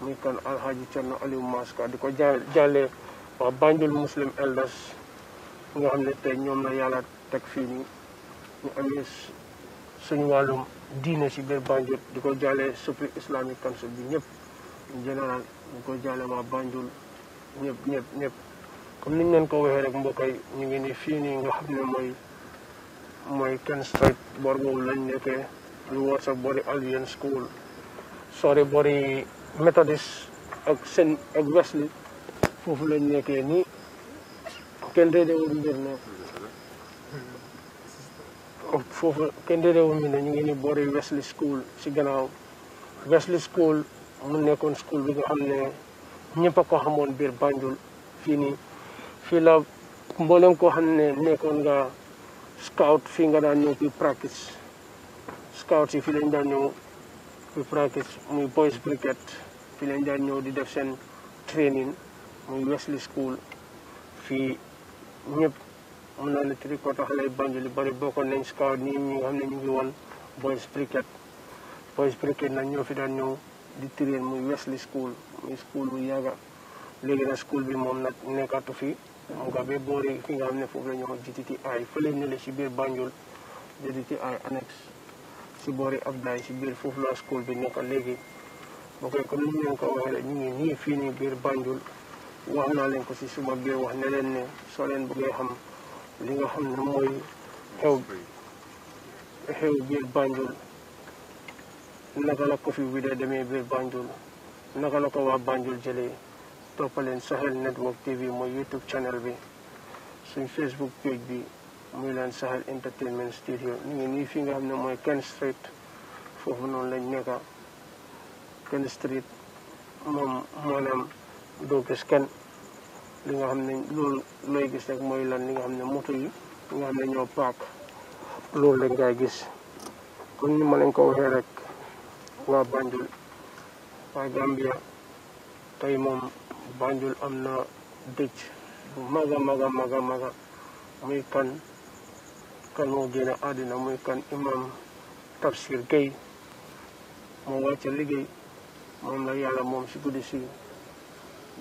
muy kan alhaji Cerno ali Maska du ko jalé wa Banjul Muslim Elders nga xam tay tey ñoom la yalla tek fini nii ñu amee suñu walum diiné ci bir bandul du ko jaale Supreme Islamic Council bi ñepp jëlee ñu koy jaale waa Banjul ñëpp ñëpp ñëpp comme niñ leen ko waxee rek mbokk yi ñu ngi ni fii nii nga xam ne mooy mooy Ken Street bor boobu lañ nekkee lu war sa bori Albion School sori bori Methodist ak seen ak Wesley foofu lañ nekkee nii kenn déedéewul mbir ne foofu kenn déedéewul mbir ne ñu ngi ni bori Wesley School si gannaaw Wesley School mu nekkoon school bi nga xam ne ñëpp a ko xamoon biir Banjul fii nii fii la mboolem koo xam ne nekkoon nga scout fii nga daan ñëw fii practice yi fii lañ daan ñëw fii practice muy boys cricket fii lañ daan ñëw di def seen training muy Wesley school fii ñëpp mun naa ne tri ko tax Banjul yu bari bokkoon nañ scout nii ñi nga xam ne ñu ngi woon boys cricket boys cricket nag ñoo fi daan ñëw ditirer muy Wesley School muy school bu yàgga léegi nag school bi moom nag nekkatu fi mu nga ba boori fi nga xam ne foofu la ñu wax GTTI fële ne la si biir Banjul GTTI annexe si boori Abdaye si biir foofu la school bi nekk léegi boo koy comme ni ñu leen ko waxee la ñu ngi nii fii nii biir Banjul wax naa leen ko si suma biir wax ne leen ne soo leen bëggee xam li nga xam ne mooy xew xew biir Banjul naka la Covid bi dee demee biir Banjul naka la ko waa Banjul jëlee toppaleen Sahel Network TV mooy YouTube channel bi suñ Facebook page bi muy leen Sahel Entertainment Studio ñu ngi nii fii nga xam ne mooy Ken Street foofu noonu lañ nekka Ken Street moom maanaam doo gis kenn li nga xam ne loolu gis rek mooy lan li nga xam ne moto yi li nga xam ne ñoo paak loolu lañ ngay gis kon ni ma lañ ko waxee rek waa Banjul waa Gambia tey moom Banjul am na dëj bu mag a mag a a muy kan kan moo génn àddina muy kan imam Tafsir Gueye moo wàcce liggéey moom la yàlla moom si guddi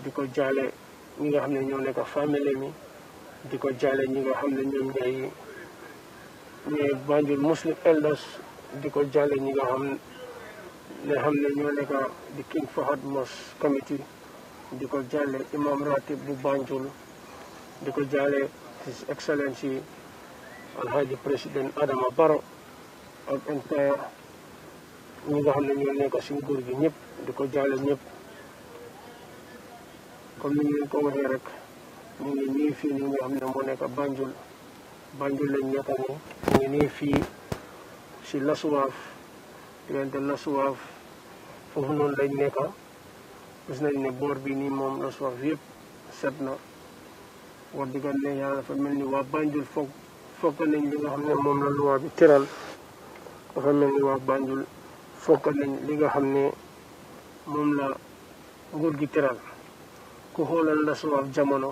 di ko jaale ñi nga xam ne ñoo nekk famille di ko jaale ñi nga xam ne ñoom Muslim Elders di ko jaale ñi nga xam nga xam ne ñoo nekk di King Fahad Mosque Committee di ko jàlle imam ratib bu Banjul di ko jaale His Excellency Alhaji Président Adama Barrow ak entire ñi nga xam ne ñoo nekk si nguur gi ñëpp di ko jàlle ñëpp comme ni ñu ko waxee rek ñu ngi nii fii ni nga xam ne moo nekk Banjul Banjul lañ nekk nii ngi nii si Lasuwaaf diggante Los Suwaaf foofu noonu lañ nekkoon gis nañ ne boor bi nii moom Los Suwaaf yëpp set na wax dëgg yàlla dafa mel ni waa Banjul foog foog nañ li nga xam ne moom la luwaa bi tëral dafa mel ni waa Banjul foog nañ li nga xam ne moom la nguur gi tëral ku xoolal Los Suwaaf jamono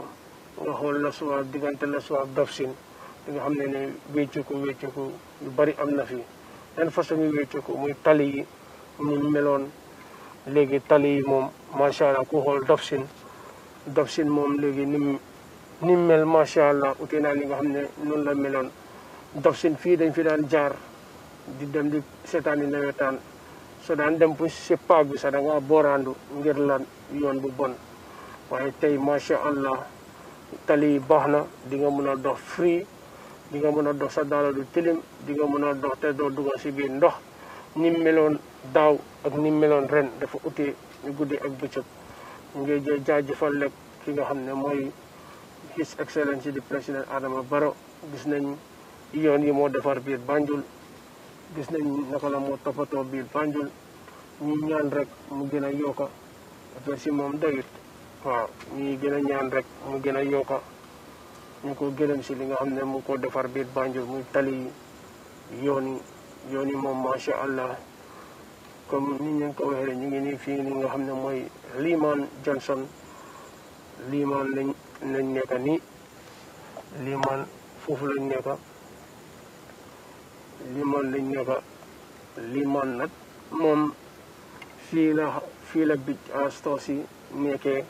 nga xool Los Suwaaf diggante Los Suwaaf Dofsin li nga xam ne ne wéccu ko wéccu ko yu bari am na fi. yan façon yu yooyu ko muy tali yi melon, meloon légui tali yi ma sha allah ko dopsin, Dofsin Dofsin nim, légui nim nim mel sha allah ute naa li nga xamné non la meloon Dofsin fi dañ fi daan jaar di dem di seetaani nawetaan so daan dem bu si paa bi da nga borandu ngir lan yoon bu bon tay ma sha allah tali bahna, di nga mëna dof free di nga mën a dox sa daala du tilim dinga nga mën a dox te doo dugal si biir ndox ni meloon daaw ak ni meloon ren dafa utee ñu guddi ak bëccëg ñu ngi jee jaajëfal lekk ki nga xam ne mooy his excellence di président Adama Barrow gis nañ yoon yi moo defar biir Banjul gis nañ naka la moo toppatoo biir Banjul ñi ñaan rek mu gën a yokka affaire si moom doyut waaw ñi gën a ñaan rek mu gën a yokka ñu ko gërëm si li nga xam ne mu ko defar biir Banjul muy tali yoon yi moom macha allah comme ñu ko ñu ngi nii fii li nga xam ne mooy Liman Johnson Liman lañ lañ nekk nii Liman foofu lañ nekk Liman lañ nekk Liman nag moom fii la fii la bit ah, stores yi nekkee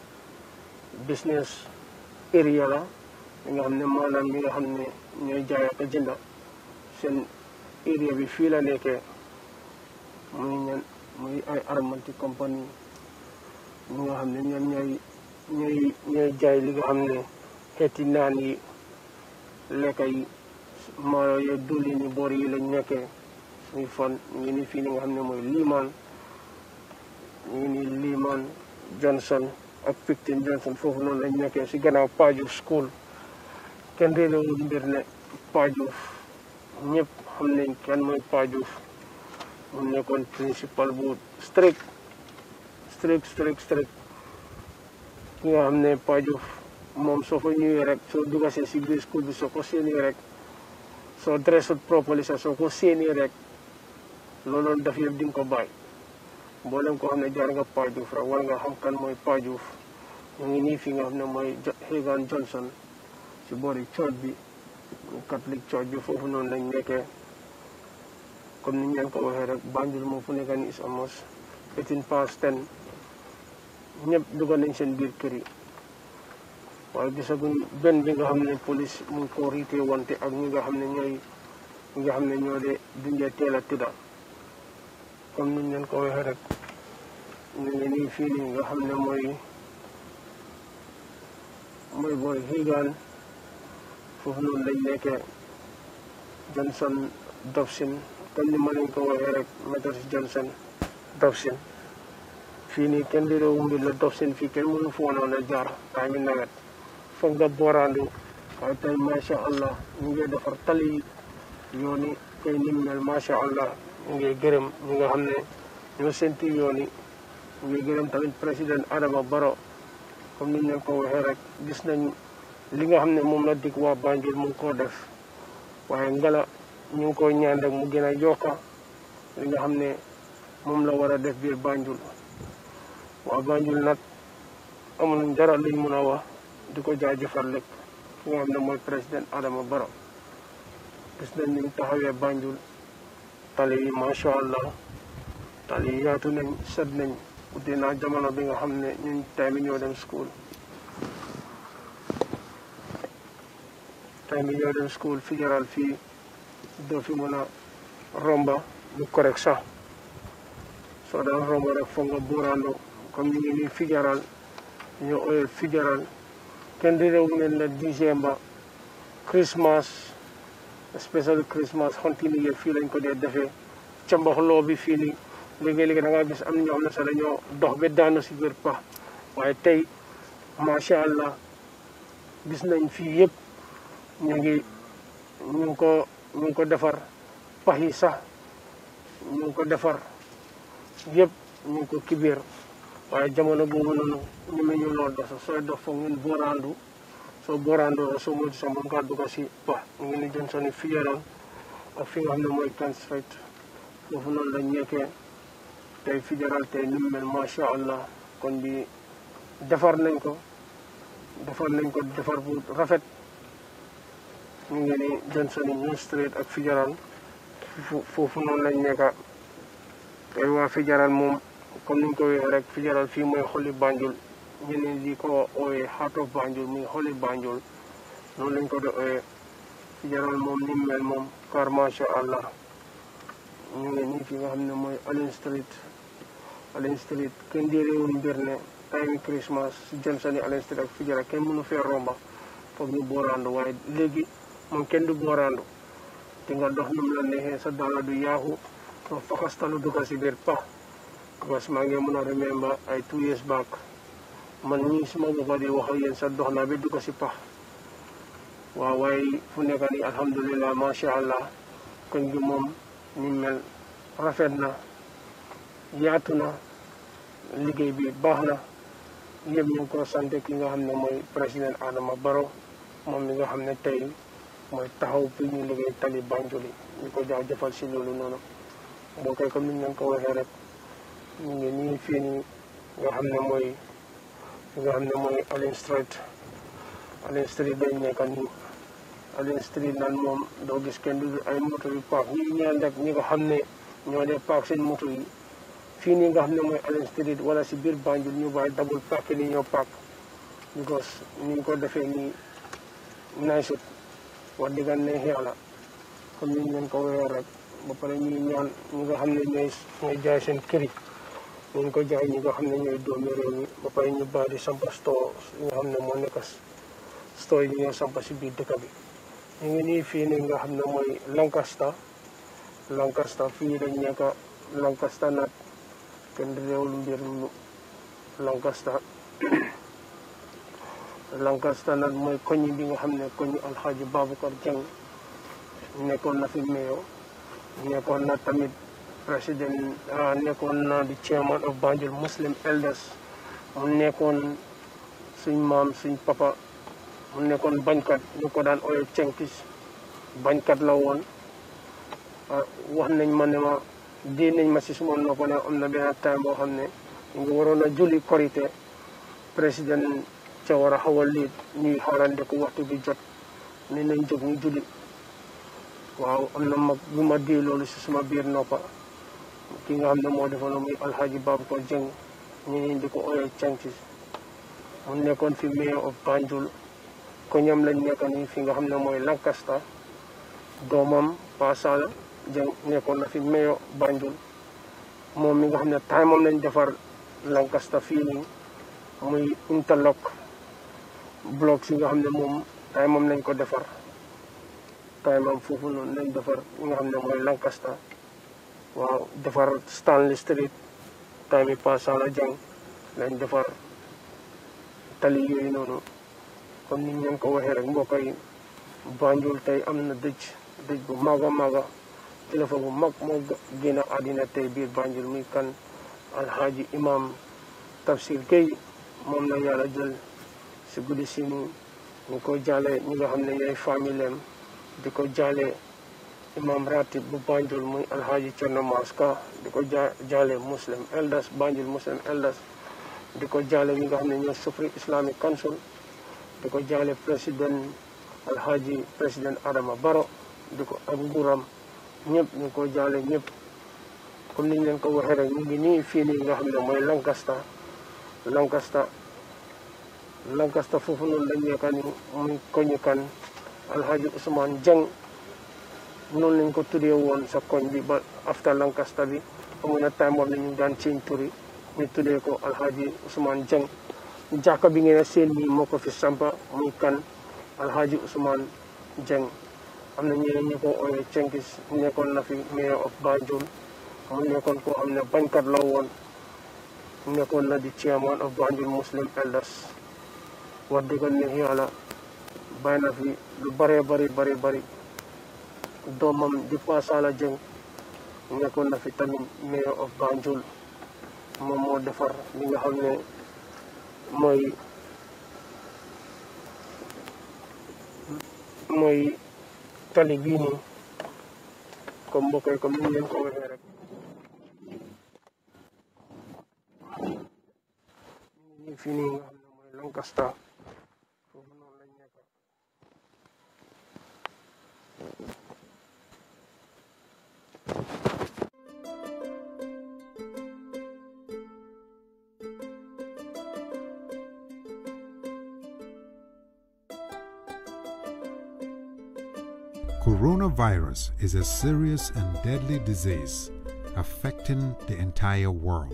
business area la nga xam ne moolaan bi nga xam ne ñooy jaay ak jënd seen area bi fii la nekkee muy ñan muy ay armanti compagnie ñi nga xam ne ñoom ñooy ñooy jaay li nga xam ne xeeti naan yi lekka yi maalo yooyu dulli ñu boor yi lañ nekkee fan ni fii nga xam ne mooy liimaan ñu ni liimaan Johnson ak Picton Johnson foofu noonu lañ nekkee si gannaaw Paju School kenn réeréwul mbir ne Pa Diouf ñëpp xam nañ kenn mooy Pa Diouf mu nekkoon principal bu strict strict strict strict ki nga xam ne Pa Diouf moom soo fa ñu rek soo dugasee si biir school bi ko séenee rek soo dressut properly sax soo ko séenee rek looloon daf yëpp di nga ko bàyyi mboolem ko xam ne jaar nga Pa Diouf rek nga xam kan mooy Pa Diouf ñu ngi nii fi ne mooy Hagan Johnson ci boori cooj bi catholique cooj bi foofu noonu lañ nekkee comme ni ñu leen ko waxee rek Banjul moom fu nekka ni is almost eighteen past ten ñëpp dugal nañ seen biir kër yi waaye gisaguñ benn bi nga xam ne police mu ngi ko riitee wante ak ñi nga xam ne ñooy ñi nga xam ne ñoo de dundee teel a tëdda comme ni ñu leen ko rek ñu ngi nii fii nga xam ne mooy mooy boori Higaan foofu noonu lañ nekkee Johnson Dobson comme ni ma ko waxee rek Major Johnson Dobson fii nii kenn di réew mbir la Dobson fii kenn mënu foonoon a jaar daa ngi nawet foog nga booraandu waaye tey allah ñu ngi defar tali yoon yi ni mu mel macha allah ñu ngi gërëm ñi nga xam ne ñoo senti yoon yi ñu ngi tamit président Adama Barrow comme ni ñu ko waxee rek gis li nga xam ne moom la dig waa Banjul mu ngi koo def waaye ngala ñu ngi ñaan rek mu gën a yokka li nga xam ne moom la war a def biir Banjul waa Banjul nag amul dara luñ mun a wax di ko jaajëfal lépp ki nga xam ne mooy président Adama Barrow gis nañ ni mu taxawee Banjul tali yi macha allah tali yi yaatu nañ set nañ uddee naa jamono bi nga xam ne ñun tey mi ñoo dem school temps bi ñoo dem school fii doo fi mën romba lu sax soo daan romba rek foog nga buuraandoo comme ñu ngi nii fédéral ñoo oyee fédéral kenn di réew nen la décembre Christmas especially Christmas fii lañ ko dee defee cambaxloo bi fii nii léegi-léegi da ngaa gis am ñoo xam ne sax dañoo dox ba daanu si biir pax waaye tey macha allah gis nañ fii yëpp ñu ngi ñu ngi ko ñu ko defar pax yi sax ñu ngi ko defar yëpp ñu ngi ko kibiir waaye jamono boobu noonu ñu ne ñu loo dox sooy dox foog ngeen booraandu soo booraandoo soo moytu sa mën kaa dugg si pax ñu ngi ne jëm soni fi yaram ak fi transfert foofu noonu lañ nekkee tey fi jaral tey ni mu mel allah kon bi defar nañ ko defar nañ ko defar bu rafet ñu ngi ni Johnson New Street ak Fijaral foofu noonu lañ nekka tey waa Fijaral moom comme ni ko waxee rek Fijaral fii mooy xoli Banjul ñeneen di ko ooyee heart of Banjul muy xoli Banjul noonu lañ ko do ooyee Fijaral moom ni mel moom car macha allah ñu ngi nii fi nga xam ne mooy Allen Street Allen Street kenn di réewum mbir ne time Christmas si Johnson Allen Street ak Fijaral kenn mënu fee romba foog ñu booraandu waaye léegi moom kenn du gooraandu di nga dox nu mu la neexee sa dara du yaaxu nga fakastalu du ko si biir pax parce que maa ngi mën a ay two years back man ñii su ma ko di wax ak yéen sa dox na ba du ko si waa waaw waaye fu nekk nii alhamdulilah macha allah koñ gi moom ni mel rafet na yaatu na liggéey bi baax na yëpp ñu ngi ko sant ki nga xam ne mooy président Adama Barrow moom mi nga xam ne tey mooy taxaw fi ñu liggéey tali Banjul ñu ko jaajëfal si loolu noonu mbokk yi comme ni ñu leen ko waxee rek ñu ngi nii fii nii nga xam ne mooy nga xam ne mooy Allen Street dañ nekk nii Allen Street naan moom doo gis kenn ay moto yu paak ñi ñaan rek ñi xam ne ñoo dee paak seen moto yi fii nii nga xam ne mooy Allen Street wala si biir Banjul ñu bàyyi double paak ni ñoo paak because ni ñu ko defee nii naysut wadigan dëggal ne xew na comme ni ñu leen ko weer rek ba pare ñuy ñaan ñi nga xam ne ñooy ñooy jaay seen kër yi ñu ko jaay ñi nga xam ne ñooy doomi réew mi ba pare ñu baax di samp store yi nga xam nekk yi bi ngi nga Lancaster Lancaster dañ Lancaster mbir Lancaster Lankar Standard mooy koñ bi nga xam ne koñu Alxaaji Babacar Dieng nekkoon na fi mayor nekkoon na tamit président ah, nekkoon na di chairman of Banjul Muslim Elders mu nekkoon suñ maam suñ papa mu nekkoon bañkat ñu ko daan ooye cenkis bañkat lawoon ah, wax nañ ma ne ma di nañ ma si suma nopp ne am na benn time boo xam ne ñu ngi waroon a julli korité président ca war a xawal li ñuy xaarande ko waxtu bi jot ni nañ jog ni julli waaw amna mag bu ma dee loolu si suma biir noppa ki nga xam ne moo muy ko ñu di ko mu nekkoon fi mayor of Banjul ko ñam lañ nekk nii fi nga xam ne mooy Lancaster doomam Pasal Dieng nekkoon na fi mayor Banjul moom mi nga xam ne time moom lañ defar Lancaster fii nii muy interlock bloc yi nga xam ne moom tay moom lañ ko defar tay moom foofu noonu lañ defar yi nga xam ne mooy Lancaster waaw defar Stanley Street tay mi pasala jàng lañ defar tali yooyu noonu comme ni ñu ko waxee rek mbokk yi tey am na dëj dëj bu mag a mag téléphone bu mag moo génn àddina tey biir Banjul muy kan alxaaji imam Tafsir Gueye moom la yàlla jël di guddi ci mu ngi ko jaale ñi nga xam ne ñooy familleem di ko jaale imam ratib bu banjul muy alhaji cerno maska di ko muslim elders banjul muslim elders di ko jaale ñi nga xam ne sufri islamic council di ko presiden président alhaji président adama baro di ko ak nguram ñëpp ñu ko kau ñëpp comme niñ leen ko waxee rek ñu ngi nii fii nii nga xam ne lancaster lancaster lankasta foofu noonu lañu kan muy koñu kan alhaji Ousmane Dieng lañ ko tuddee won sa koñ bi ba after lankasta bi amoon na time boobu lañu daan ceeñ turi ñu tuddee ko alhaji Ousmane Dieng jàkka bi ngeen a seen nii moo ko fi sampa muy kan alhaji Ousmane Dieng am na ñeneen ñu ko na fi mayor of Banjul mu nekkoon ko am ne bañkat la woon na di chairman of Banjul Muslim Elders wax dëgg neex yàlla bàyyi na fi lu bëree bëri bëri bëri doomam di fois Sala Dieng nekkoon na fi tamit mayor of Banjul moom moo defar li nga xam ne mooy mooy tali bii nii comme mbokk yi nii nga xam ne mooy Lancaster Coronavirus is a serious and deadly disease affecting the entire world.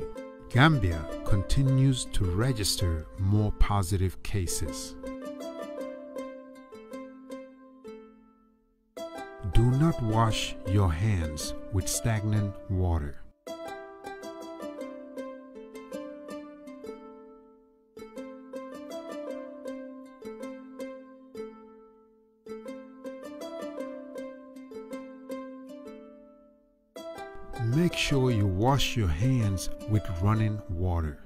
Gambia continues to register more positive cases. not wash your hands with stagnant water. Make sure you wash your hands with running water.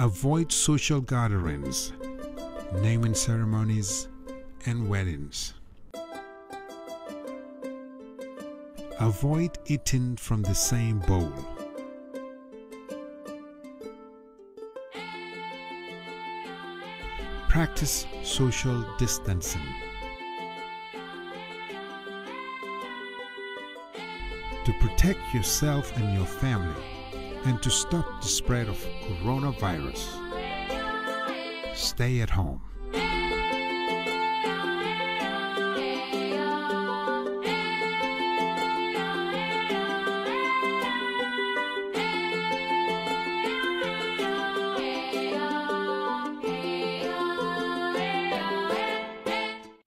Avoid social gatherings, naming ceremonies, and weddings. Avoid eating from the same bowl. Practice social distancing. To protect yourself and your family, and to stop the spread of coronavirus. Stay at home.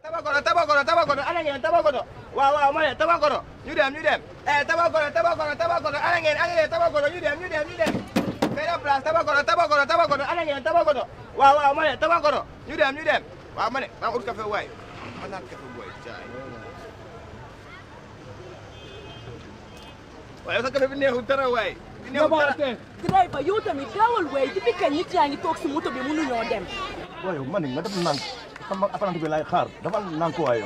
Tabakoro, tabakoro, tabakoro, tabakoro, tabakoro. Wow, wow, man, tabakoro. You them, you them. ngeen ana leen Tabakoto ñu dem ñu dem ñu dem benn place Tabakoto Tabakoto Tabakoto ana ngeen Tabakoto waaw waaw ma ne Tabakoto ñu dem ñu dem waaw ma ne maa ut café waay ma naan café bu waay jaay waaye sa café bi neexul dara waay di neexul dara driver yow tamit gaawal waay depuis kañ nit ngi toog si moto bi mënuñoo dem waaye man nga def nang sama apprenti bi laay xaar dafa nang ko waay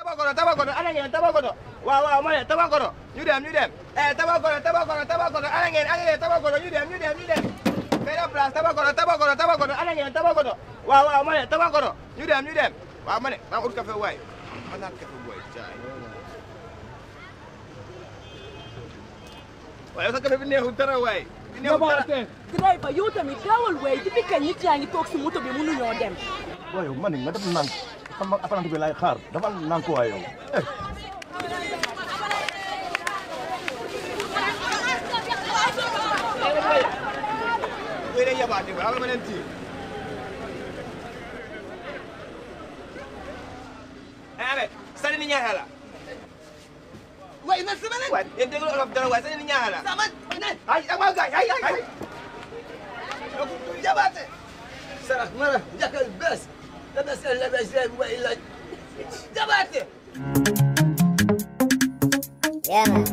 Tabakoto Tabakoto ana ngeen Tabakoto waaw waaw ma ne Tabakoto ñu dem ñu dem eh Tabakoto Tabakoto Tabakoto ana ngeen ana ngeen Tabakoto ñu dem ñu dem ñu dem benn place Tabakoto Tabakoto Tabakoto ana ngeen Tabakoto waaw waaw ma ne Tabakoto ñu dem ñu dem waaw ma ne naa ut café waay ma naan café waay caay waaye sa café bi neexul dara waay bi neexul dara driver yow tamit daawal waay di fekk nit yaa ngi toog si moto bi mënuñoo dem waaye man ma def nang apprenti bi laay xaar dafa naan ko waay yow sani ni ñaaxala way na sama nak way yéen déglu olof dara way sani ni ñaaxala sama nak ay ak ma gaay ay ay jabaate sara mara jakal bes لما سلم اسلام والا دبرت ياما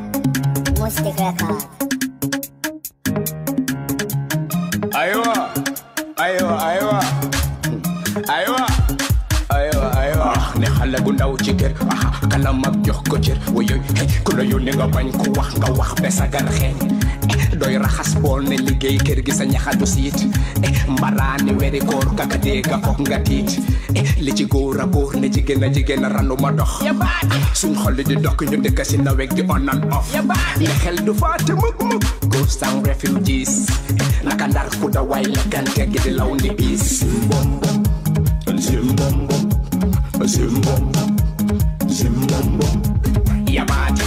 مستك ركعات ايوه ايوه ايوه ايوه ايوه ايوه ne xale bu ndaw ci kër waxa ko cër wayoy kula yu ni nga doy raxas bool ne liggéey kër gi sa ñaxadu siit eh, mbaraani weri koor kaka dégga foog nga tiit eh, li ci góor a góor ne jigéen a jigéen a ranu ma ah, dox suñ xol di dokk ñu dëkk si nawet di on and off ne xel du faate mukk mukk ghost and refugees naka ndar ku da way la gante gi di law ndi biis bom bom zim bom bom zim bom bom zim bom bom yabaati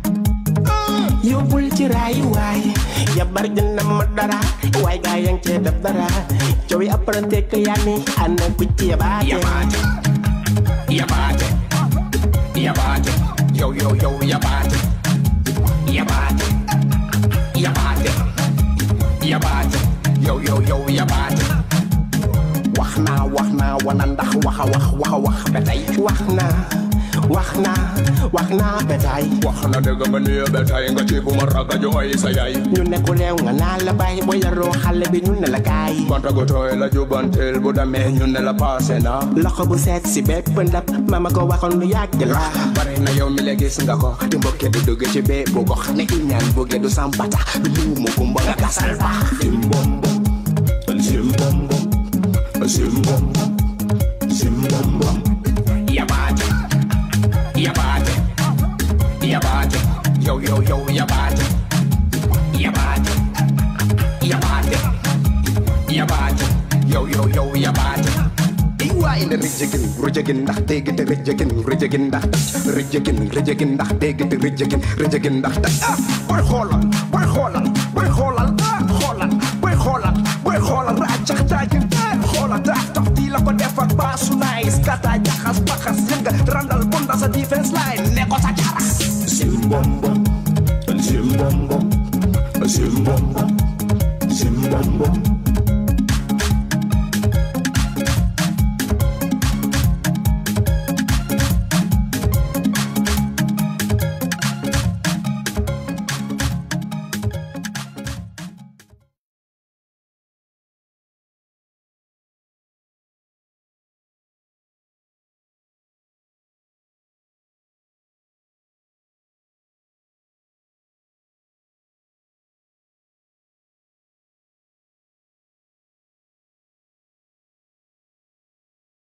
You pull ci raay waay ya bargain ma madara. Why gaa yang cee def dara coow yi apparente que yaa ni ana ku ci yabaate yabaate yabaate yow yow yow yabaate yabaate yabaate yabaate yow yow yow yabaate wax naa wax naa wana ndax waxa wax wah wah wah, tey wax naa wax naa wax naa betaay wax na nga ci bu ma raga ju oy sa yaay ñu ne ku bi ñu ne banta gu tooy la jubantil bu demee ñu la passé na loxo bu seet si bépp ndab ma ma ko lu yàgg la bari na yow mi gis nga ko di du dugg ci bee bu gox ne i ñaan du sambata du muuma kumba nga gasal ba simbombo simbombo simbombo simbombo Yo, yo, yo, jebate. Jebate. Jebate. Jebate. Yo, yo, yo, jebate. waaye na rëjëgin rëjëgin ndax dégg te rëjëgin rëjëgin ndax rëjëgin rëjëgin ndax dégg te rëjëgin rëjëgin ndax ah booy xoolal booy xoolal Zim dum dum, zim